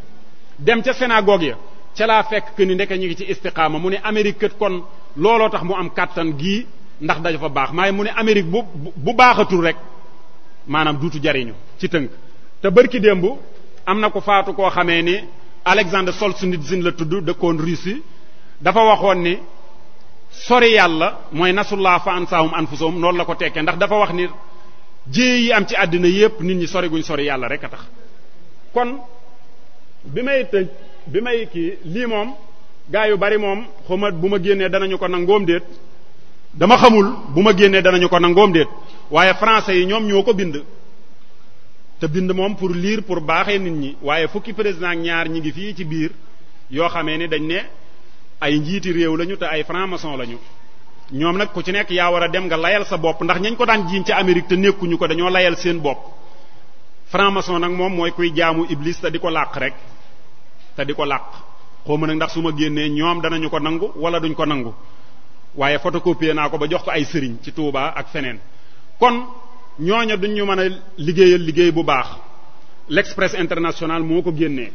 dem ca synagogue ya ca laa fekk que ni ndeke ñu ngi ci istiqaama mu ne amerique kët kon looloo tax mu am kàttan gii ndax daja fa baax maay mu ne Amérique bu bu baaxatul rek maanaam duutu jariñu ci tënk te bërki démb am na ko faatu koo xamee ni sol Alexandre Solzhenitsyn la tudd dëkkoon Russie dafa waxoon ni sori yàlla mooy nasullaa fa ansahum anfusahum noonu la ko tekkee ndax dafa wax ni jéey yi am ci àddina yépp nit ñi sori guñ sori yàlla rek a tax kon bi may tëj bi may kii lii moom gaa yu bari moom xuma bu ma génnee danañu ko nangoom déet dama xamul bu ma génnee danañu ko nangoom déet waaye français yi ñoom ñoo ko bind te bind moom pour liir pour baaxee nit ñi waaye fukki président ñaar ñi ngi fii ci biir yoo xamee ni dañ ne ay njiiti réew lañu te ay franc-maçon lañu ñoom nag ku ci nekk yaa war a dem nga layal sa bopp ndax ñañ ko daan jiiñ ci Amérique te nekkuñu ko dañoo layal seen bopp franc-maçon nag moom mooy kuy jaamu iblis te di ko làq rek te di ko làq xaw ma nag ndax su ma génnee ñoom danañu ko nangu wala duñ ko nangu waaye photocopier naa ko ba jox ko ay sëriñ ci Touba ak feneen kon ñooña duñ ñu mën a liggéeyal liggéey bu baax l'Express international moo ko génnee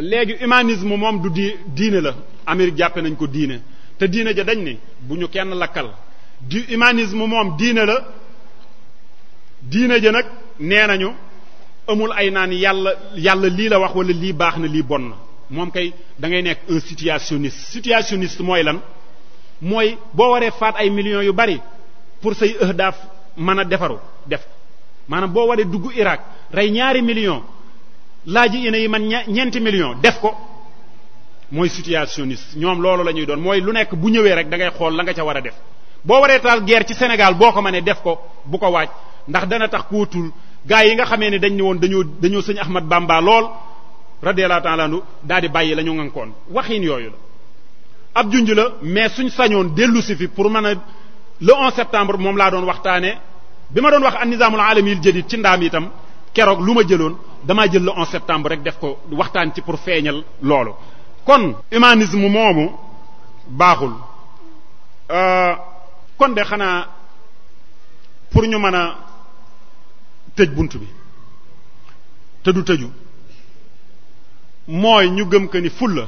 léegi humanisme moom du di diine la Amérique jàppe nañ ko diine te diine ja dañ ni bu ñu kenn lakkal du imanisme moom diine la diine ja nag nee nañu amul ay naan yàlla yàlla lii la wax wala lii baax na lii bon na moom kay dangay nekk un situationniste situationniste mooy lan mooy boo waree faat ay millions yu bari pour say ëhdaaf mën a defaru def maanaam boo waree dugg Irak rey ñaari million laaj laaji ina yi man ñeenti million def ko mooy nis ñoom loolu la ñuy doon mooy lu nekk bu ñëwee rek dangay xool la nga ca war a def boo waree taal guerre ci Sénégal boo ko mënee def ko bu ko waaj ndax dana tax kootul gars yi nga xamee ne dañ ne woon dañoo dañoo sëñ Ahmad Bamba lool radiyallahu ta'ala anhu daal di bàyyi la ñu ngankoon waxiin yooyu la ab junj la mais suñ sañoon dellu si fi pour mën a le 11 septembre moom laa doon waxtaanee bi ma doon wax an nizaamul alami al jadid ci ndaam itam keroog lu ma jëloon damaa jël le 11 septembre rek def ko waxtaan ci pour feeñal loolu kon humanisme moomu baaxul euh, kon de xanaa pour ñu mën a tëj bunt bi te du tëju mooy ñu gëm que ni fulla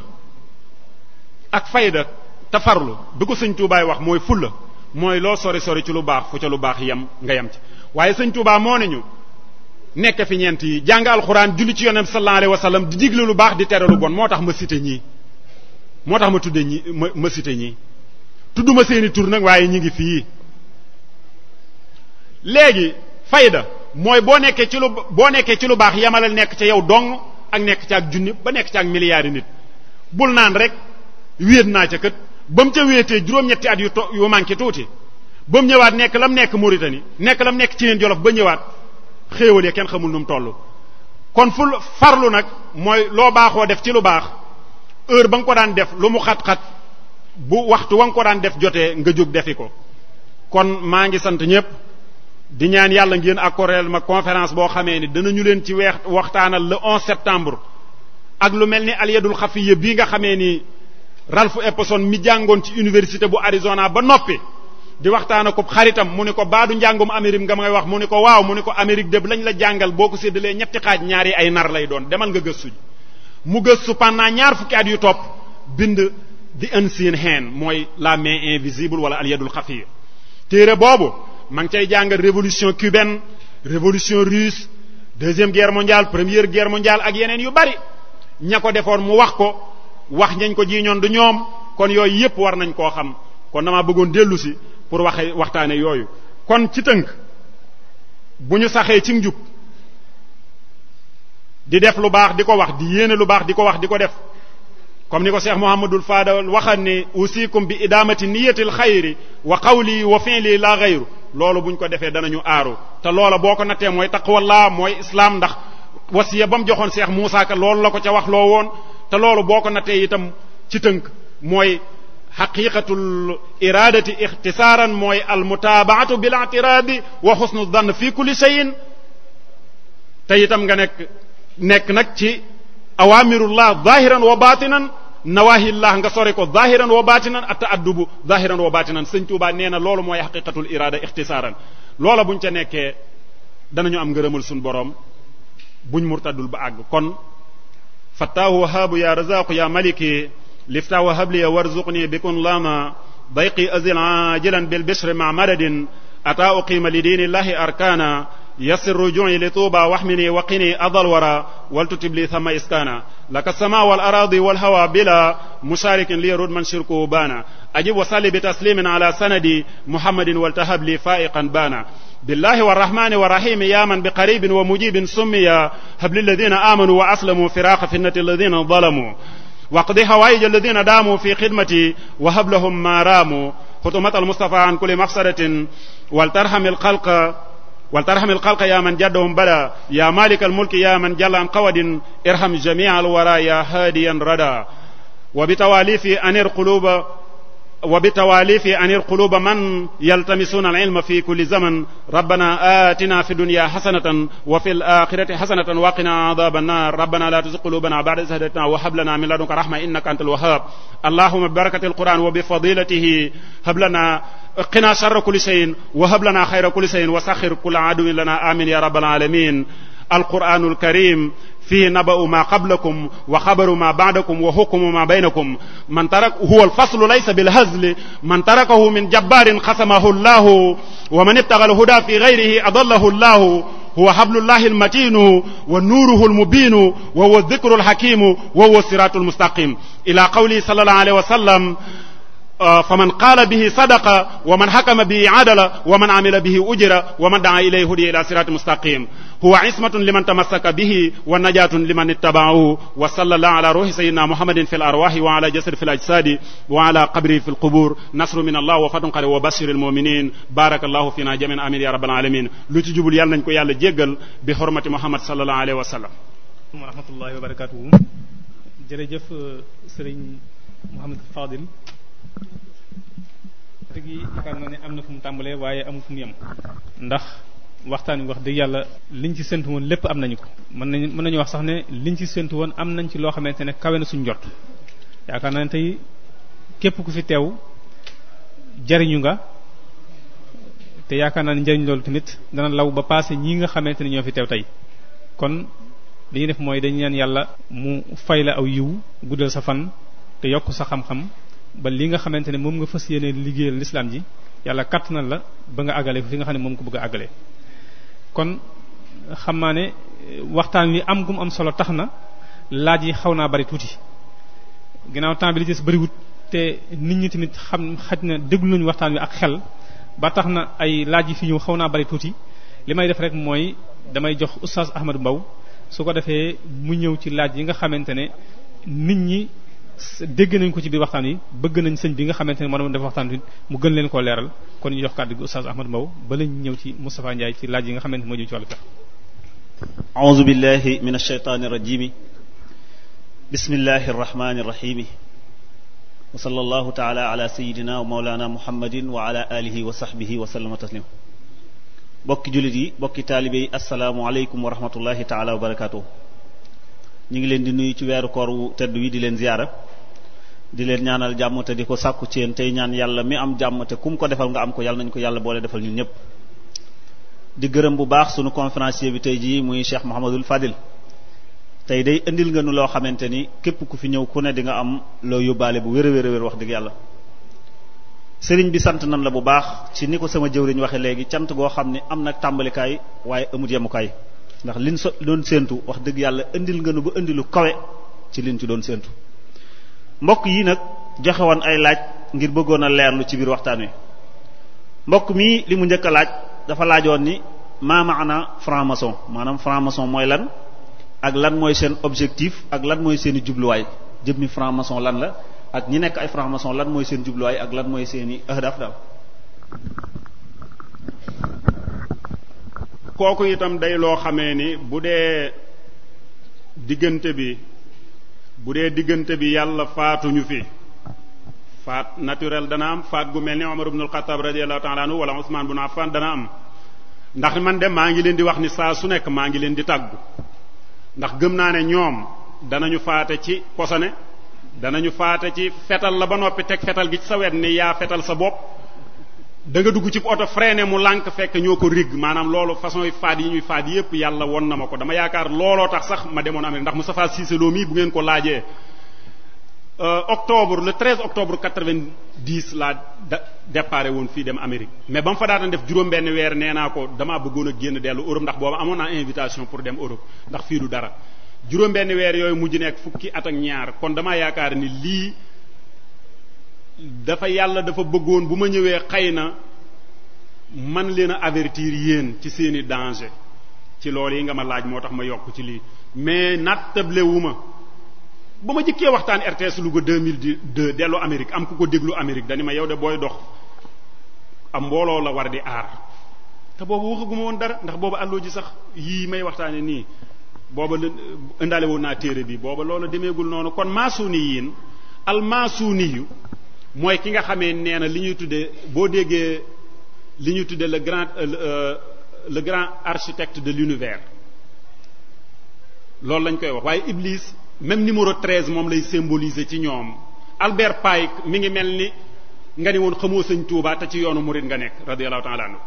ak fayda te farlu bi ko sëñ Tuubaay wax mooy fulla mooy loo sori sori ci lu baax fu ca lu baax yem nga yem ci waaye sëñ Tuubaa moo ne ñu nekk fi ñeent yi jàng alxuraan julli ci yonent sallallahu alayhi wasallam di digle lu baax di tere lu bon moo tax ma cité ñii moo tax ma tudde ñi ma ma cité ñii tudduma seeni tur nag waaye ñi ngi fii léegi fayda mooy boo nekkee ci lu boo nekkee ci lu baax yamalal nekk ca yow dong ak nekk ca ak junni ba nekk ca ak milliards yi nit bul naan rek wéet naa ca kët ba mu ca wéetee juróom-ñetti at yu to yu manqué tuuti ba mu ñëwaat nekk lam nekk Mauritanie nekk nekk ci neen Jolof ba ñëwaat xéewal ya kenn xamul nu mu toll kon fu farlu nag mooy loo baaxoo def ci lu baax heure ba nga ko daan def lu mu xat-xat bu waxtu wa nga ko daan def jotee nga jóg defi ko kon maa ngi sant ñépp di ñaan yàlla ngeen accordeel ma conférence boo xamee ni danañu leen ci weex waxtaanal la 11 septembre ak lu mel ni aliyadul xafiya bii nga xamee ni Ralph Epperson mi jàngoon ci université bu Arizona ba noppi di waxtaan ko xaritam mu ne ko baadu njàngum Amérique nga may wax mu ne ko waaw mu ne ko Amérique dëb lañ la jàngal boo ko séddalee ñetti xaaj ñaari ay nar lay doon demal nga gëstu mu gëstu pendant ñaar fukki at yu topp bind di unseen hand mooy la main invisible wala al yadul xafiya téere boobu ma ngi cay jàngal révolution cubaine révolution russe deuxième guerre mondiale première guerre mondiale ak yeneen yu bari ña ko defoon mu wax ko wax ñañ ko jiiñoon du kon yooyu yépp war nañ koo xam kon damaa bëggoon dellu si pour waxe waxtaane yooyu kon ci tënk bu ñu saxee ci njub di def lu baax di ko wax di yéene lu baax di ko wax di ko def comme ni ko cheikh mohamadul fadal waxan ne usikum bi idamati niyati l xayri wa qawli wa li la xayru loolu buñ ko defee danañu aaru te loola boo ko nattee mooy taqwallah mooy islam ndax wasiya ba mu joxoon cheikh Moussa ka loolu la ko ca wax loo woon te loolu boo ko nattee itam ci tënk mooy xaqiqatul iradati ixtisaaran mooy almutaabaatu bil i'tiraadi wa xusnu dann fi kulli shay'in te itam nga nekk nekk nag ci awaamirullah zahiran wa batinan nawahillah nga sore ko zahiran wa batinan at ta'addubu zahiran wa batinan sëñ Tuubaa nee na loolu mooy xaqiqatul iraada ixtisaaran loola buñ ca nekkee danañu am ngërëmal suñ boroom buñ murtadul ba àgg kon fattaahu wahaabu ya razaqu ya maliki liftah wa habliya warzuqni bikun lama bayqi azil ajilan bil bishri ma madadin ata uqima li diinillahi arkana yassir ruju'i li tuuba wahmini wa qini adal wara waltutib li thama iskana laka sama wal aradi wal hawa bila musharikin li rudman shirku bana ajib wa salli bi taslimin ala sanadi muhammadin waltahab li fa'iqan bana بالله والرحمن والرحيم يا من بقريب ومجيب سمي هب للذين آمنوا وأسلموا فراق فنة الذين ظلموا waqdi hawaa'ij alladhiina daamu fi xidmati wa hab lahum maa raamu xutumat almustafa an kulli maxsaratin wal tarham alxalqa wal tarham alxalqa yaa man jaddahum bala yaa malik almulki yaa man jalla an qawadin irham jamia alwara yaa haadiyan rada wa bitawalifi anir quluba wa bitawaalifi an ilquluba man yaltamisuuna alilma fi kulli zaman rabbana atina fi dunya xasanatan wa fi alaxirati xasanatan wa qina adab annar rabbana la tuzig qulubana ba'da idh hadaytana wa hab lana min ladunka rahma innaka anta alwahhab allahumma bi barakati alquran wa bi fadilatihi hab lana qina sharra kulli shay'in wa hab lana khayra kulli shay'in wa sakhir kulla aduwwin lana amin ya rabbal alamin alquranul karim fihi naba'u ma qablakum wa xabaru ma ba'dakum wa hukmu ma baynakum man tarak huwa alfaslu laysa bilhazli man tarakahu min jabbarin xasamahu llahu wa man ibtaga alhuda fi gayrihi adallahu llahu huwa hablullahi almatinu wa nuuruhu almubinu wa huwa dhikru alhakimu wa huwa siratu almustaqim ila qawli sallallahu alayhi wa sallam fa man qaala bihi sadaqa wa man xakama bihi adala wa man amila bihi ujira wa man daa ilayhi hudiya ila sirati mustaqim huwa ismatun liman tamassaka bihi wa najatun liman ittabaahu wa sallallahu ala ruhi sayyidina muhammadin fil arwahi wa ala jasadi fil ajsadi wa ala qabrihi fil qubur nasru min allah wa fatun qari wa bashiril muminin barakallahu fina jami'an amin ya rabbal alamin lu ci jubul yàlla nañ ko yàlla jéggal bi xormati muhammad sallallahu alayhi wa sallam wa rahmatullahi wa barakatuhu jërëjëf euh, sëriñ Muhammad Fadil dëgg yi yaakaar ne am na fu mu tàmbalee waaye amul fu mu yem ndax waxtaan wi wax dëgg yàlla liñ ci séntu woon lépp am nañu ko mën nañu mën nañu wax sax ne liñ ci séntu woon am nañ ci loo xamante ne kawe na suñ jot yaakaar naa ne tey képp ku fi teew jariñu nga te yaakaar naa ne njariñ loolu tamit dana law ba passé ñi nga xamante ne ñoo fi teew tey kon li def mooy dañu ñaan yàlla mu fay la aw yiw guddal sa fan te yokk sa xam-xam ba li nga xamante ne moom nga fas yéene liggéeyal lislaam ji yàlla na la ba nga àggale fi nga xam ne moom ko bëgg a àggale kon xam naa ne eh, waxtaan wi am gum am solo tax na laaj yi xaw naa bari tuuti ginnaaw temps bi te nit ñi tamit xam xaj na déglu nañu waxtaan wi ak xel ba tax na ay laaj yi fi ñëw xaw naa bari tuuti li may def rek mooy damay jox oustaz Ahmadou Mbaw su ko defee mu ñëw ci laaj yi nga xamante ne nit ñi dégg nañ ko ci biir waxtaan yi bëgg nañ sëñ bi nga xamante ne moom dafa waxtaan bi mu gën leen koo leeral kon ñu jox kàddu gi Oustaz Ahmad Mbow ba lañ ñëw ci Moustapha Ndiaye ci laaj yi nga xamante ne moo jëm ci wàllu fex a'udhu billahi minash shaytanir rajim bismillahir rahmanir rahim wa sallallahu ta'ala ala sayyidina wa mawlana muhammadin wa ala alihi wa sahbihi wa sallama taslima bokki jullit yi bokki taalibe yi assalaamu alaykum wa rahmatullahi ta'ala wa barakatuh ñu ngi leen di nuyu ci weeru koor wu tedd wi di leen ziyaara di leen ñaanal jàmm te di ko sàkku ci yéen tey ñaan yàlla mi am jàmm te kum ko defal nga am ko yàlla nañu ko yàlla boole defal ñun ñëpp. di gërëm bu baax sunu conférencier bi tey jii muy Cheikh Mouhamadul Fadil tey day indil nga nu loo xamante ni képp ku fi ñëw ku ne di nga am loo yóbbaale bu wér a wér wér wax dëgg yàlla. sëriñ bi sant nan la bu baax ci ni ko sama jëwriñ waxe léegi cant goo xam ne am na tàmbalikaay waaye amut yemukaay ndax liñ so doon séentu wax dëgg yàlla indil nga nu ba indilu kawe ci liñ ci doon séentu mbokk yi nag joxe woon ay laaj ngir bëggoon a leerlu ci biir waxtaan wi mbokk mii li mu njëkk a laaj dafa laajoon ni maa maana franc-maçon maanaam franc-maçon mooy lan ak lan mooy seen objectif ak lan mooy seen i jubluwaay jëmmi franc-maçon lan la ak ñi nekk ay franc lan mooy seen jubluwaay ak lan mooy seeni i ahdaf kooku itam day loo xamee ni bu dee diggante bi bu dee diggante bi yàlla faatuñu fi faat naturel dana am faat gu mel ni Omar ibn al-Khattab radiyallahu ta'ala anhu wala Ousmane ibn dana am ndax man de maa ngi leen di wax ni saa su nekk maa ngi leen di tàggu ndax gëm naa ne ñoom danañu faate ci posone danañu faate ci fetal la ba noppi teg fetal gi ci sa wet ni yaa fetal sa bopp danga dugg ci oto freiné mu lànk fekk ñoo ko rigg maanaam loolu façon yi faat yi ñuy faat yépp yàlla won na ma ko dama yaakaar looloo tax sax ma demoon Amérique ndax Moustapha Cissé Lo mii bu ngeen ko laajee euh, octobre le 13 octobre 90 laa da déparé woon fii dem Amérique mais ba mu fa daatan def juróom-benn weer nee naa ko dama bëggoon a génn dellu Europe ndax booba amoon naa invitation pour dem Europe ndax fii du dara juróom-benn weer yooyu mujj nekk fukki at ak ñaar kon dafa yàlla dafa bëggoon bu ma ñëwee xëy na man leen a avertir yéen ci seeni danger ci lool yi nga ma laaj moo tax ma yokk ci lii mais nattable wu ma ba ma jëkkee waxtaan RTS Louga 2002 dellu Amérique am ku ko déglu Amérique dani ma yow de booy dox am mbooloo la war di aar te boobu waxaguma woon dara ndax boobu àlloo ji sax yii may waxtaane nii booba indaale woon naa téere bi booba loola demeegul noonu kon maasuni yiin al maasuni yu mooy ki nga xamee nee na li ñuy tuddee boo déggee li ñuy tuddee le grand euh, euh, le grand architecte de l'univers loolu lañ koy wax waaye Iblis même numéro 13 moom lay symboliser ci ñoom Albert Pike mi ngi mel ni nga ne woon xamoo sëñ Touba te ci yoonu Mouride nga nekk radiyallahu ta'ala anhu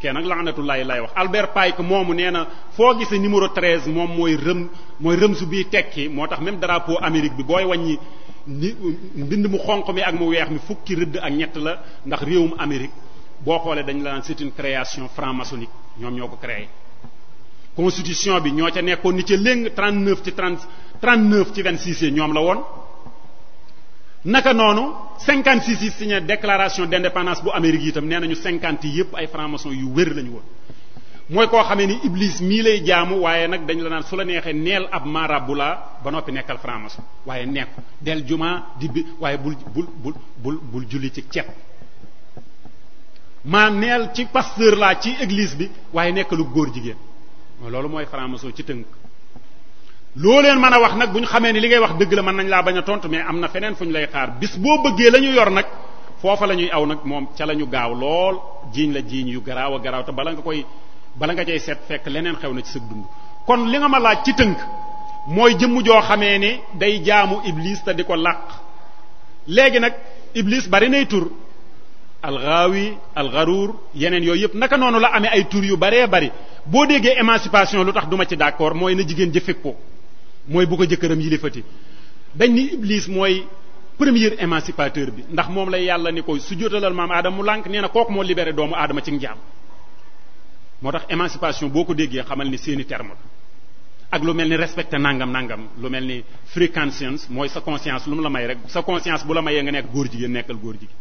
kenn nag laanatullahi lay wax Albert Pike moomu nee na foo gisee numéro 13 moom mooy rëm mooy rëm su bii tekki moo tax même drapeau Amérique bi booy wàññi. ni mbind mu xonq mi ak mu weex mi fukki rëdd ak ñett la ndax réewum Amérique boo xoolee dañ la naan c'est une création franc-maçonnique ñoom ñoo ko créé constitution bi ñoo ca nekkoon ni ca léng 39 ci 30 39 ci 26 yi ñoom la woon naka noonu 56 yi signé déclaration d'indépendance bu Amérique itam nee nañu 50 yi yépp ay franc-maçon yu wér lañu woon mooy koo xamee ni iblis mii lay jaamu waaye nag dañ la naan su la neexee neel ab marabu laa ba noppi nekkal franc-maçon waaye nekk del juma di waaye bul bul bul bul bul julli ci ceeb maa neel ci pasteur laa ci église bi waaye nekkalu góor jigéen loolu mooy franc-maçon ci tënk. loo leen mën a wax nag bu ñu xamee ni li ngay wax dëgg la mën nañ laa bañ a tontu mais am na feneen fu ñu lay xaar bis boo bëggee la ñu yor nag foofa la ñuy aw nag moom ca la ñu gaaw lool jiiñ la jiiñ yu garaaw a garaaw bala nga koy bala nga cay seet fekk leneen xew na ci sa dund kon li nga ma laaj ci tënk mooy jëmm joo xamee ne day jaamu iblis te di ko làq léegi nag iblis bari nay tur al alxaawi alxaruur yeneen yooyu yëpp naka noonu la amee ay tur yu baree bari boo déggee émancipation lu tax duma ci d'accord mooy na jigéen jëfe ko mooy bu ko jëkkëram yilifati dañ ni iblis mooy premier émancipateur bi ndax moom la yàlla ni ko su jotalal maam aadama mu lànk nee na kooku moo libéré doomu aadama ci njaam moo tax émancipation boo ko déggee xamal ni seeni terme ak lu mel ni respecté nangam nangam lu mel ni free conscience mooy sa conscience lu mu la may rek sa conscience bu la mayee nga nekk góor jigéen nekkal góor jigéen.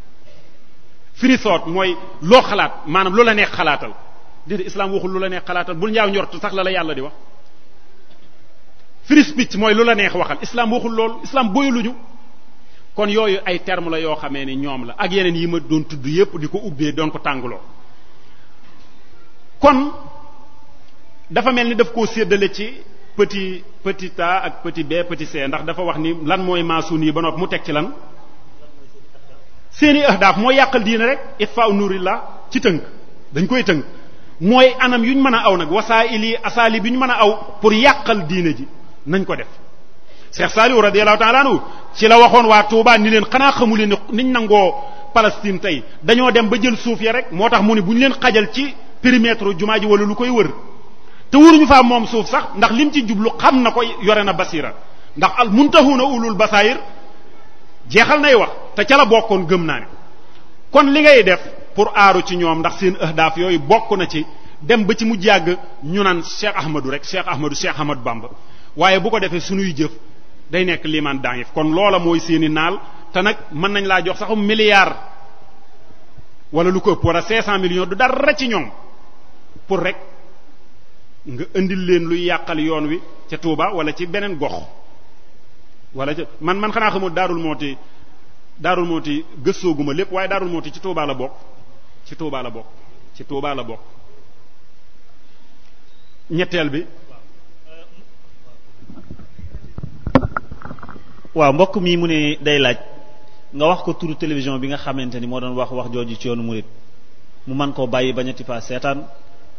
free thought mooy loo xalaat maanaam lu la neex xalaatal déedéet islam waxul lu la neex xalaatal bul ñaaw njort sax la la yàlla di wax. free speech mooy lu la neex waxal islam waxul loolu islam boyaluñu kon yooyu ay termes la yoo xamee ni ñoom la ak yeneen yi ma doon tudd di ko ubbee doon ko kon dafa mel ni daf koo séddale ci pëti petit a ak petit b petit c ndax dafa wax ni lan mooy maasuun nii ba noppi mu teg ci lan seeni ahdaaf mooy yàqal diine rek itfa'u nurillah ci tënk dañ koy tënk mooy anam yuñ mën a aw nag wasaa'ili asaali bi ñu mën a aw pour yàqal diine ji nañ ko def Cheikh Saliou radiyallahu ta'ala anhu ci la waxoon waa Touba ni leen xanaa xamu leen niñ nangoo Palestine tey dañoo dem ba jël suuf ya rek moo tax mu ni bu leen xajal ci périmètre jumaa ji wala lu koy wër te wóoruñu faa moom suuf sax ndax lim ci jublu xam na ko yore na basira ndax al muntahuna ulul basaayir jeexal nay wax te ca la bokkoon gëm naa ne kon li ngay def pour aaru ci ñoom ndax seen ahdaaf yooyu bokk na ci dem ba ci mu jàgg ñu naan Cheikh Ahmadou rek Cheikh Ahmadou Cheikh Ahmadou Bamba waaye bu ko defee sunuy jëf day nekk liman daif kon loola mooy seeni naal te nag mën nañ laa jox sax un milliard wala lu ko ëpp wala 500 millions du dara ci ñoom. pour rek nga indi leen luy yàqal yoon wi ca Touba wala ci beneen gox wala ca man man xanaa xamul daarul mooti daarul mooti gëstooguma lépp waaye daarul mooti ci Touba bokk ci Touba la bokk ci Touba bokk ñetteel bi waaw mbokk mii mu ne day laaj nga wax ko turu télévision bi nga xamante ni moo doon wax wax jooju ci yoonu murid mu man koo bàyyi bañati faa seetaan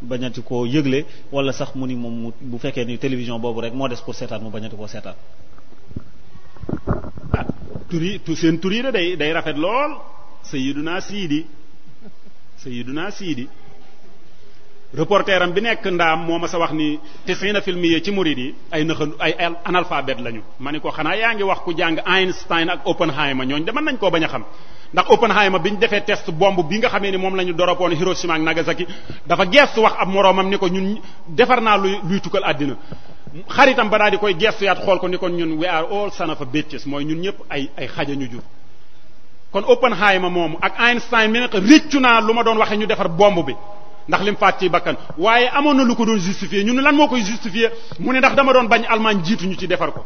bañati koo yëgle wala sax mu ni moom mu bu fekkee ni télévision boobu rek moo des pour seetaan mu bañati koo seetaan ah tur yi seen tur yi day day rafet lool naa Sayyiduna Sidi naa siidi reporter am bi nekk ndaam moo ma sa wax ni tisina filmiye ci murid yi ay naxan ay analphabète lañu ma ni ko xanaa yaa ngi wax ku jàng Einstein ak Oppenheimer ñooñu de mën nañ koo bañ a xam ndax Oppenheimer bi ñu defee test bomb bi nga xamee ni moom la ñu doropoon Hiroshima ak Nagasaki dafa gestu wax ab moroomam ni ko ñun defar naa luy luy àddina xaritam ba daal di koy gestu yaat xool ko ni kon ñun we are all son of a mooy ñun ñëpp ay ay xaja ñu jur kon Oppenheimer moomu ak Einstein mi ne ko naa lu ma doon waxee ñu defar bombe bi ndax lim faat ci bakkan waaye amoon na lu ko doon justifier ñun lan moo koy justifier mu ne ndax dama doon bañ almaañ jiituñu ci defar ko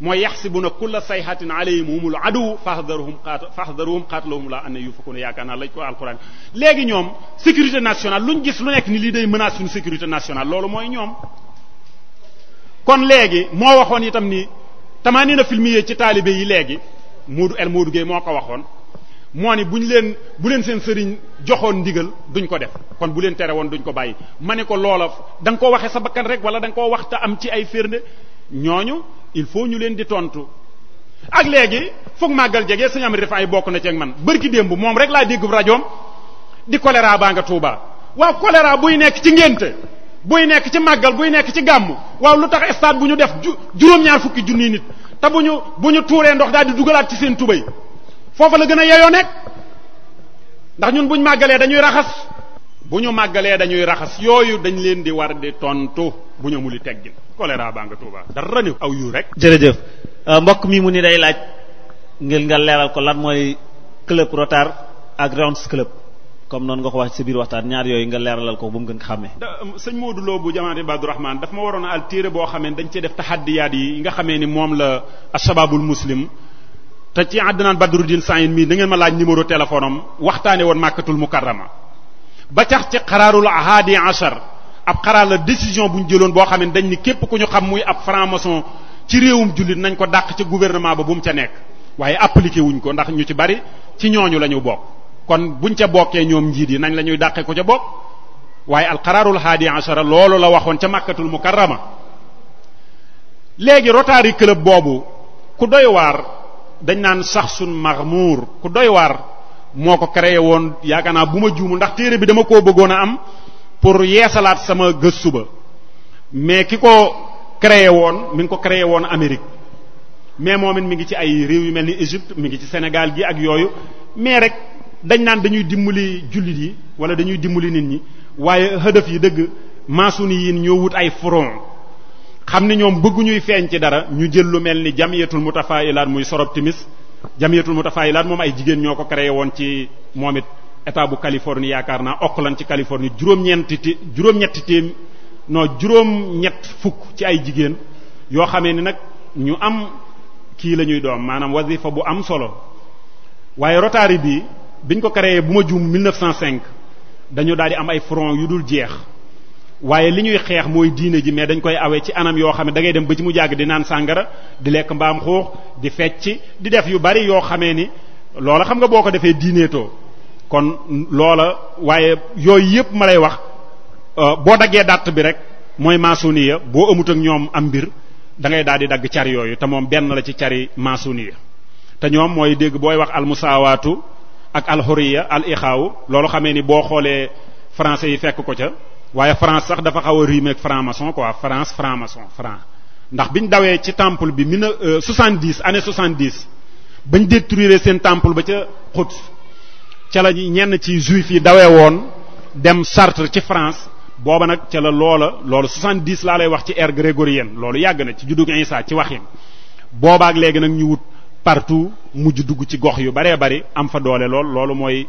mooy yaxsibuna kulla sayhatin alayhim humul aduw fahdaruhum qaat fahdaruhum qaatluhum la an yufakuna yaakaar naa lañ ko alquran léegi ñoom sécurité nationale luñ gis lu nekk ni lii day menace suñu sécurité nationale loolu mooy ñoom kon léegi moo waxoon itam ni tamaani na filmiye ci taalibe yi léegi Moodu El Moodu Gueye moo ko waxoon moo ni bu ñu leen bu leen seen sëriñ joxoon ndigal duñ ko def kon bu leen tere woon duñ ko bàyyi ma ne ko loola danga nga koo waxee sa bakkan rek wala danga nga koo wax te am ci ay firnde ñooñu il faut ñu leen di tontu. ak léegi foog màggal jege sëñ am rafet yi bokk na ci ak man bërki démb moom rek laa dégg rajoom di choléra baa nga Touba waaw choléra buy nekk ci ngénte buy nekk ci màggal buy nekk ci gàmm waaw lu tax stade bu ñu def juróom-ñaar fukki junni nit te bu ñu bu ñu tuuree ndox daal di dugalaat ci seen tubay foofa la gën a yeyoo nekk ndax ñun bu ñu màggalee dañuy raxas bu ñu màggalee dañuy raxas yooyu dañ leen di war di tontu bu ñu amul teggin choléra baa nga Tuuba dara ñu aw yu rek. jërëjëf euh, mbokk mi mu ni day laaj ngir nga leeral ko lan mooy club Rotar ak Rounds club comme noonu nga ko wax ci sa biir waxtaan ñaar yooyu nga leeralal ko ba mu gën ko xàmmee. Euh, sëñ Modou Lo bu jamaati Badou Rahman daf ma waroon al téere boo xamee dañ cee def taxaddiyaat yi nga xamee ni moom la ashababul muslim. te ci Adnan Badruddin Saïd mii da ngeen ma laaj numéro téléphone am waxtaane woon Makkatul Mukarrama ba tax ci xaraarul ahadi ashar ab xaraar la décision bu ñu jëloon boo xam ne dañ ni képp ku ñu xam muy ab franc-maçon ci réewum jullit nañ ko dàq ci gouvernement ba bu mu ca nekk waaye appliqué wuñ ko ndax ñu ci bari ci ñooñu la ñu bokk kon buñ ca bokkee ñoom njiit yi nañ la ñuy dàqee ko ca bokk waaye al xaraarul ahadi ashar loolu la waxoon ca Makkatul Mukarrama léegi Rotary Club boobu ku doy waar dañ naan saxsun maghmur ku doy waar moo ko créé woon yaakaar naa bu ma juumul ndax téere bi dama koo bëggoon a am pour yeesalaat sama gëstu ba mais ki ko créé woon mi ngi ko créé woon Amérique mais moom it mi ngi ci ay réew yu mel ni Égypte mi ngi ci Sénégal gi ak yooyu mais rek dañ naan dañuy dimbali jullit yi wala dañuy dimbali nit ñi waaye hëdëf yi dëgg maasuni yi ñoo wut ay front xam ni ñoom bëgguñuy feeñ ci dara ñu jël lu mel ni mu jamiyatul mutafailaat muy sorob timis mu jamiyatul mutafailaat moom ay jigéen ñoo ko créé woon ci moom it état bu Californie yaakaar naa Oakland ci Californie juróom-ñeenti ti juróom-ñetti téem juróom-ñett fukk ci ay jigéen yoo xamee ni nag ñu am kii la ñuy doom maanaam wasifa bu am solo waaye Rotary bi biñ ko créé bu ma juum 1905 dañu daal di am ay front yu dul jeex waaye li ñuy xeex mooy diine ji mais dañ koy awee ci anam yoo xam ne da dem ba ci mu jàgg di naan sàngara di lekk mbaam xuux di fecc di def yu bari yoo xamee ni loola xam nga boo ko defee diineetoo kon loola waaye yooyu yépp ma lay wax euh, boo daggee dàtt bi rek mooy maasuniya boo amut ak ñoom am mbir da ngay daal di dagg car yooyu te moom benn la ci cari maasuniya te ñoom mooy dégg booy wax almusaawaatu ak alxuriya al ixaaw loolu xamee ni boo xoolee français yi fekk ko ca waaye France sax dafa xaw a rime ak franc-maçon quoi France franc-maçon franc ndax biñ dawee ci temple bi mille euh, soixante-dix année soixante-dix bañ détruire seen temple ba ca Quds ca la ñenn ci juif yi dawee woon dem Chartres ci France booba nag ca la loola loolu soixante-dix laa lay wax ci ère grégorienne loolu yàgg na ci juddug Isa ci waxin boobaak léegi nag ñu wut partout mujj dugg ci gox yu baree bari am fa doole lool loolu mooy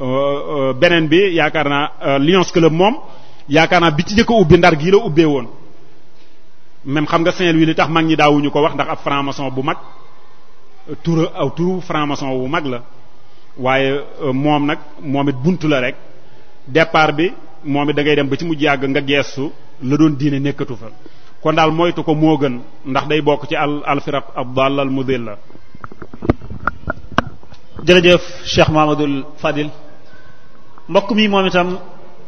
euh, euh, beneen bi yaakaar naa Lions Club moom yaakaar naa bi ci njëkk a ubbi ndar gii la ubbee woon même xam nga Saint-Louis li tax mag ñi daawuñu ko wax ndax ab franc bu mag turu aw turu franc mag la waaye euh, moom nag moom it bunt la rek départ bi moom it da ngay dem ba ci mujj yàgg nga geestu la doon diine nekkatu fa kon daal moytu ko moo gën ndax day bokk ci al alfiraq ab dallal mudil la jërëjëf Cheikh Mahamadul Fadil mbokk mi moom itam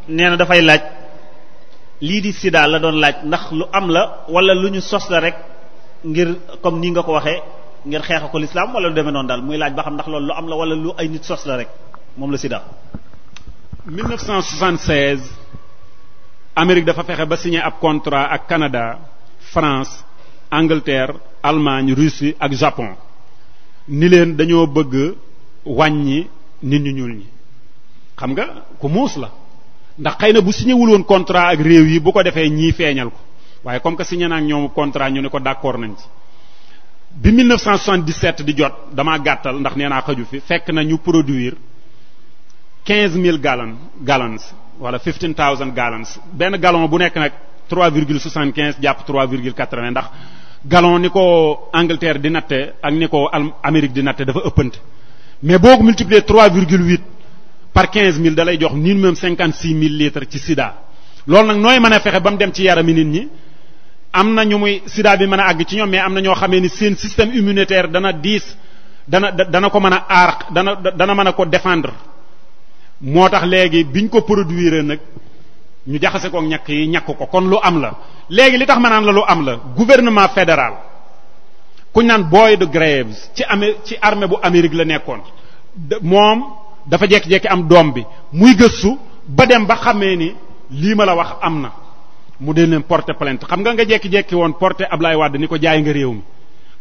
nee dafay laaj lii di sida la doon laaj ndax lu am la wala lu ñu sos la rek ngir comme nii nga ko waxee ngir xeex ko lislaam wala lu demee noonu daal muy laaj ba xam ndax loolu lu am la wala lu ay nit sos la rek moom la sida 1976 Amérique dafa fexe ba signé ab contrat ak Canada France Angleterre Allemagne Russie ak Japon ni leen dañoo bëgg wàññi nit ñu ñuul ñi xam nga ku muus la ndax xëy na bu signé wul woon contrat ak réew yi bu ko defee ñii feeñal ko waaye comme que signé na ñoom contrat ñu ne ko d'accord nañ ci. bi 1977 di jot dama gàttal ndax nee naa xaju fi fekk na ñu produire 15000 gallons gallons wala 15000 gallons benn gallon bu nekk nag 3,75 jàpp 3,80 ndax gallon ni ko Angleterre di natte ak ni ko Amérique di natte dafa ëppante mais boo ko multiplier par 15000 da lay jox minimum 56000 litres ci sida loolu nag nooy mën a fexe ba mu dem ci yarami nit ñi am na ñu muy sida bi mën a àgg ci ñoom mais am na ñoo xamee ni seen système immunitaire dana diis dana dana ko mën a aar dana dana mën a ko défendre moo tax léegi biñ ko produire nag ñu jaxase ko ñàkk yi ñàkk ko kon lu am la léegi li tax ma naan la lu am la gouvernement fédéral kuñ naan Boyd Graves ci amé ci armée bu Amérique la nekkoon moom. dafa jekki-jekki am doom bi muy gëstu ba dem ba xamee ni lii ma la wax am na mu dee leen porter plainte xam nga nga jekki-jekki woon porte porter Ablaye Wade ni ko jaay nga réew mi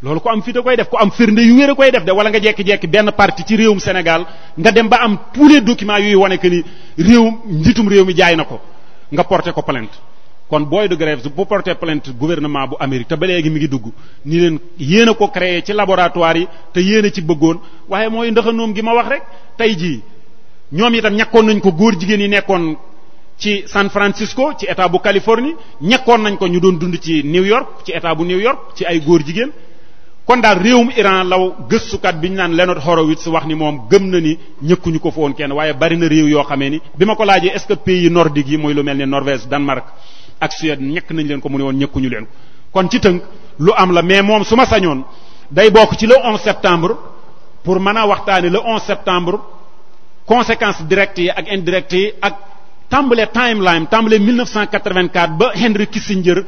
loolu ko am fi da koy def ko am firnde yu wér koy def de wala nga jekki-jekki benn parti ci réewum senegal nga dem ba am tous les documents yuy wane que ni réewum njiitum réew mi jaay na ko nga porter ko plainte kon booy de grève bu porter plainte gouvernement bu Amérique te ba léegi mi ngi dugg ni leen yéen a ko créé ci laboratoire yi te yéen a ci bëggoon waaye mooy ndaxanoom gi ma wax rek tey jii ñoom itam ñakkoon nañ ko góor jigéen yi nekkoon ci San Francisco ci état bu Californie ñekkoon nañ ko ñu doon dund ci New York ci état bu New York ci ay góor jigéen kon daal réewum Iran law gëstukat bi ñu naan Leonard Horowitz wax ni moom gëm na ni ñëkkuñu ko foon kenn waaye bari na yoo xamee ni bi ma ko laajee est que pays nordique yi mooy lu mel ne Norvège ak Suède ñekk nañ leen ko mu ne woon ñekkuñu leen ko kon ci tënk lu am la mais moom su ma sañoon day bokk ci le 11 septembre pour mën a waxtaane la 11 septembre conséquences directes yi ak indirectes yi ak tàmbale timeline tàmbale 1984 ba Henry Kissinger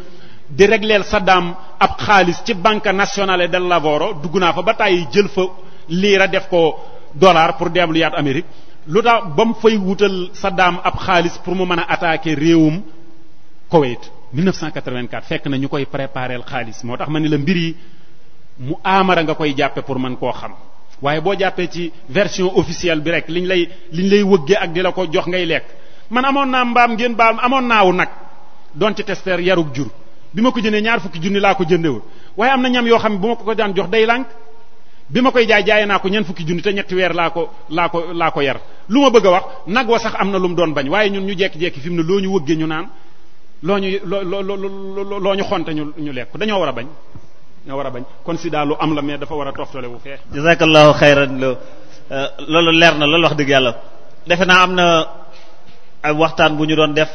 di regleel Saddam ab xaalis ci banque nationale del Lavoro dugg naa fa ba tàyyi jël fa liira def ko dollar pour deeblu yaat Amérique lu tax ba mu fay wutal Saddam ab xaalis pour mu mën a attaquer réewum Koweït 1984 fekk na ñu koy prépareel xaalis moo tax ma ni la mbir mu aamara nga koy jàppe pour man koo xam waaye boo jàppee ci version officielle bi rek liñ lay liñ lay wëggee ak di la ko jox ngay lekk man amoon naa mbaam ngeen baam amoon naawu nag doon ci tester yarug jur bi ma ko jëndee ñaar fukki junni laa ko jëndewul waaye am na ñam yoo xam ne bu ma ko ko daan jox day lànk bi ma koy jaay jaay naa ko ñeent fukki junni te ñetti weer laa ko laa ko laa ko yar lu ma a wax nag wa sax am na lu loo ñu loo ñu xonte ñu ñu lekk dañoo war a bañ ñoo war a bañ kon si daal lu am la mais dafa war a toftale wu fee jazakallahu xayran euh, loolu leer na loolu wax dëgg yàlla defe naa am na ay waxtaan bu ñu doon def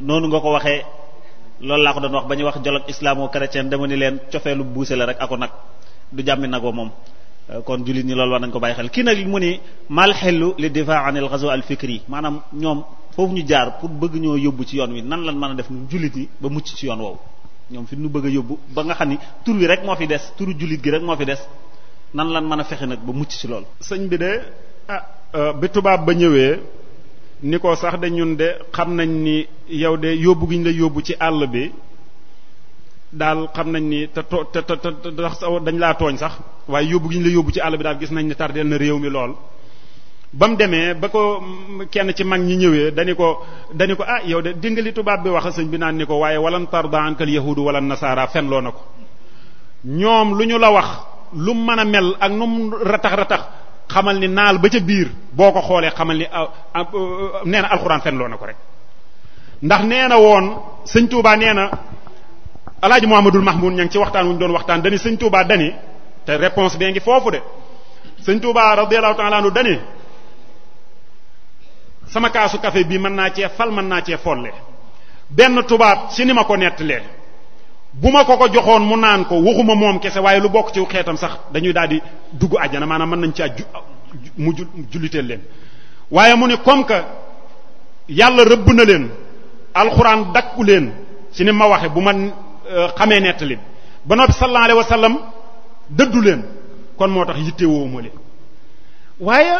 noonu nga ko waxee loolu laa ko doon wax ba ñuy wax dialogue islamo-chrétien dama ni leen cofeelu buuse la rek ako nag du jàmmi nagoo moom euh, kon jullit ñi loolu war nañ ko bàyyi xel kii nag mu ni mal xellu li difaa anil ghazw al fikri maanaam ñoom foofu ñu jaar pour bëgg ñoo yóbbu ci yoon wi nan lan mën a def ñun jullit yi ba mucc ci yoon woowu ñoom fi ñu bëgg a yóbbu ba nga xam ni tur wi rek moo fi des turu jullit gi rek moo des nan lan mën a fexe nag ba mucc ci loolu. sëñ bi de ah euh, bi tubaab ba ñëwee ni ko sax de ñun de xam nañ ni yow de yóbbu gi ñu la yóbbu ci àll bi daal xam nañ ni te to te te dañ laa tooñ sax waaye yóbbu gi ñu la yóbbu ci àll bi daal gis nañ ni tardeel na réew mi lool. ba mu demee ba ko kenn ci mag ñi ñëwee dañu ko dañu ko ah yow de dingali tubaab bi wax sëñ bi naan ni ko waaye walan tarda ankal yahudu wala nasaara fenloo na ko ñoom lu ñu la wax lu mën a mel ak nu mu ratax ratax xamal ni naal ba ca biir boo ko xoolee xamal ni ah, ah, ah, nee na alxuraan fenloo na ko rek ndax nee na woon sëñ Touba nee na alaaji Muhammadul Mahmoud ña ngi ci waxtaan wu ñu doon waxtaan dani sëñ tuubaa dani te réponse bee ngi foofu de sëñ Touba radiyallahu ta'ala anhu dani sama kaasu café bi mën naa cee fal mën naa cee folle benn tubaab si ni ma ko nettalee bu ma ko ko joxoon mu naan ko waxuma moom kese waaye lu bokk ci xeetam sax dañuy daal di dugg àjjana maanaam mën nañu caa ju mu julliteel leen waaye mu ne comme que yàlla rëbb na leen alxuraan dakku leen si ni ma waxe bu ma euh, xamee nettali ba noppi sallallahu alayhi wa sallam dëddu leen kon moo tax yittewoo ma leen waaye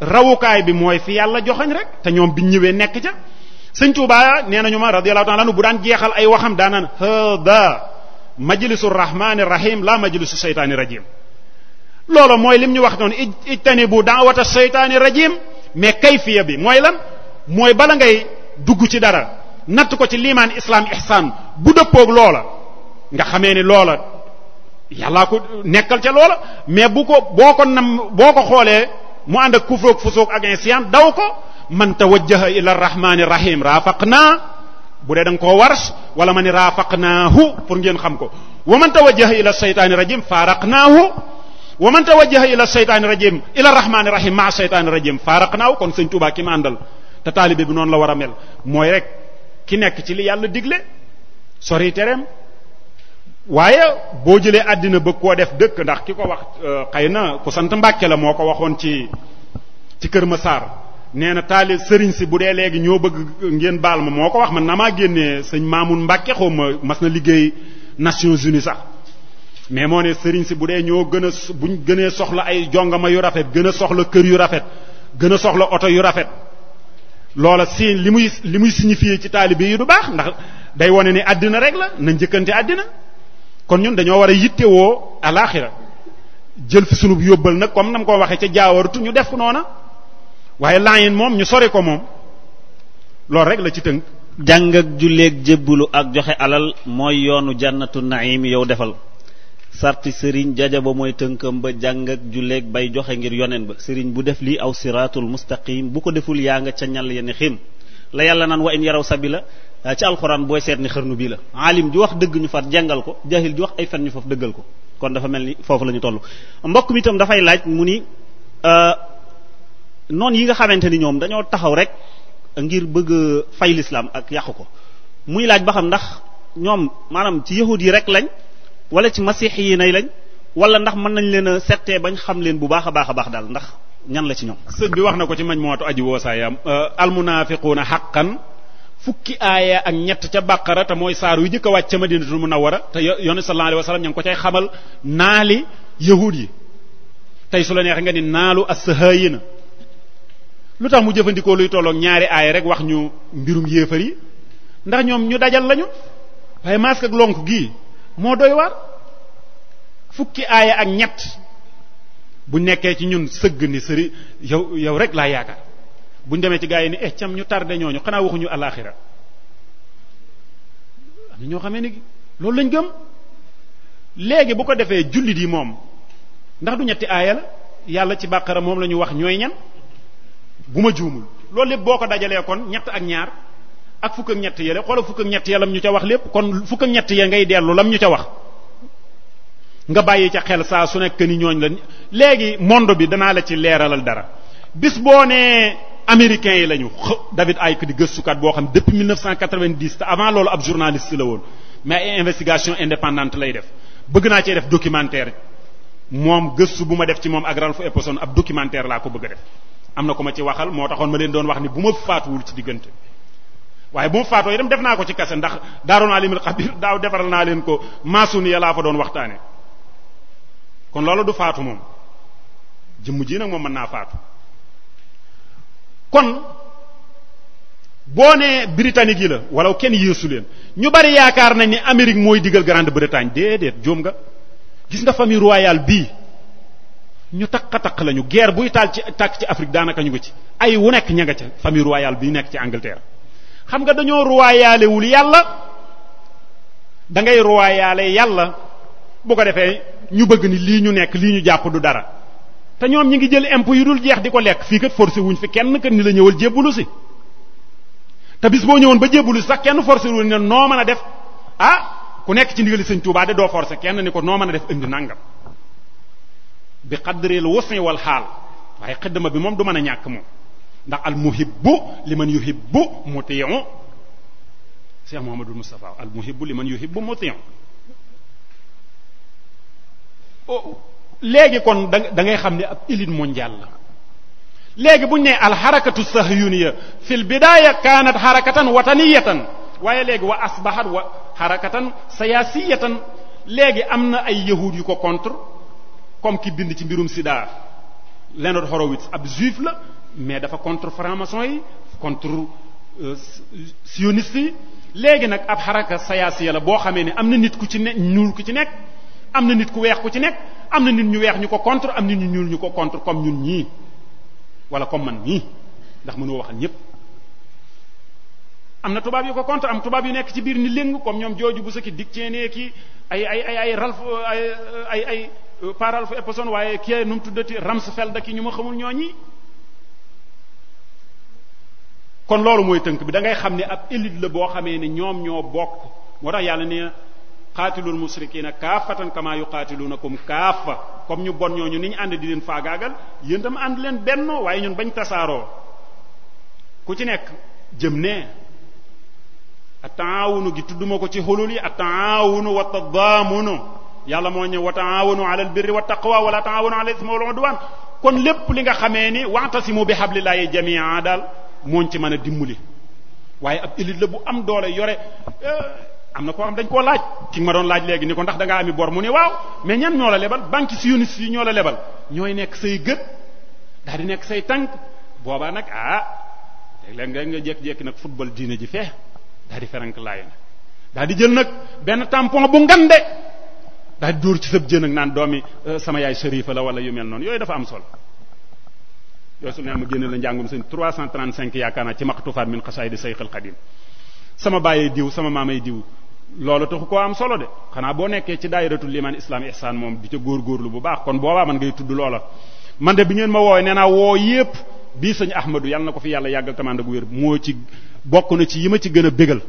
rawukaay bi mooy fi yàlla joxañ rek te ñoom biñ ñëwee nekk ca sëñ Tuubaa nee nañu ma radiyallahu ta'ala bu daan jeexal ay waxam daanaan hada majlisu rahmaani rahim la majlisu seytaani rajim loolu mooy lim ñu wax noonu ijtanibu da'wata seytaani rajim mais kayfiya bi mooy lan mooy bala ngay dugg ci dara natt ko ci limaan islaam ihsaan bu dëppoog loola nga xamee ni loola yàllaa ko nekkal ca loola mais bu ko boo ko nam boo ko xoolee mu ànd ak kufroog fusoog ak insiyaan daw ko man tawajjaha ila rahmani rahim raafaq naa bu dee da ko koo wars wala ma ni raafaqnaahu pour ngeen xam ko wa man tawajjaha ila seytaani rajim faaraqnaahu wa man tawajjaha ila seytaani rajim ila rahmani rahim maa seytaani rajim faaraqnaahu kon sëñ Tuubaa ki ma àndal te taalibe bi noon la war a mel mooy rek ki nekk ci li yàlla digle sori tereem waaye boo jëlee àddina bëgg koo def dëkk ndax ki ko wax euh, xëy na ku sant Mbàkke la moo ko waxoon ci ci Kër Massar nee na taali sëriñ si bu dee léegi ñoo bëgg ngeen baal ma moo ko wax man na maa génnee sëñ Maamun Mbàkke xaw ma mas na liggéey Nations uni sax mais moo ne sëriñ si bu dee ñoo gën buñ gënee soxla ay jongama yu rafet gën soxla kër yu rafet gën a soxla oto yu rafet loola si li muy li muy signifier ci taalibe yi du baax ndax day wone ni àddina rek la na njëkkante àddina kon ñun dañoo war a yittewoo alaaxira jël fi sunub yóbbal nag comme nam ko waxee ca jaawartu ñu def ko noona waaye laayin moom ñu sori ko moom loolu rek la ci tënk jàng ak julleeg jébbulu ak joxe alal mooy yoonu jannatu naim yow defal sarti sëriñ jaja ba mooy tënkam ba jàng ak julleeg bay joxe ngir yoneen ba sëriñ bu def lii aw siratul mustaqim bu ko deful yaa nga ca ñal yenn xiim la yàlla naan wa in yaraw sabila Euh, ci alxuraan booy seet ni xërnu bii la alim ji wax dëgg ñu fa jàngal ko jahil ji wax ay fen ñu faf dëggal ko kon dafa mel ni foofu la ñu toll mbokk mi itam dafay laaj mu ni euh, noonu yi nga xamante ni ñoom dañoo taxaw rek ngir bëgg fay lislaam ak yàqu ko muy laaj ba xam ndax ñoom maanaam ci yahud yi rek lañ wala ci masiix yi nay lañ wala ndax mën nañ leen a settee bañ xam leen bu baax a baax a baax daal ndax ñan la ci ñoom sëñ bi wax na ko ci mañ mootu aji woosaayam euh, almunaafiquuna xaqan fukki aaya ak ñett ca bàqara te mooy saar yu njëkk ma wàcc ca a munawwara te yonent sallallahu alayhi wasallam ña ngi ko cay xamal naali yahuud yi tey su la neexee nga ni naalu as-sahaayina lu tax mu jëfandikoo luy tollook ñaari aaya rek wax ñu mbirum yéefar yi ndax ñoom ñu dajal lañu waaye masque ak lonk gii moo doy waar fukki aaya ak ñett bu nekkee ci ñun sëgg ni sëri yow yow rek laa yaakaar buñ demee ci gaa yi ni eh cam ñu tardé ñooñu xanaa waxuñu alaxira am na ñoo xamee ni loolu lañ gëm léegi bu ko defee jullit yi moom ndax du ñetti aayal yàlla ci bàqara moom la ñu wax ñooy ñan bu ma juumul loolu lépp boo ko dajalee kon ñett ak ñaar ak fukk ak ñett yële xoola fukk ak ñett ya lam ñu ca wax lépp kon fukk ak ñett ya ngay dellu lam ñu ca wax nga bàyyi ca xel saa su nekk ni ñooñ la léegi monde bi danaa la ci leeralal dara bis boo nee américains yi lañu David Icke di gëstukat boo xam depuis 1990 te avant loolu ab journaliste la woon mais ay investigation indépendante lay def bëgg naa cee def documentaire moom gëstu bu ma def ci moom ak Ralph Epperson ab documentaire laa ko bëgg a def am na ko ma ci waxal moo taxoon ma leen doon wax ni bu ma faatuwul ci diggante waaye bu ma faatoo itam def naa ko ci kase ndax daaroon alimul xabir daa defaral naa leen ko maasun ya laa fa doon waxtaane kon loolu du faatu moom jëmm ji nag moom mën naa faatu kon boo nee britannique yi la wala kenn yéesu leen ñu bari yaakaar nañ ni Amérique mooy digal Grande-Bretagne déedéet jóom nga gis nga famille royale bii ñu takk a takk lañu guerre buy taal ci tàkk ci Afrique daanaka ñu ko ci ay wu nekk ña nga ca famille royale bi nekk ci Angleterre xam nga dañoo royalewul yàlla da ngay royale yàlla bu ko defee ñu bëgg ni lii ñu nekk lii ñu jàpp du dara te ñoom ñi ngi jël impôts yu dul jeex di ko lekk fii kat forcé wuñ fi kenn kat ni la ñëwal jébbalu si te boo ñëwoon ba jébbalu si sax kenn forcé wuñ ne noo mën a def ah ku nekk ci ndigali sëñ Tuubaa de doo forcé kenn ni ko noo mën a def indi nangam bi xaddareel wusin wal xaal waaye xëddama bi moom du mën a ñàkk moom ndax al muhibbu liman yuhibbu muti'u Cheikh Mouhamadul Moustapha al muhibbu liman yuhibbu muti'u oh, léegi kon da ngay xam ne ab élite mondiale la léegi buñ ñu nee alxarakatu sahyuniya fi l bidaaya kaanat xarakatan wataniyatan waaye léegi wa asbaxat wa xarakatan sayaasiyatan léegi am na ay yahuud yu ko contre comme ki bind ci mbirum Sida Leonard Horowitz ab juif la mais dafa contre franc-maçon yi contre euh, sioniste yi léegi nag ab xaraka sayaasiya la boo xamee ne am na nit ku ci ne ñuul ku ci nekk am na nit ku weex ku ci nekk am na nit ñu weex ñu ko contre am nit ñu ñuul ñu ko contre comme ñun ñii wala comme man ñii ndax mënoo waxal ñépp am na tubaab yu ko contre am tubaab yu nekk ci biir ni léng comme ñoom jooju bu saki dik ceenee ki ay ay ay ay ralf ay ay ay euh, pas Ralph Epperson waaye ki nu mu tuddati Rumsfeld ak ñu ma xamul ñooñi kon loolu mooy tënk bi da ngay xam ne ab élite la boo xamee ne ñoom ñoo bokk moo tax yàlla ne xaatilul musrikiina kaafatan kama yuqaatilunakum ñu bon ñooñu ni ñu ànd di leen faagaagal yéen tam ànd leen bennoo waaye ñun bañ tasaaroo ku ci nekk jëm nee at-taawunu gi tudduma ko ci xulul yi at-taawunu wa tadaamunu yàlla moo ñëw wa taawunu ala albirri wa taqwa wala taawunu ala ismi wal udwan kon lépp li nga xamee ni waata si mu bi hablillahi jami'an daal moo ci mën a dimbali waaye ab élite la bu am doole yore am na koo xam dañ koo laaj ki ma doon laaj léegi ni ko ndax da ngaa ami bor mu ni waaw mais ñan ñoo la lebal banque sioniste yi ñoo la lebal ñooy nekk say gët daal di nekk say tànk boobaa nag ah léeg-léeg nga nga jékki-jékki nag football diine ji fee daal di ferank laay daal di jël nag benn tampon bu ngande daal di dóor ci sab jën ak naan doomi euh, sama yaay shérifa la wala yu mel noonu yooyu dafa am solo yooyu su ne ma génne la njàngum sëñ 335 yaakaar naa ci maqtufaat min xasaayidi sayxil xadim sama bàyyee diw sama maamay diw loolu taxu koo am solo de xanaa boo nekkee ci daayiratul liman islam ihsan moom di ca góorgóorlu bu baax kon boobaa man ngay tudd loola man de bi ngeen ma woowee nee naa woo yépp bii sëñ ahmadu yàlla na ko fi yàlla yàggal tamand ak wér moo ci bokk na ci yi ma ci gën a bégal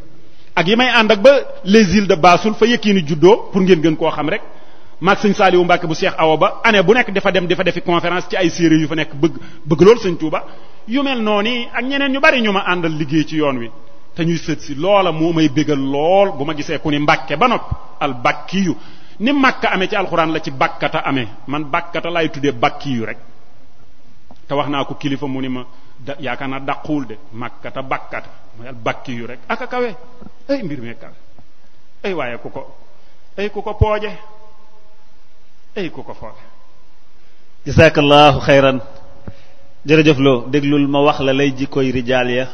ak yi may ànd ak ba les îles de Bassoul fa yëkkiini juddoo pour ngeen gën koo xam rek maag sëñ Saliou Mbacke bu Cheikh Awa ba année bu nekk dafa dem dafa defi conférence ci ay séeréer yu fa nekk bëgg bëgg loolu sëñ Touba yu mel noonu ak ñeneen ñu bari ñu ma àndal liggéey ci yoon wi te ñuy sët si loola moo may bégal lool bu ma gisee ku ni mbàkke ba noppi al bakkiyu ni màkka ame ci alxuraan la ci bakkata ame man bakkata laay tuddee bakkiyu rek te wax naa ko kilifa mu ni ma da yaakaar naa daquwul de màkkata bakkata mooy al bakkiyu rek aka kawe ay mbir mee kawe ay waaye ku ko ay ku ko pooje ay ku ko fooge jazakallahu xayran jërëjëf loo déglul ma wax la lay jikkoy rijaal ya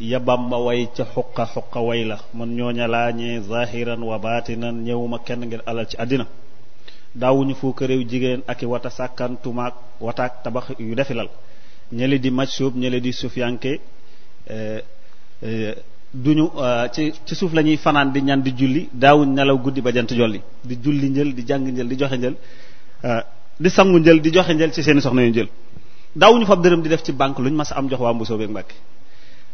yabam ma way ca xuqa xuqa way la man ñooña laa ñee zahiran wa baatinan ñëwuma kenn ngir alal ci àddina daawuñu fuuka réew jigéen ak i wata sàkkantumaak wataak tabax yu defilal ñële di majsuub ñële di sufiyanke eh, eh, duñu ah, ci ci suuf la ñuy fanaan di ñan di julli daawuñ nelaw guddi ba jant jolli di julli njël di jàng njël di joxe njël ah, di sangu njël di joxe njël ci seeni soxna yu njël daawuñu fab dërëm di def ci lu luñ mas a am jox waa mbusoo beeg mbàkke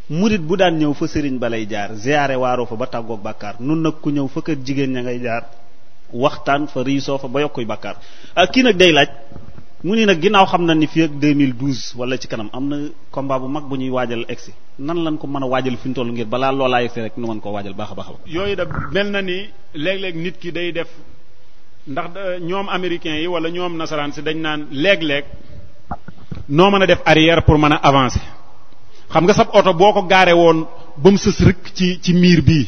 murit bu daan ñëw fa sëriñ ba lay jaar ziyaare waaroo fa ba tàggoog bàkkaar nun nag ku ñëw fa kër jigéen ña ngay jaar waxtaan fa riisoo fa ba yokkuy bàkkaar ak ah, kii nag day laaj mu ni nag ginnaaw xam na ni fii ak 2012 wala ci kanam am na combat bu mag bu ñuy waajal egsi nan lañ ko mën a waajal fi ñu toll ngir balaa loolaa egsi rek nu mën koo waajal baax a yooyu da mel na ni léeg-léeg nit ki day def ndax ñoom américains yi wala ñoom nasaraan si dañ naan léeg-léeg noo mën a def arrière pour mën a avancer xam nga sab oto boo ko gaaree woon ba mu sës rëkk ci ci miir bii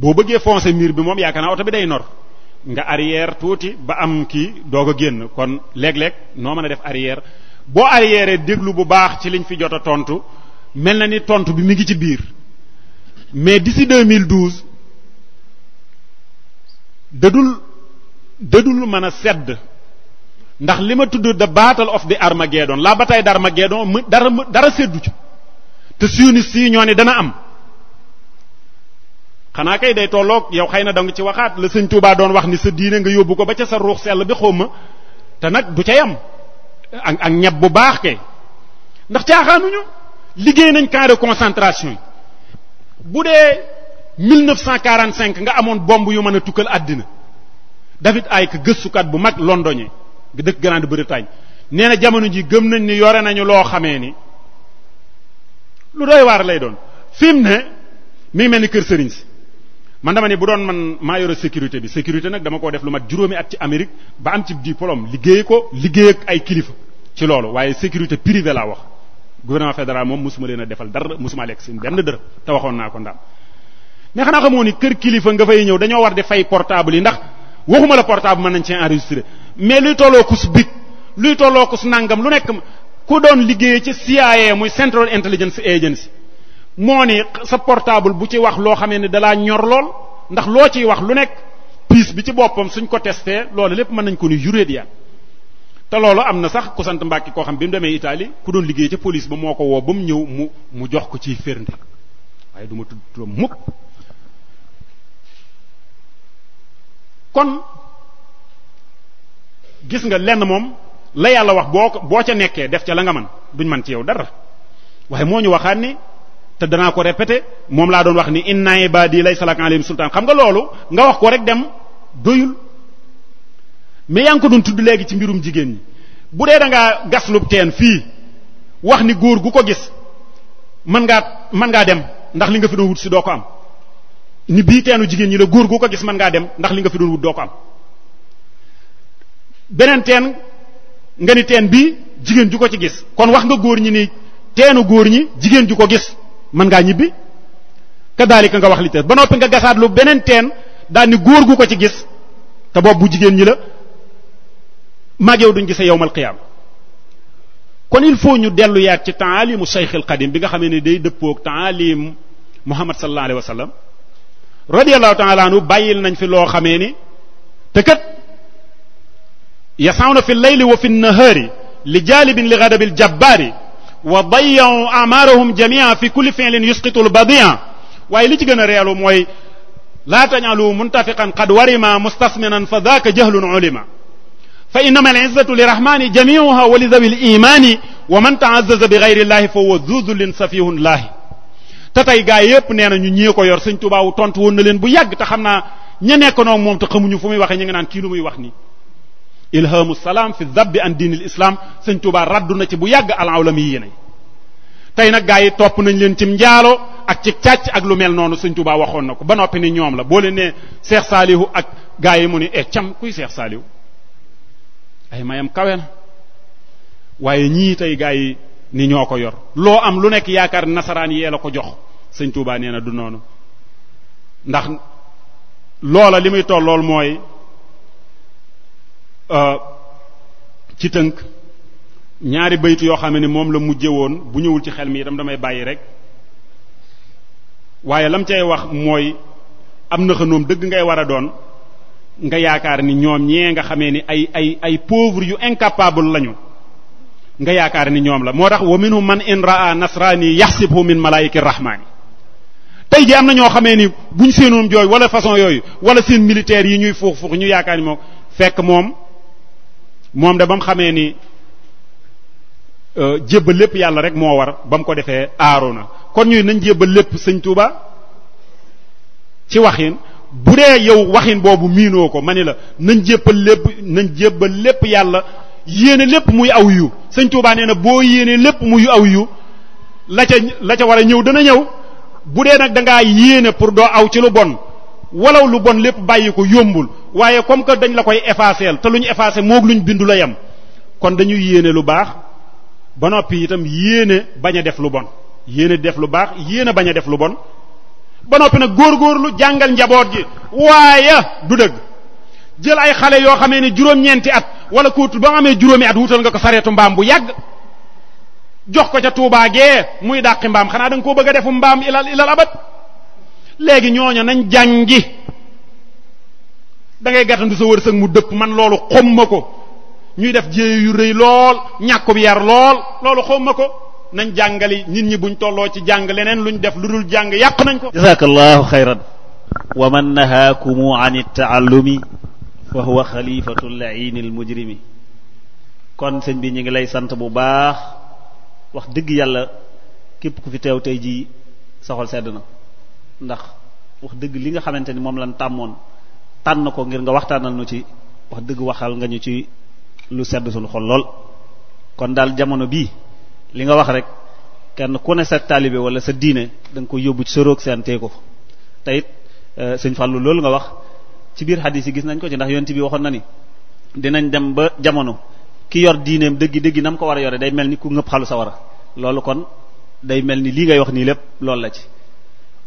boo bëggee foncer miir bi moom yaakaar naa oto bi day nor nga arrière tuuti ba am kii doog a génn kon léeg-léeg noo mën a def arrière boo arrière déglu bu baax ci liñ fi jot a tontu mel na ni tontu bi mi ngi ci biir mais d'ici 2012 dadul dadul mën a sedd ndax li ma tudd da battle of the Armageddon la bataille d'Armageddon mu dara dara seddu ci te sioniste yi ñoo ne dana am xanaa kay day tolloog yow xëy na danga ci waxaat la sëñ Touba doon wax ni sa diine nga yóbbu ko ba ca sa ruux sell bi xaw ma te nag du ca yam ak ak ñeb bu baax kay ndax caaxaanuñu liggéey nañ camp de concentration yi bu dee 1945 nga amoon bomb yu mën a tukkal àddina David Icke gëstukat bu mag londonien gi dëkk Grande-Bretagne nee jamono ji gëm nañ ni yore nañu loo xamee ni lu doy waar lay doon fi ne mi ngi mel ni kër sëriñ si man dama ne bu doon man maa yore sécurité bi sécurité nag dama ko def lu mat juróomi at ci Amérique ba am ci diplôme liggéey ko liggéey ak ay kilifa ci loolu waaye sécurité privée laa wax gouvernement fédéral moom mosuma leen a defal dara mosuma lekk seen benn dërëm te waxoon naa ko ndax mais xanaa xamoo ni kër kilifa nga fay ñëw dañoo war di fay portable yi waxuma la portable mën nañ cee enregistré mais luy tollookus big luy tolloo tollookus nangam lu nekk ku doon liggéey ci CIA muy Central Intelligence Agency moo ni sa portable bu ci wax loo xame ne dalaa ñor lool ndax loo ciy wax lu nekk piis bi ci boppam suñ ko testé loolu lépp mën nañ ko ni juré di te loolu am na sax ku sant Mbàkke koo xam bi mu demee Italie ku doon liggéey ci police ba moo ko woo ba mu ñëw mu mu jox ko ciy firnde waaye du ma tudd mukk kon gis nga lenn moom la yàlla wax boo ko boo ca nekkee def ca la nga man duñ man ci yow dara waaye moo ñu waxaat ni te danaa ko répété moom laa doon wax ni inna ibadi laysa laka alayhim sultaan xam nga loolu nga wax ko rek dem doyul mais yaa ngi ko doon tudd léegi ci mbirum jigéen ñi bu dee da ngaa gaslub teen fii wax ni góor gu ko gis mën ngaa mën ngaa dem ndax li nga fi doon wut si doo ko am ni bii teenu jigéen ñi la góor gu ko gis mën ngaa dem ndax li nga fi doon doo am beneen teen nga ni teen bi jigéen ju ko ci gis kon wax nga góor ñi ni teenu góor ñi jigéen ju ko gis mën ngaa ñibbi kadaalika nga wax li tees ba noppi nga gasaat lu beneen teen daal ni góor gu ko ci gis te boobu bu jigéen ñi la mag yow duñ gisee yowmal qiyaam kon il faut ñu dellu yaat ci taalimu Sayxul Xadim bi nga xamee ni day dëppook taalim Muhammad sallallahu alayhi wa sallam radiyallahu ta'ala anhu bàyyil nañ fi loo xamee ni te kat yasawna fi leyli wa fi nahaari li jaalibin li gadabi ljabbaari wa dayawu amaarahum jamia fi kulli fiilin yusqitu lbadia waaye li ci gën a reelu mooy laa tajalu muntafiqan qad warima mustasminan fa daaka jahlun ulima fa innama alizzatu lirahmani jamiuha wa li dawi limaani wa man taazzaza bi gayri llahi fa huwa du dullin safihun laahi te tey gaa yépp nee na ñu ñii ko yor sëñ Tuubaa wu tontu woon na leen bu yàgg te xam naa ña nekk noonu moom te xamuñu fu muy waxee ñu ngi naan kii lu muy wax nii ilhamu salaam fi zabbi an diinil islam sëñ Touba raddu na ci bu yàgg alawlami yi ne tey nag gaa yi topp nañ leen cim njaalo ak ci càcc ak lu mel noonu sëñ Touba waxoon na ko ba noppi ni ñoom la boo leen nee Cheikh Salihu ak gaa yi mu ni e cam kuy Cheikh Salihu ay mayam kawe na waaye ñii tey gaa yi ni ñoo ko yor loo am lu nekk yaakaar nasaraan yee la ko jox sëñ Touba nee na du noonu ndax loola li muy toll mooy. Euh, ci tënk ñaari baytu yoo xam ne moom la mujje woon bu ñëwul ci xel mi itam damay bàyyi rek waaye lam cay wax mooy am na xanoom dëgg ngay war a doon nga yaakaar ni ñoom ñee nga xamee ni ay ay ay pauvre yu incapable lañu nga yaakaar ni ñoom la moo tax wa minhum man in raa nasrani yaxsibhu min malaayiki rahmaani tey ji am na ñoo xamee ni buñ seenoom jooy wala façon yooyu wala seen militaires yi ñuy fuux fuux ñu yaakaar ni moom fekk moom moom de ba mu xamee ni euh, jébbal lépp yàlla rek moo war ba mu ko defee aaru na kon ñuy nañ jébbal lépp sëñ Touba ci waxin bu dee yow waxin boobu miinoo ko ma ni la nañ jébbal lépp nañ jébbal lépp yàlla yéene lépp muy aw yu sëñ Touba nee na boo yéenee lépp muy aw yu la ca la ca war a ñëw dana ñëw bu dee nag dangaa ngaa yéene pour doo aw ci lu bon walaw lu bon lépp bàyyi ko yombul waaye comme que dañ la koy effacer te lu ñu effacer moog lu ñu bindu la yem kon dañuy yéene lu baax ba noppi itam yéene bañ a def lu bon yéene def lu baax yéene bañ def lu bon ba noppi nag góorgóorlu jàngal njaboot gi waaye du dëgg jël ay xale yoo xamee ne juróom-ñeenti at wala kuutul ba mu amee juróomi at wutal nga ko sareetu mbaam bu yàgg jox ko ca tuubaagee muy dàqi mbaam xanaa da nga koo bëgg a defu mbaam ilal ilal abat léegi ñooña nañ jàngi dangay ngay gàttandu sa wërsëg mu dëpp man loolu xom ko ñuy def jéey rëy lool ñàkk bi yar lool loolu xom ma ko nañ jàngali nit ñi buñ tolloo ci jàng leneen luñ def lu dul jàng yàq nañ ko jazakallahu xayran wa man nahaakumu an ittaallumi fa huwa xalifatu laini almujrimi kon sëñ bi ñu ngi lay sant bu baax wax dëgg yàlla képp ku fi teew tey jii saxol sedd na ndax wax dëgg li nga xamante ni moom lañ tàmmoon tànn ko ngir nga waxtaanal nu ci wax dëgg waxal nga ñu ci lu sedd suñu xol lool kon daal jamono bii li nga wax rek kenn ku ne sa taalibe wala sa diine da nga yóbbu ci sa ko te it euh, sëñ loolu nga wax ci biir xadis yi gis nañ ko ci ndax yonent bi waxoon na ni dinañ dem ba jamono ki yor diineem dëgg dëgg na ko war a yore day mel ni ku ngëpp xalu sa war a loolu kon day mel ni lii ngay wax nii lépp loolu la ci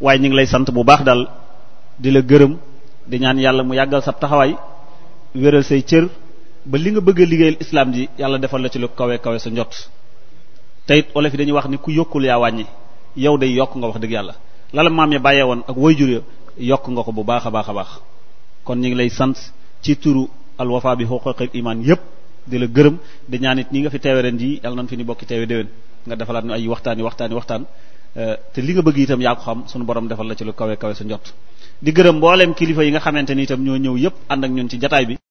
waaye ñu ngi lay sant bu baax daal di la gërëm di ñaan yàlla mu yàggal sab taxawaay wéral say cër ba li nga bëgg a liggéeyal islam ji yàlla defal la ci lu kawe kawe sa njot teyit olof yi dañuy wax ni ku yokkul yaa wàññi yow day yokk nga wax dëgg yàlla lala maam ya bàyyee woon ak way jur yokk nga ko bu baax a baax a baax kon ñu ngi lay sant ci turu alwafa bi xuquqil iman yépp di la gërëm di ñaan it ñi nga fi teewe ren jii yàlla nañ fi ñu bokki teewe nga defalaat ñu ay waxtaani waxtaani waxtaan te li nga bëgg itam ya ko xam sunu borom defal la ci lu kawe kawe sa njot di gërëm mboolem kilifa yi nga xamante ni itam ñoo ñëw yépp ànd ak ñun ci jataay bi